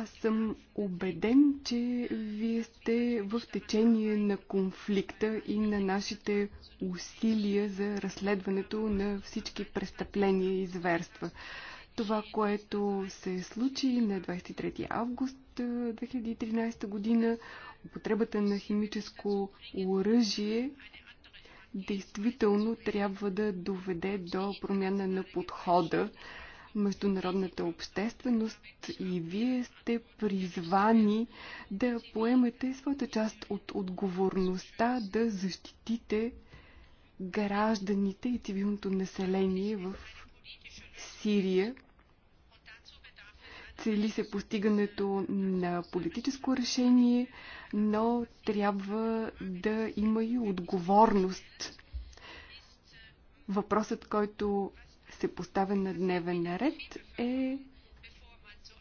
Аз съм убеден, че вие сте в течение на конфликта и на нашите усилия за разследването на всички престъпления и зверства. Това, което се случи на 23 август 2013 година, употребата на химическо оръжие действително трябва да доведе до промяна на подхода международната общественост и вие сте призвани да поемете своята част от отговорността да защитите гражданите и цивилното население в Сирия. Цели се постигането на политическо решение, но трябва да има и отговорност. Въпросът, който се поставя на дневен ред е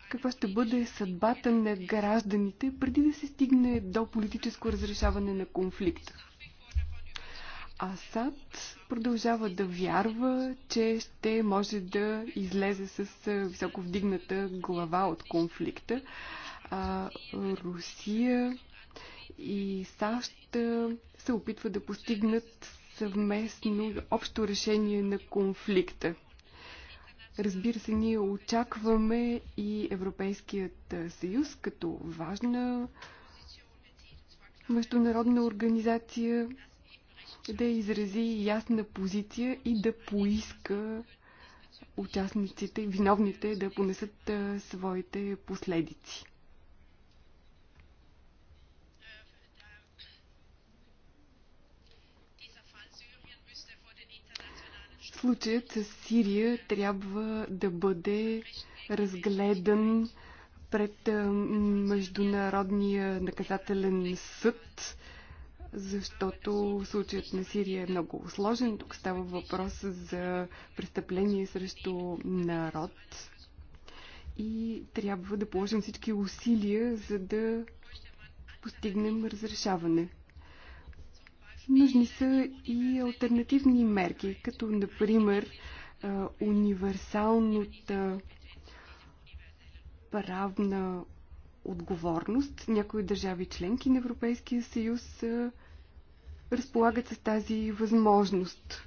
каква ще бъде съдбата на гражданите преди да се стигне до политическо разрешаване на конфликта. Асад продължава да вярва, че ще може да излезе с високо вдигната глава от конфликта. А, Русия и САЩ се опитват да постигнат съвместно общо решение на конфликта. Разбира се, ние очакваме и Европейският съюз като важна международна организация да изрази ясна позиция и да поиска участниците, виновните да понесат своите последици. Случаят с Сирия трябва да бъде разгледан пред Международния наказателен съд, защото случаят на Сирия е много сложен. Тук става въпрос за престъпление срещу народ и трябва да положим всички усилия, за да постигнем разрешаване. Нужни са и альтернативни мерки, като например универсалната правна отговорност. Някои държави членки на Европейския съюз разполагат с тази възможност.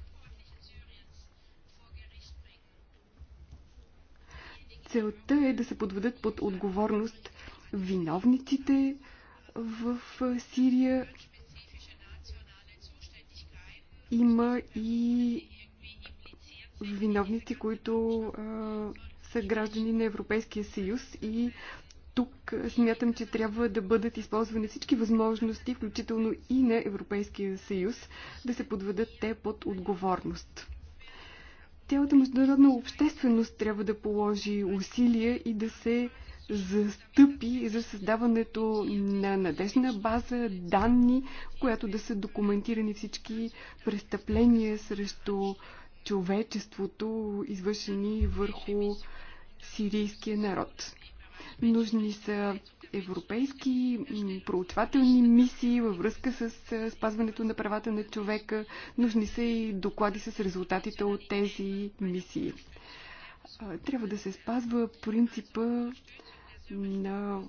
Целта е да се подведат под отговорност виновниците в Сирия има и виновници, които а, са граждани на Европейския съюз и тук смятам, че трябва да бъдат използвани всички възможности, включително и на Европейския съюз, да се подведат те под отговорност. Цялата международна общественост трябва да положи усилия и да се за стъпи за създаването на надежна база данни, която да са документирани всички престъпления срещу човечеството, извършени върху сирийския народ. Нужни са европейски проучвателни мисии във връзка с спазването на правата на човека. Нужни са и доклади с резултатите от тези мисии. Трябва да се спазва принципа на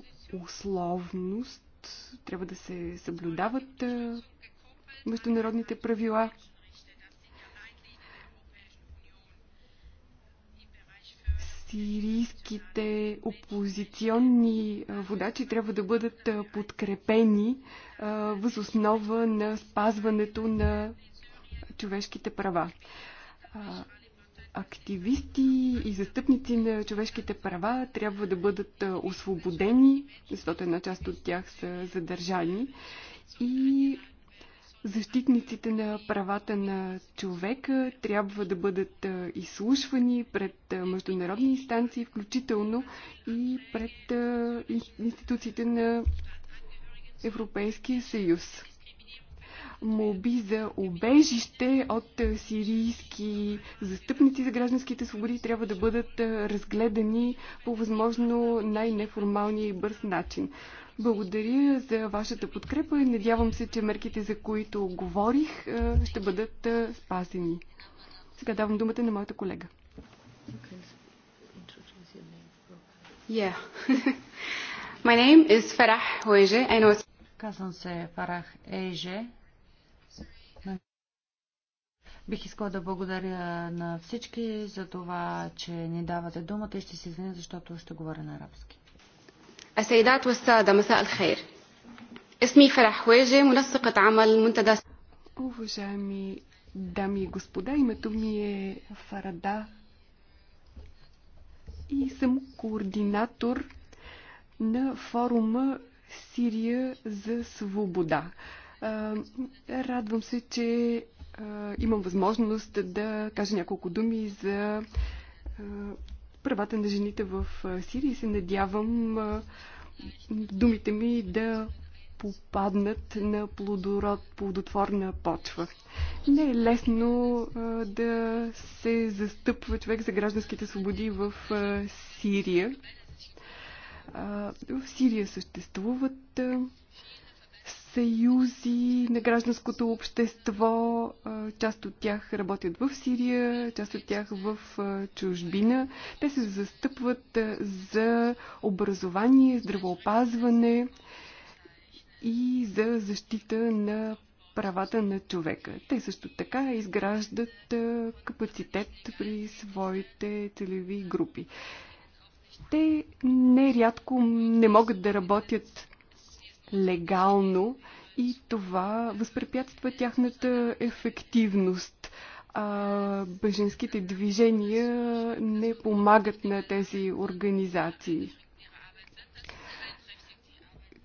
условност. Трябва да се съблюдават международните правила. сирийските опозиционни водачи трябва да бъдат подкрепени въз основа на спазването на човешките права. Активисти и застъпници на човешките права трябва да бъдат освободени, защото една част от тях са задържани. И защитниците на правата на човека трябва да бъдат изслушвани пред международни инстанции, включително и пред институциите на Европейския съюз моби за обежище от е, сирийски застъпници за гражданските свободи трябва да бъдат е, разгледани по възможно най-неформалния и бърз начин. Благодаря за вашата подкрепа и надявам се, че мерките, за които говорих, е, ще бъдат спасени. Сега давам думата на моята колега. Yeah. My name is Farah Казвам се Фарах Ейже. Бих искала да благодаря на всички за това, че ни давате думата и ще се извиня, защото ще говоря на арабски. السيدات والسادة مساء الخير اسمي فرح واجه منسقة عمل منتدى Уважаеми дами и господа, името ми е Фарада и съм координатор на форума Сирия за свобода. Радвам се, че имам възможност да кажа няколко думи за правата на жените в Сирия и се надявам думите ми да попаднат на плодород, плодотворна почва. Не е лесно да се застъпва човек за гражданските свободи в Сирия. в Сирия съществуват съюзи на гражданското общество. Част от тях работят в Сирия, част от тях в чужбина. Те се застъпват за образование, здравеопазване и за защита на правата на човека. Те също така изграждат капацитет при своите целеви групи. Те нерядко не могат да работят легално и това възпрепятства тяхната ефективност. А, беженските движения не помагат на тези организации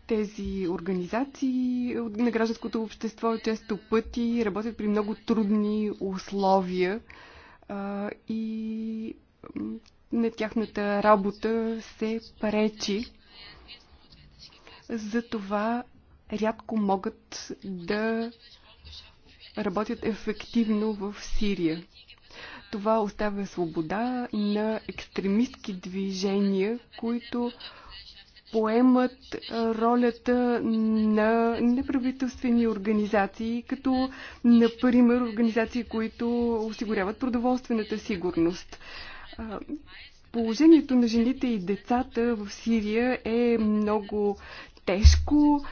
тези организации на гражданското общество често пъти работят при много трудни условия а, и на тяхната работа се пречи. Затова рядко могат да работят ефективно в Сирия. Това оставя свобода на екстремистки движения, които поемат ролята на неправителствени организации, като, например, организации, които осигуряват продоволствената сигурност. Положението на жените и децата в Сирия е много тежко.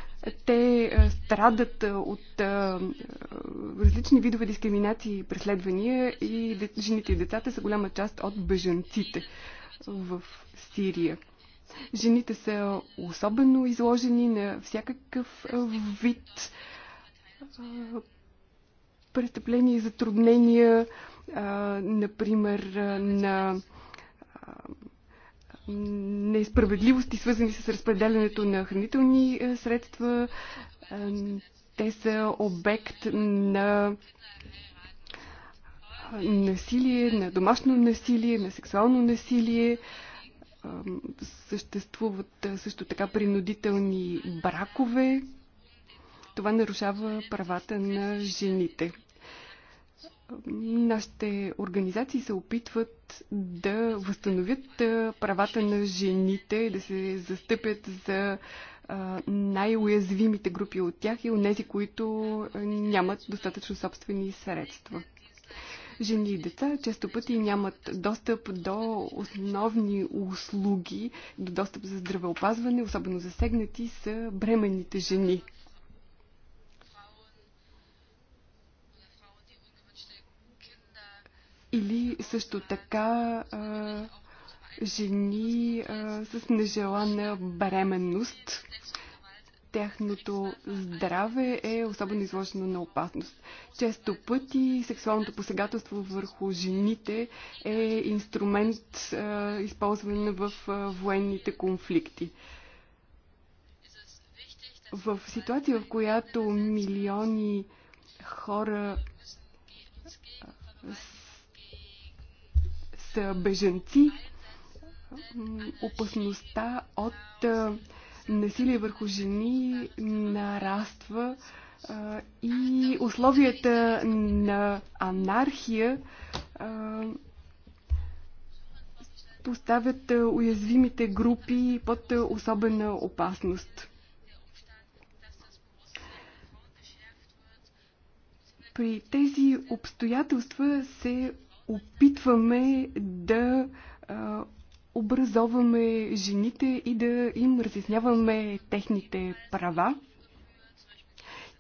Те страдат от различни видове дискриминации и преследвания и жените и децата са голяма част от бежанците в Сирия. Жените са особено изложени на всякакъв вид престъпления и затруднения, например, на несправедливости, свързани с разпределянето на хранителни е, средства. Е, те са обект на е, насилие, на домашно насилие, на сексуално насилие. Съществуват също така принудителни бракове. Това нарушава правата на жените. Нашите организации се опитват да възстановят правата на жените, да се застъпят за най-уязвимите групи от тях и от тези, които нямат достатъчно собствени средства. Жени и деца често пъти нямат достъп до основни услуги, до достъп за здравеопазване, особено засегнати са бременните жени. Или също така а, жени а, с нежелана бременност. Тяхното здраве е особено изложено на опасност. Често пъти сексуалното посегателство върху жените е инструмент, а, използван в а, военните конфликти в ситуация, в която милиони хора Беженци, бежанци, опасността от насилие върху жени нараства и условията на анархия поставят уязвимите групи под особена опасност. При тези обстоятелства се опитваме да а, образоваме жените и да им разясняваме техните права.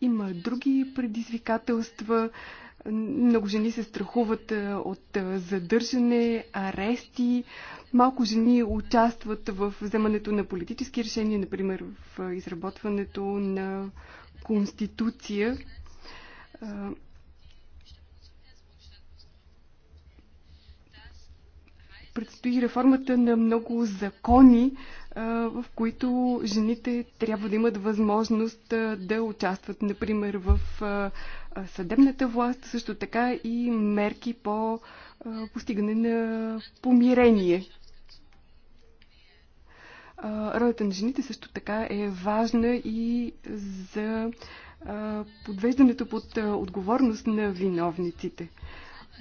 Има други предизвикателства. Много жени се страхуват от задържане, арести. Малко жени участват в вземането на политически решения, например в изработването на конституция предстои реформата на много закони, в които жените трябва да имат възможност да участват, например, в съдебната власт, също така и мерки по постигане на помирение. Ролята на жените също така е важна и за подвеждането под отговорност на виновниците.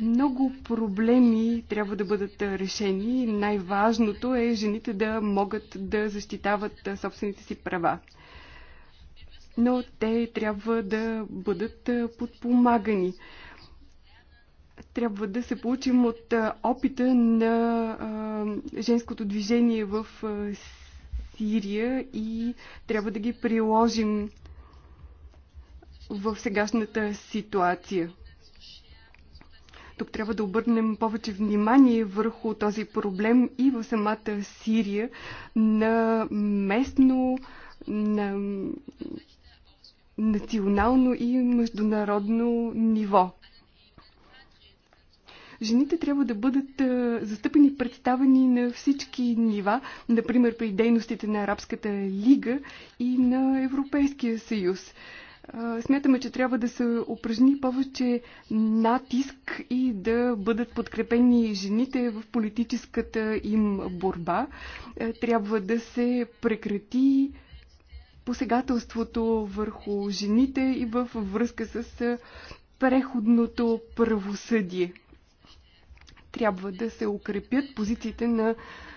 Много проблеми трябва да бъдат решени. Най-важното е жените да могат да защитават собствените си права. Но те трябва да бъдат подпомагани. Трябва да се получим от опита на женското движение в Сирия и трябва да ги приложим в сегашната ситуация. Тук трябва да обърнем повече внимание върху този проблем и в самата Сирия на местно, на национално и международно ниво. Жените трябва да бъдат застъпени, представени на всички нива, например при дейностите на Арабската лига и на Европейския съюз смятаме, че трябва да се упражни повече натиск и да бъдат подкрепени жените в политическата им борба. Трябва да се прекрати посегателството върху жените и във връзка с преходното правосъдие. Трябва да се укрепят позициите на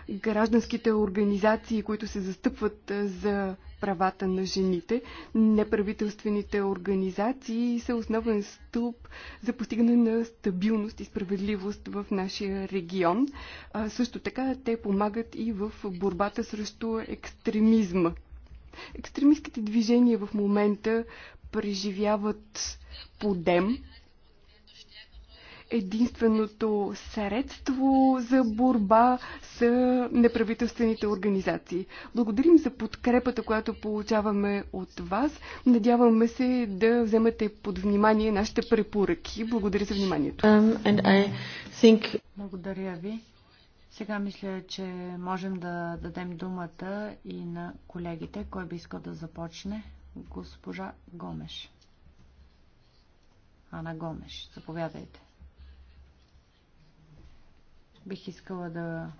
гражданските организации, които се застъпват за правата на жените. Неправителствените организации са основен стълб за постигане на стабилност и справедливост в нашия регион. А, също така те помагат и в борбата срещу екстремизма. Екстремистските движения в момента преживяват подем единственото средство за борба с неправителствените организации. Благодарим за подкрепата, която получаваме от вас. Надяваме се да вземете под внимание нашите препоръки. Благодаря за вниманието. Um, think... Благодаря ви. Сега мисля, че можем да дадем думата и на колегите. Кой би искал да започне? Госпожа Гомеш. Ана Гомеш, заповядайте. Бих искала да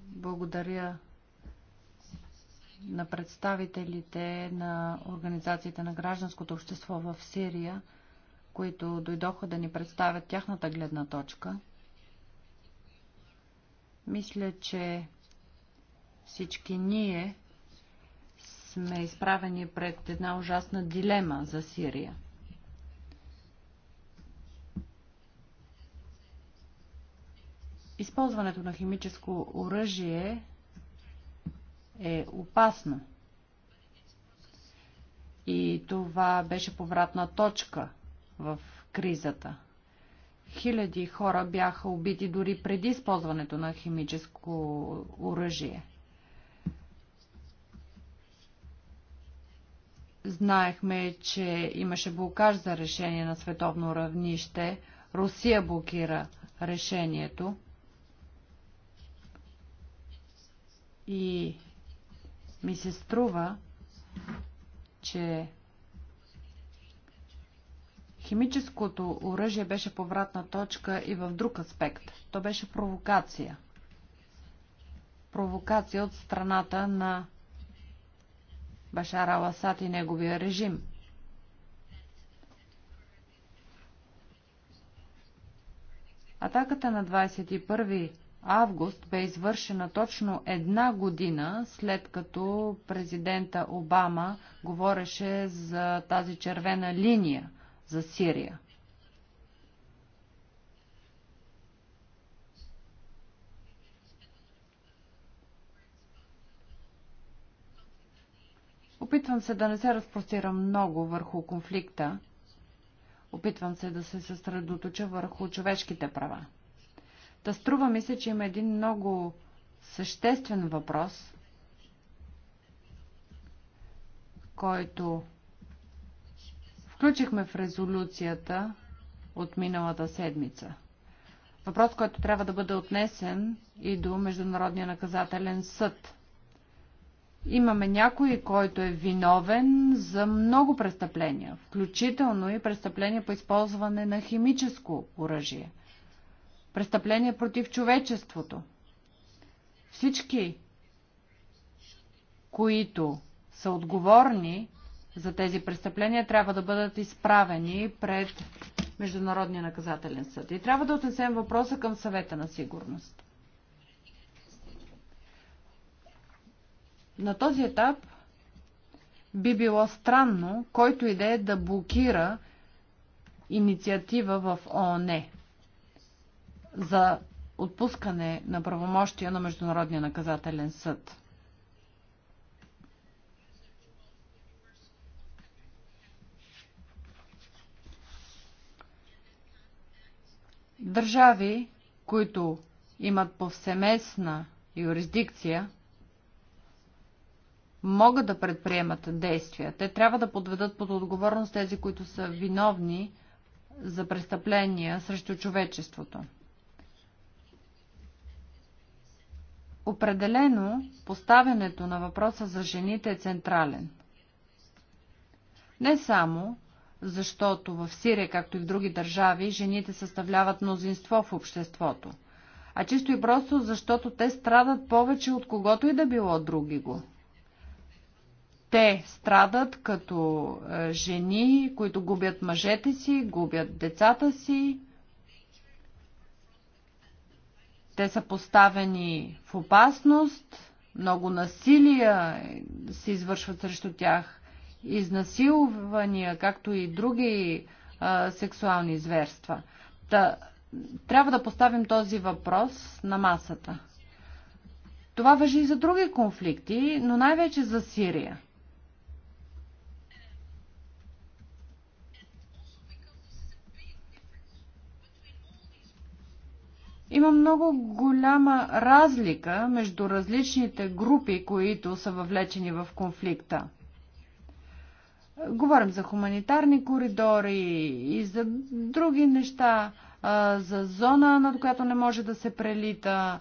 благодаря на представителите на организациите на гражданското общество в Сирия, които дойдоха да ни представят тяхната гледна точка. Мисля, че всички ние сме изправени пред една ужасна дилема за Сирия. Използването на химическо оръжие е опасно. И това беше повратна точка в кризата. Хиляди хора бяха убити дори преди използването на химическо оръжие. Знаехме, че имаше блокаж за решение на световно равнище. Русия блокира решението. И ми се струва, че химическото оръжие беше повратна точка и в друг аспект. То беше провокация. Провокация от страната на Башар Аласад и неговия режим. Атаката на 21 август бе извършена точно една година след като президента Обама говореше за тази червена линия за Сирия. Опитвам се да не се разпростирам много върху конфликта. Опитвам се да се съсредоточа върху човешките права. Та струва ми се, че има един много съществен въпрос, който включихме в резолюцията от миналата седмица. Въпрос, който трябва да бъде отнесен и до Международния наказателен съд. Имаме някой, който е виновен за много престъпления, включително и престъпления по използване на химическо оръжие – престъпления против човечеството. Всички, които са отговорни за тези престъпления, трябва да бъдат изправени пред Международния наказателен съд. И трябва да отнесем въпроса към съвета на сигурност. На този етап би било странно, който идея да блокира инициатива в ООН за отпускане на правомощия на Международния наказателен съд. Държави, които имат повсеместна юрисдикция, могат да предприемат действия. Те трябва да подведат под отговорност тези, които са виновни за престъпления срещу човечеството. Определено поставянето на въпроса за жените е централен. Не само, защото в Сирия, както и в други държави, жените съставляват мнозинство в обществото, а чисто и просто, защото те страдат повече от когото и да било други го. Те страдат като е, жени, които губят мъжете си, губят децата си, те са поставени в опасност, много насилия се извършват срещу тях, изнасилвания, както и други а, сексуални зверства. Та, трябва да поставим този въпрос на масата. Това въжи и за други конфликти, но най-вече за Сирия. Има много голяма разлика между различните групи, които са въвлечени в конфликта. Говорим за хуманитарни коридори и за други неща, за зона, над която не може да се прелита,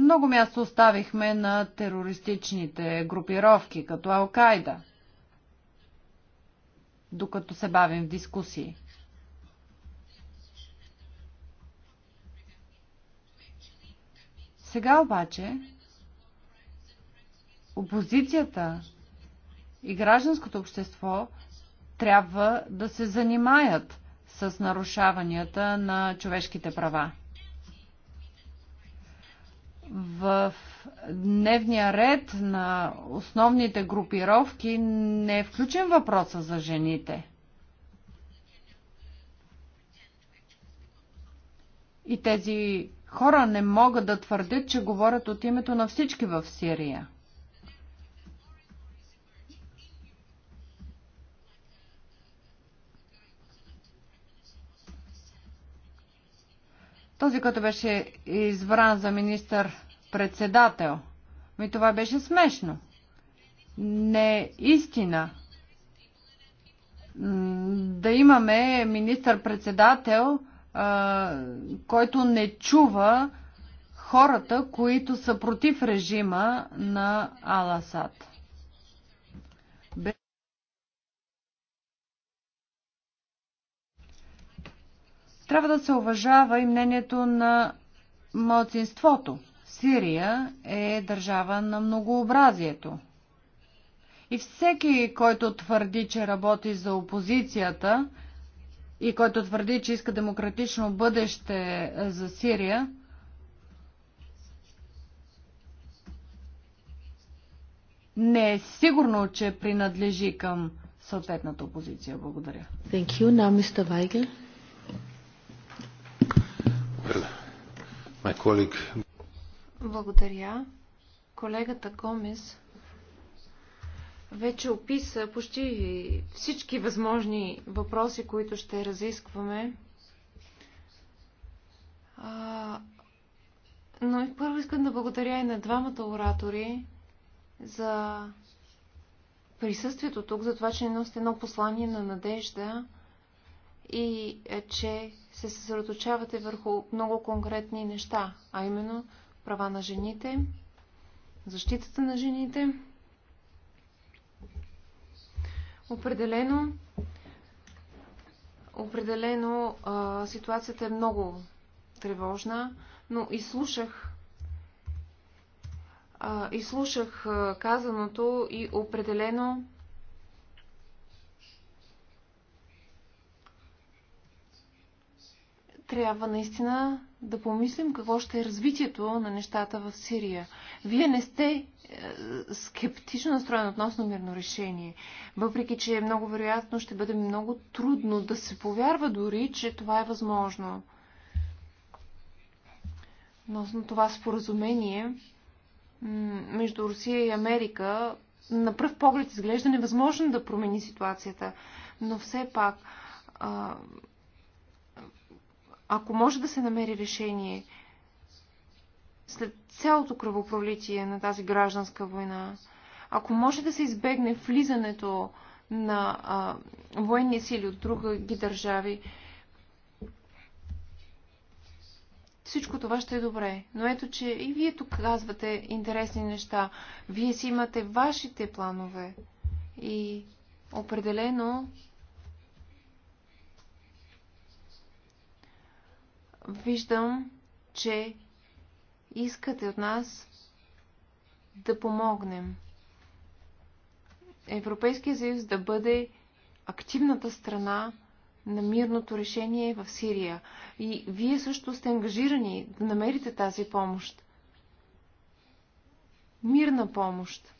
Много място оставихме на терористичните групировки, като Алкайда, докато се бавим в дискусии. Сега обаче опозицията и гражданското общество трябва да се занимаят с нарушаванията на човешките права в дневния ред на основните групировки не е включен въпроса за жените. И тези хора не могат да твърдят, че говорят от името на всички в Сирия. Този, който беше избран за министър-председател. Ми това беше смешно. Не е истина. Да имаме министър-председател, който не чува хората, които са против режима на Аласад. Трябва да се уважава и мнението на младсинството. Сирия е държава на многообразието. И всеки, който твърди, че работи за опозицията и който твърди, че иска демократично бъдеще е, за Сирия, не е сигурно, че принадлежи към съответната опозиция. Благодаря. Thank you. Now, Mr. Благодаря. Колегата Гомес вече описа почти всички възможни въпроси, които ще разискваме. А, но първо искам да благодаря и на двамата оратори за присъствието тук, за това, че ни носите едно послание на надежда и е, че се съсредоточавате върху много конкретни неща, а именно права на жените, защитата на жените. Определено, определено а, ситуацията е много тревожна, но слушах, а, изслушах казаното и определено трябва наистина да помислим какво ще е развитието на нещата в Сирия. Вие не сте е, скептично настроен относно мирно решение. Въпреки, че е много вероятно ще бъде много трудно да се повярва дори, че това е възможно. Относно това споразумение между Русия и Америка, на пръв поглед изглежда невъзможно да промени ситуацията, но все пак ако може да се намери решение след цялото кръвопролитие на тази гражданска война, ако може да се избегне влизането на а, военни сили от други държави, всичко това ще е добре. Но ето, че и вие тук казвате интересни неща. Вие си имате вашите планове. И определено виждам, че искате от нас да помогнем. Европейския съюз да бъде активната страна на мирното решение в Сирия. И вие също сте ангажирани да намерите тази помощ. Мирна помощ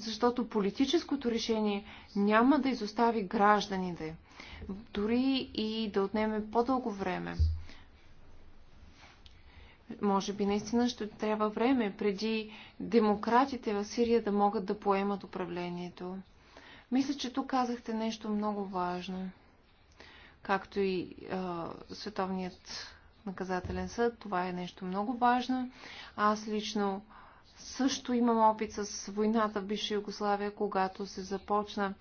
защото политическото решение няма да изостави гражданите, дори и да отнеме по-дълго време. Може би наистина ще трябва време преди демократите в Сирия да могат да поемат управлението. Мисля, че тук казахте нещо много важно, както и а, Световният наказателен съд. Това е нещо много важно. Аз лично също имам опит с войната в Бивша Югославия, когато се започна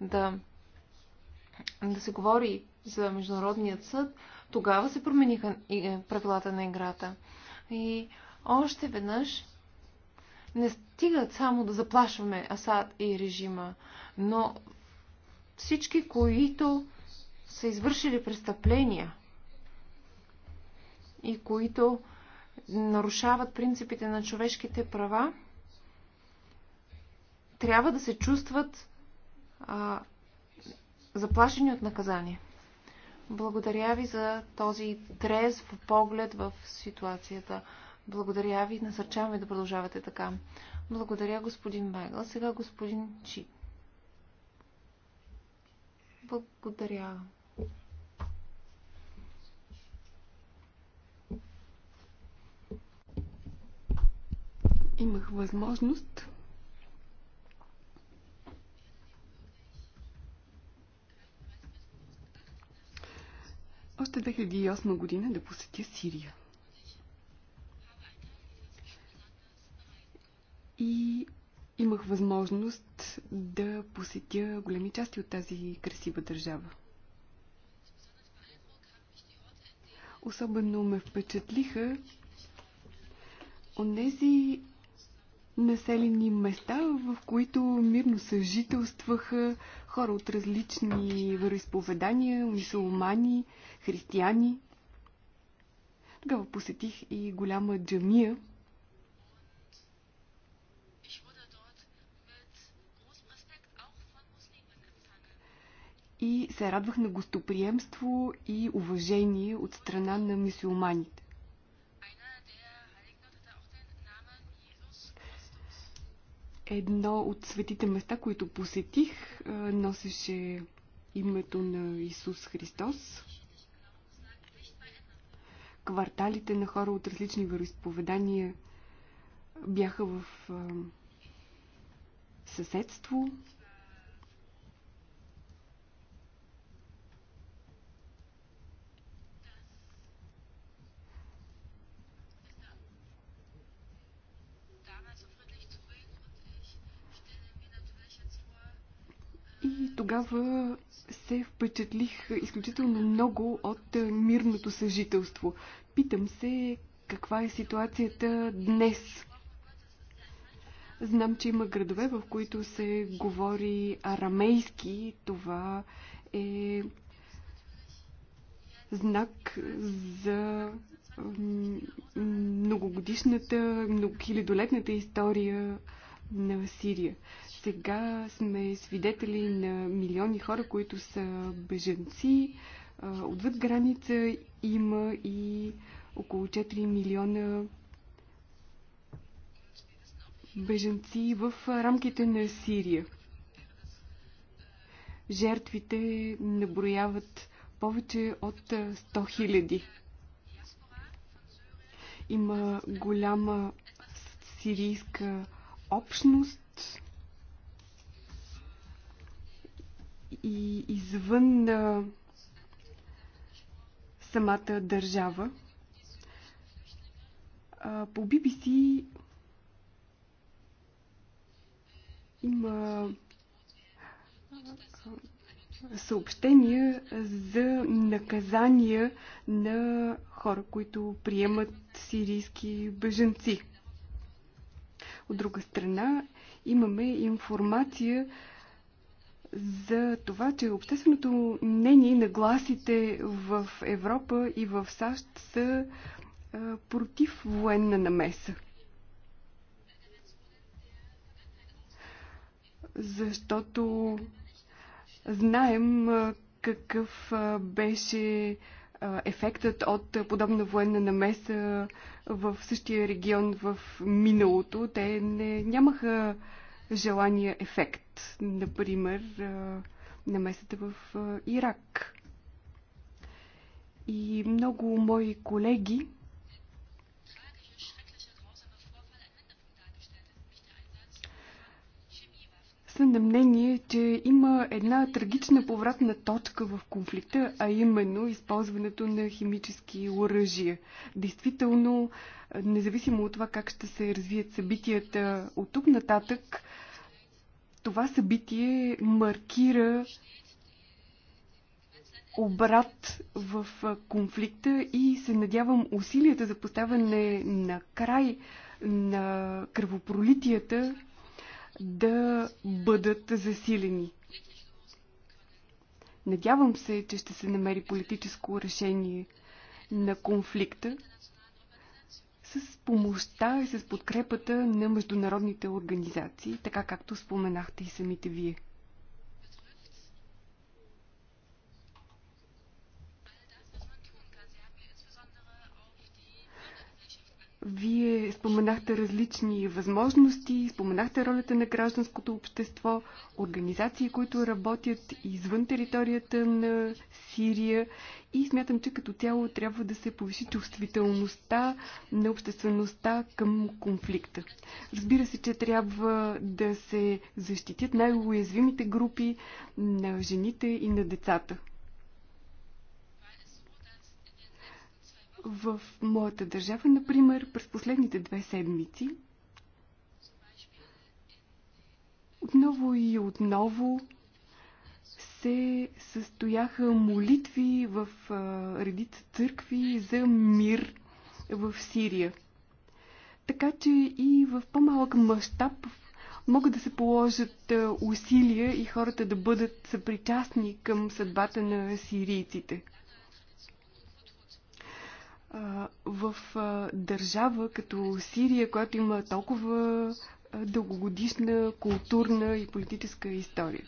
да, да се говори за Международният съд. Тогава се промениха е, правилата на играта. И още веднъж не стигат само да заплашваме Асад и режима, но всички, които са извършили престъпления и които нарушават принципите на човешките права, трябва да се чувстват а, заплашени от наказание. Благодаря ви за този трезв поглед в ситуацията. Благодаря ви. Насърчавам ви да продължавате така. Благодаря, господин Байгъл. Сега господин Чи. Благодаря. имах възможност още 2008 година да посетя Сирия. И имах възможност да посетя големи части от тази красива държава. Особено ме впечатлиха онези населени места, в които мирно съжителстваха хора от различни вероисповедания, мусулмани, християни. Тогава посетих и голяма джамия. И се радвах на гостоприемство и уважение от страна на мусулманите. Едно от светите места, които посетих, носеше името на Исус Христос. Кварталите на хора от различни вероисповедания бяха в съседство, тогава се впечатлих изключително много от е, мирното съжителство. Питам се каква е ситуацията днес. Знам, че има градове, в които се говори арамейски. Това е знак за многогодишната, многохилядолетната история на Сирия. Сега сме свидетели на милиони хора, които са беженци. Отвъд граница има и около 4 милиона беженци в рамките на Сирия. Жертвите наброяват повече от 100 хиляди. Има голяма сирийска общност, и извън а, самата държава. А, по BBC има съобщения за наказания на хора, които приемат сирийски беженци. От друга страна, имаме информация за това, че общественото мнение нагласите в Европа и в САЩ са а, против военна намеса. Защото знаем а, какъв а, беше а, ефектът от подобна военна намеса в същия регион в миналото. Те не, нямаха а, желания ефект. Например, намесата в Ирак. И много мои колеги са на мнение, че има една трагична повратна точка в конфликта, а именно използването на химически оръжия. Действително, независимо от това как ще се развият събитията от тук нататък, това събитие маркира обрат в конфликта и се надявам усилията за поставяне на край на кръвопролитията да бъдат засилени. Надявам се, че ще се намери политическо решение на конфликта с помощта и с подкрепата на международните организации, така както споменахте и самите вие. Вие споменахте различни възможности, споменахте ролята на гражданското общество, организации, които работят извън територията на Сирия и смятам, че като цяло трябва да се повиши чувствителността на обществеността към конфликта. Разбира се, че трябва да се защитят най-уязвимите групи на жените и на децата. В моята държава, например, през последните две седмици, отново и отново се състояха молитви в редица църкви за мир в Сирия. Така че и в по-малък мащаб могат да се положат усилия и хората да бъдат съпричастни към съдбата на сирийците в държава като Сирия, която има толкова дългогодишна културна и политическа история.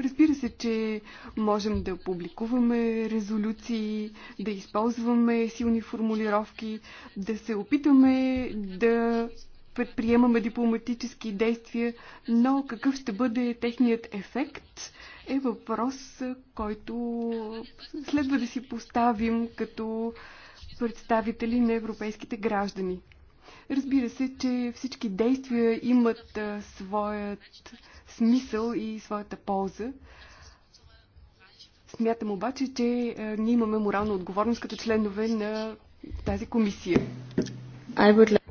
Разбира се, че можем да публикуваме резолюции, да използваме силни формулировки, да се опитаме да предприемаме дипломатически действия, но какъв ще бъде техният ефект е въпрос, който следва да си поставим като представители на европейските граждани. Разбира се, че всички действия имат а, своят смисъл и своята полза. Смятам обаче, че а, ние имаме морална отговорност като членове на тази комисия.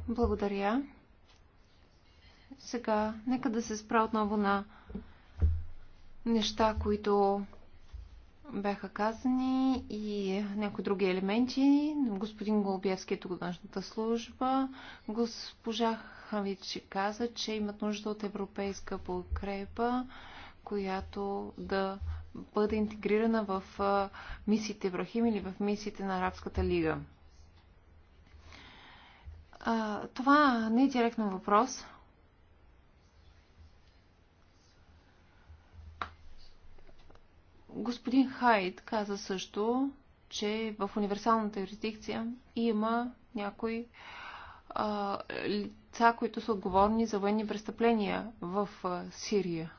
Благодаря. Сега, нека да се спра отново на неща, които бяха казани и някои други елементи. Господин Голубевски е тук от външната служба. Госпожа Хавич каза, че имат нужда от европейска подкрепа, която да бъде интегрирана в мисиите Еврахим или в мисиите на Арабската лига. Това не е директно въпрос, Господин Хайд каза също, че в универсалната юрисдикция има някои а, лица, които са отговорни за военни престъпления в а, Сирия,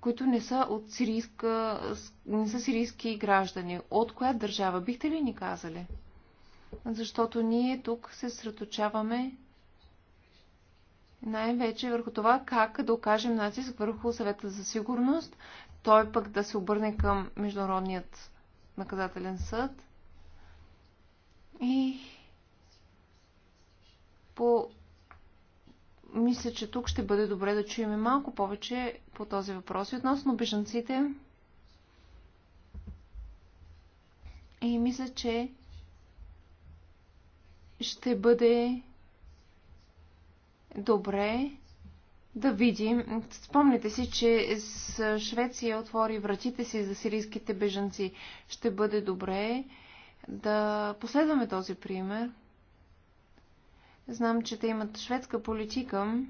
които не са, от сирийска, не са сирийски граждани. От коя държава бихте ли ни казали? Защото ние тук се средочаваме най-вече върху това как да окажем натиск върху съвета за сигурност, той пък да се обърне към Международният наказателен съд и по... Мисля, че тук ще бъде добре да чуем малко повече по този въпрос. И относно бежанците, и мисля, че ще бъде добре да видим. Спомните си, че с Швеция отвори вратите си за сирийските бежанци. Ще бъде добре да последваме този пример. Знам, че те имат шведска политика,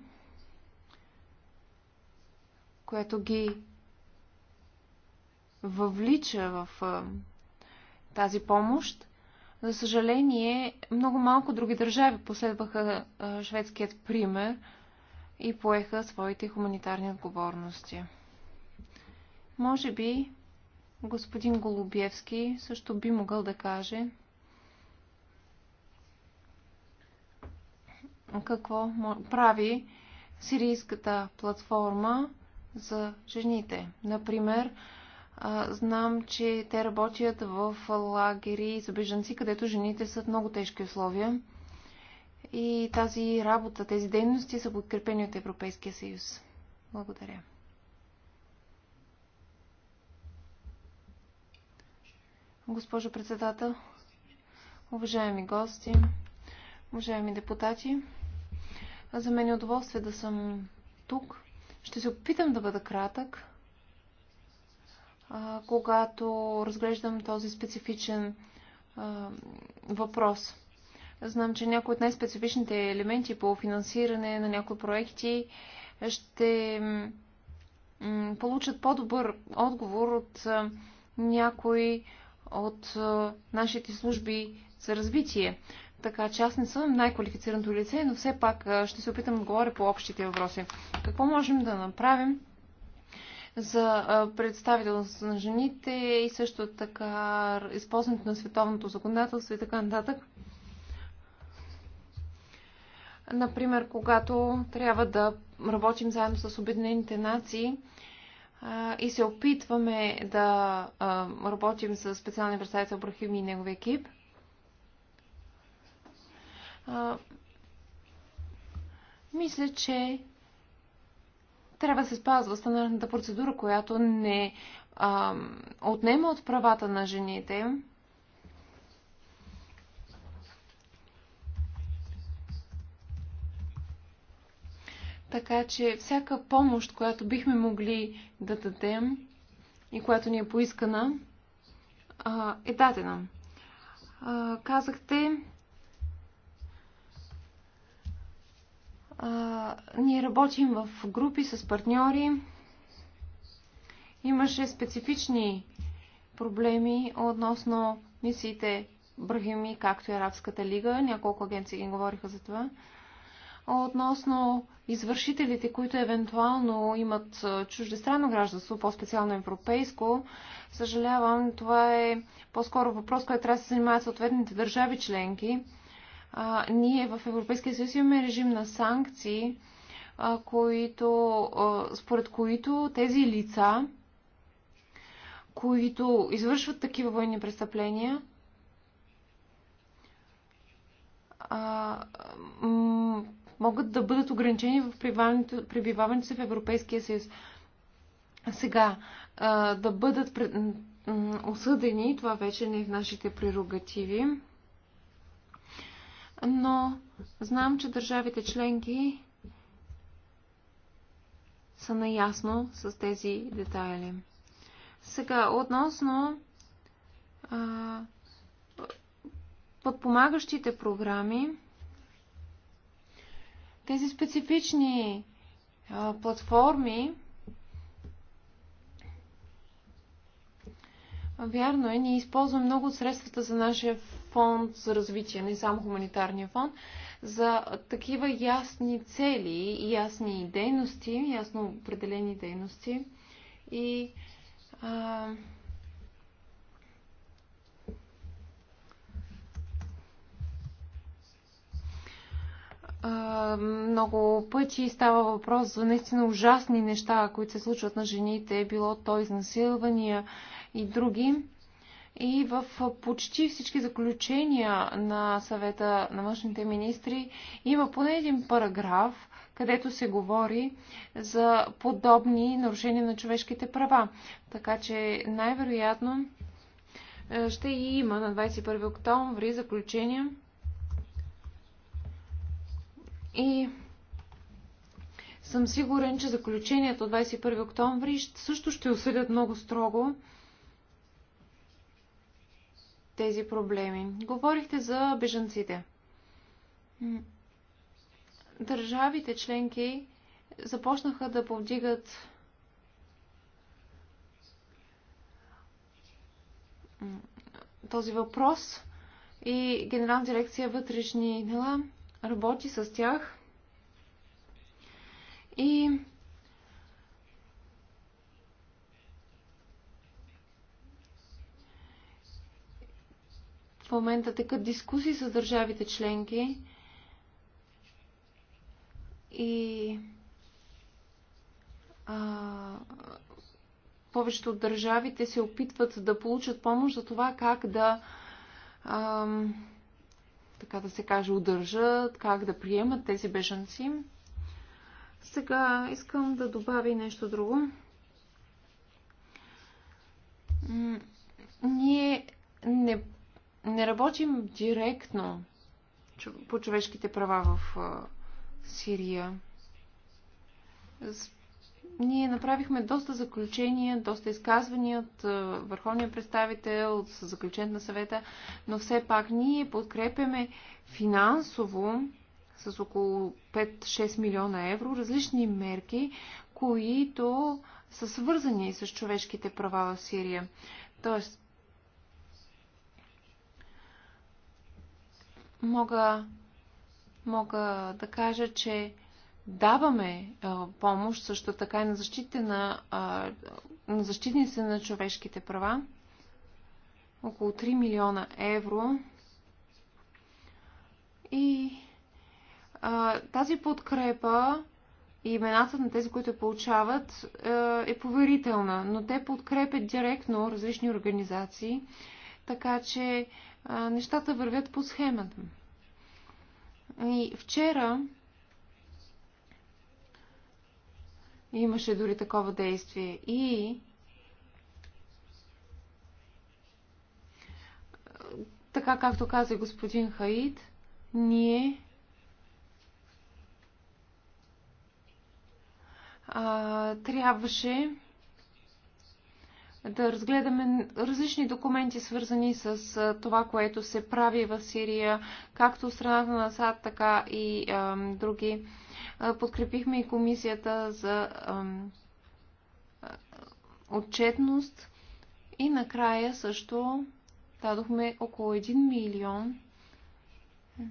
която ги въвлича в тази помощ. За съжаление, много малко други държави последваха шведският пример – и поеха своите хуманитарни отговорности. Може би господин Голубевски също би могъл да каже какво прави сирийската платформа за жените. Например, знам, че те работят в лагери за бежанци, където жените са в много тежки условия и тази работа, тези дейности са подкрепени от Европейския съюз. Благодаря. Госпожо председател, уважаеми гости, уважаеми депутати, за мен е удоволствие да съм тук. Ще се опитам да бъда кратък, когато разглеждам този специфичен въпрос – Знам, че някои от най-специфичните елементи по финансиране на някои проекти ще получат по-добър отговор от някои от нашите служби за развитие. Така че аз не съм най-квалифицираното лице, но все пак ще се опитам да говоря по общите въпроси. Какво можем да направим за представителност на жените и също така използването на световното законодателство и така нататък? Например, когато трябва да работим заедно с Обединените нации и се опитваме да работим с специалния представител Брахим и негови екип, мисля, че трябва да се спазва стандартната процедура, която не а, отнема от правата на жените. Така че всяка помощ, която бихме могли да дадем и която ни е поискана, е дадена. Казахте, ние работим в групи с партньори. Имаше специфични проблеми относно мисиите Брахими, както и Арабската лига. Няколко агенции ги говориха за това относно извършителите, които евентуално имат чуждестранно гражданство, по-специално европейско. Съжалявам, това е по-скоро въпрос, който трябва да се занимават съответните държави членки. А, ние в Европейския съюз имаме режим на санкции, а, които, а, според които тези лица, които извършват такива военни престъпления, могат да бъдат ограничени в пребиваването си в Европейския съюз. Сега, да бъдат осъдени, това вече не е в нашите прерогативи. Но знам, че държавите членки са наясно с тези детайли. Сега, относно а, подпомагащите програми, тези специфични а, платформи, Вярно е, ние използваме много от средствата за нашия фонд за развитие, не само хуманитарния фонд, за такива ясни цели, ясни дейности, ясно определени дейности. И а, много пъти става въпрос за наистина ужасни неща, които се случват на жените, било то изнасилвания и други. И в почти всички заключения на съвета на външните министри има поне един параграф, където се говори за подобни нарушения на човешките права. Така че най-вероятно е, ще и има на 21 октомври заключения и съм сигурен, че заключението от 21 октомври също ще осъдят много строго тези проблеми. Говорихте за бежанците. Държавите членки започнаха да повдигат този въпрос и Генерална дирекция вътрешни дела работи с тях и в момента текат дискусии с държавите членки и а, повечето от държавите се опитват да получат помощ за това как да а, така да се каже, удържат, как да приемат тези бежанци. Сега искам да добавя и нещо друго. Ние не, не работим директно по човешките права в Сирия ние направихме доста заключения, доста изказвания от върховния представител, от заключен на съвета, но все пак ние подкрепяме финансово с около 5-6 милиона евро различни мерки, които са свързани с човешките права в Сирия. Тоест, мога, мога да кажа, че даваме а, помощ също така и на, на, а, на защитници на човешките права. Около 3 милиона евро. И а, тази подкрепа и имената на тези, които получават, е поверителна, но те подкрепят директно различни организации, така че нещата вървят по схемата. И вчера Имаше дори такова действие. И така както каза господин Хаид, ние а, трябваше да разгледаме различни документи, свързани с това, което се прави в Сирия, както страната на САД, така и а, други подкрепихме и комисията за отчетност и накрая също дадохме около 1 милион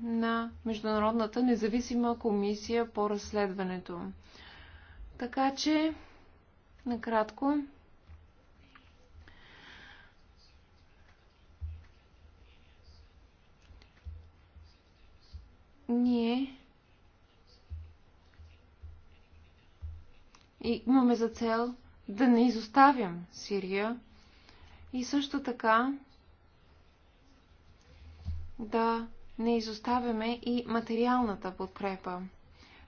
на Международната независима комисия по разследването. Така че, накратко, ние И имаме за цел да не изоставям Сирия и също така да не изоставяме и материалната подкрепа.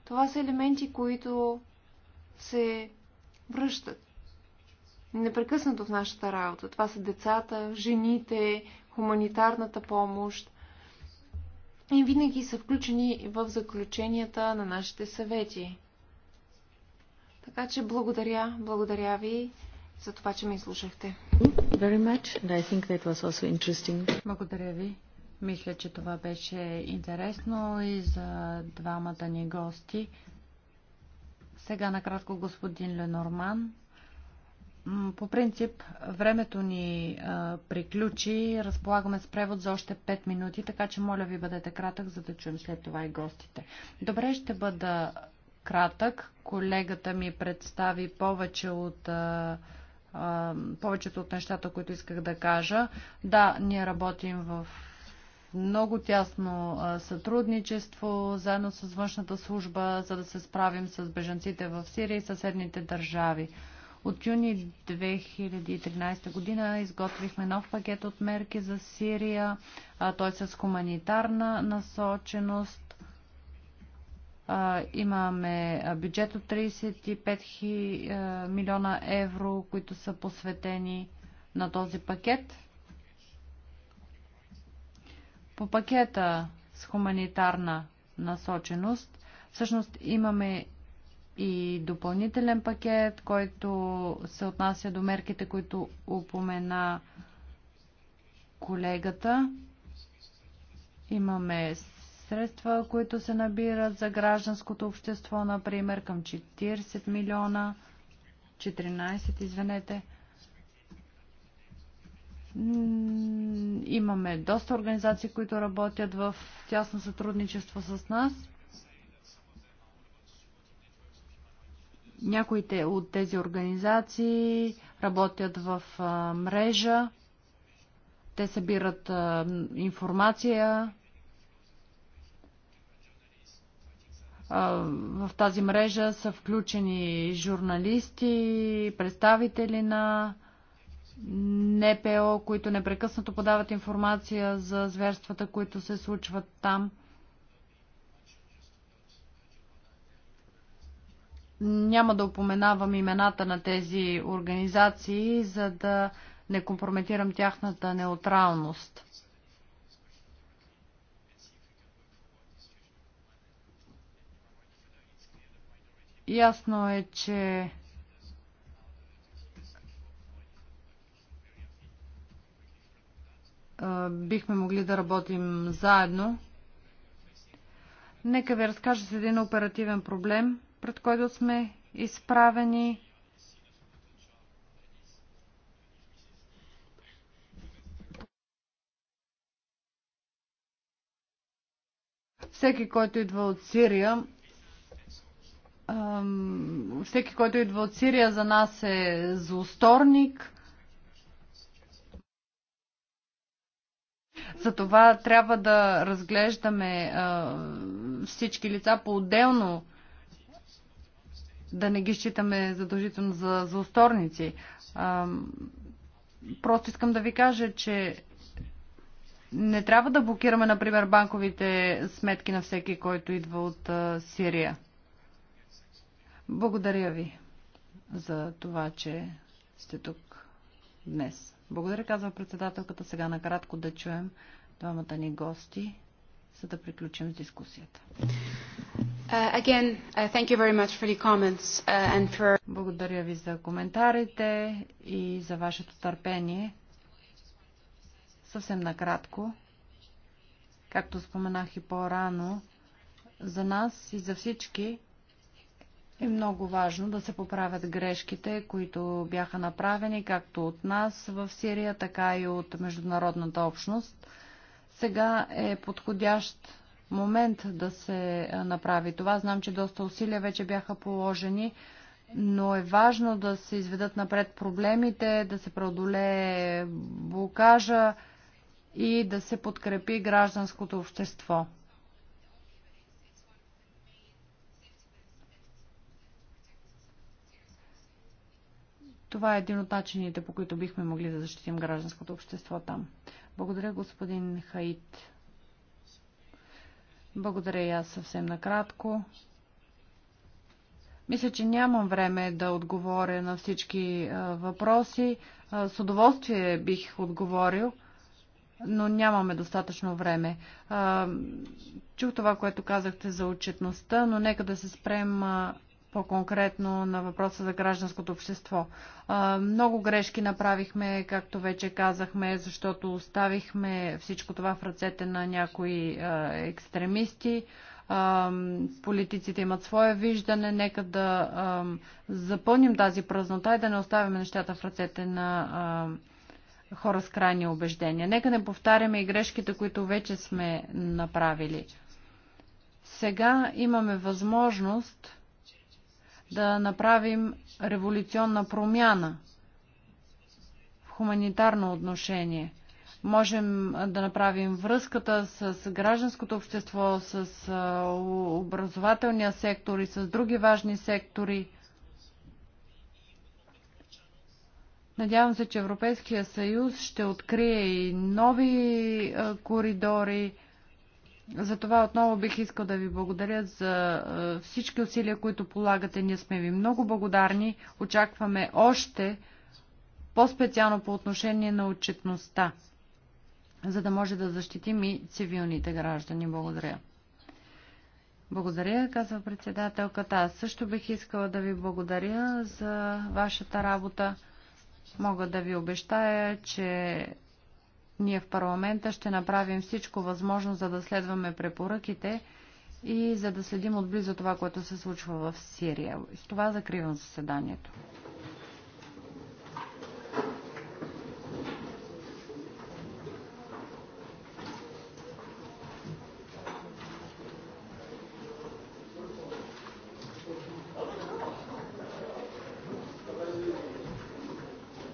Това са елементи, които се връщат непрекъснато в нашата работа. Това са децата, жените, хуманитарната помощ. И винаги са включени в заключенията на нашите съвети. Така че благодаря, благодаря ви за това, че ме изслушахте. Благодаря ви. Мисля, че това беше интересно и за двамата ни гости. Сега накратко господин Ленорман. По принцип, времето ни а, приключи. Разполагаме с превод за още 5 минути, така че моля ви бъдете кратък, за да чуем след това и гостите. Добре, ще бъда кратък. Колегата ми представи повече от повечето от нещата, които исках да кажа. Да, ние работим в много тясно сътрудничество, заедно с външната служба, за да се справим с бежанците в Сирия и съседните държави. От юни 2013 година изготвихме нов пакет от мерки за Сирия. Той с хуманитарна насоченост Имаме бюджет от 35 милиона евро, които са посветени на този пакет. По пакета с хуманитарна насоченост, всъщност имаме и допълнителен пакет, който се отнася до мерките, които упомена колегата. Имаме средства, които се набират за гражданското общество, например, към 40 милиона, 14, извинете. Имаме доста организации, които работят в тясно сътрудничество с нас. Някои от тези организации работят в мрежа. Те събират информация В тази мрежа са включени журналисти, представители на НПО, които непрекъснато подават информация за зверствата, които се случват там. Няма да упоменавам имената на тези организации, за да не компрометирам тяхната неутралност. Ясно е, че бихме могли да работим заедно. Нека ви разкажа с един оперативен проблем, пред който сме изправени. Всеки, който идва от Сирия, всеки, който идва от Сирия, за нас е злосторник. Затова трябва да разглеждаме а, всички лица по-отделно, да не ги считаме задължително за злосторници. А, просто искам да ви кажа, че не трябва да блокираме, например, банковите сметки на всеки, който идва от а, Сирия. Благодаря ви за това, че сте тук днес. Благодаря, казва председателката. Сега накратко да чуем двамата ни гости, за да приключим с дискусията. Uh, again, uh, uh for... Благодаря ви за коментарите и за вашето търпение. Съвсем накратко, както споменах и по-рано, за нас и за всички е много важно да се поправят грешките, които бяха направени както от нас в Сирия, така и от международната общност. Сега е подходящ момент да се направи това. Знам, че доста усилия вече бяха положени, но е важно да се изведат напред проблемите, да се преодолее блокажа и да се подкрепи гражданското общество. Това е един от начините, по които бихме могли да защитим гражданското общество там. Благодаря, господин Хаид. Благодаря и аз съвсем накратко. Мисля, че нямам време да отговоря на всички въпроси. С удоволствие бих отговорил, но нямаме достатъчно време. Чух това, което казахте за отчетността, но нека да се спрем по-конкретно на въпроса за гражданското общество. Много грешки направихме, както вече казахме, защото оставихме всичко това в ръцете на някои екстремисти. Политиците имат свое виждане. Нека да запълним тази празнота и да не оставяме нещата в ръцете на хора с крайни убеждения. Нека не повтаряме и грешките, които вече сме направили. Сега имаме възможност да направим революционна промяна в хуманитарно отношение. Можем да направим връзката с гражданското общество, с образователния сектор и с други важни сектори. Надявам се, че Европейския съюз ще открие и нови коридори затова отново бих искал да ви благодаря за е, всички усилия, които полагате. Ние сме ви много благодарни. Очакваме още по-специално по отношение на отчетността, за да може да защитим и цивилните граждани. Благодаря. Благодаря, казва председателката. Аз също бих искала да ви благодаря за вашата работа. Мога да ви обещая, че ние в парламента ще направим всичко възможно, за да следваме препоръките и за да следим отблизо това, което се случва в Сирия. С това закривам заседанието.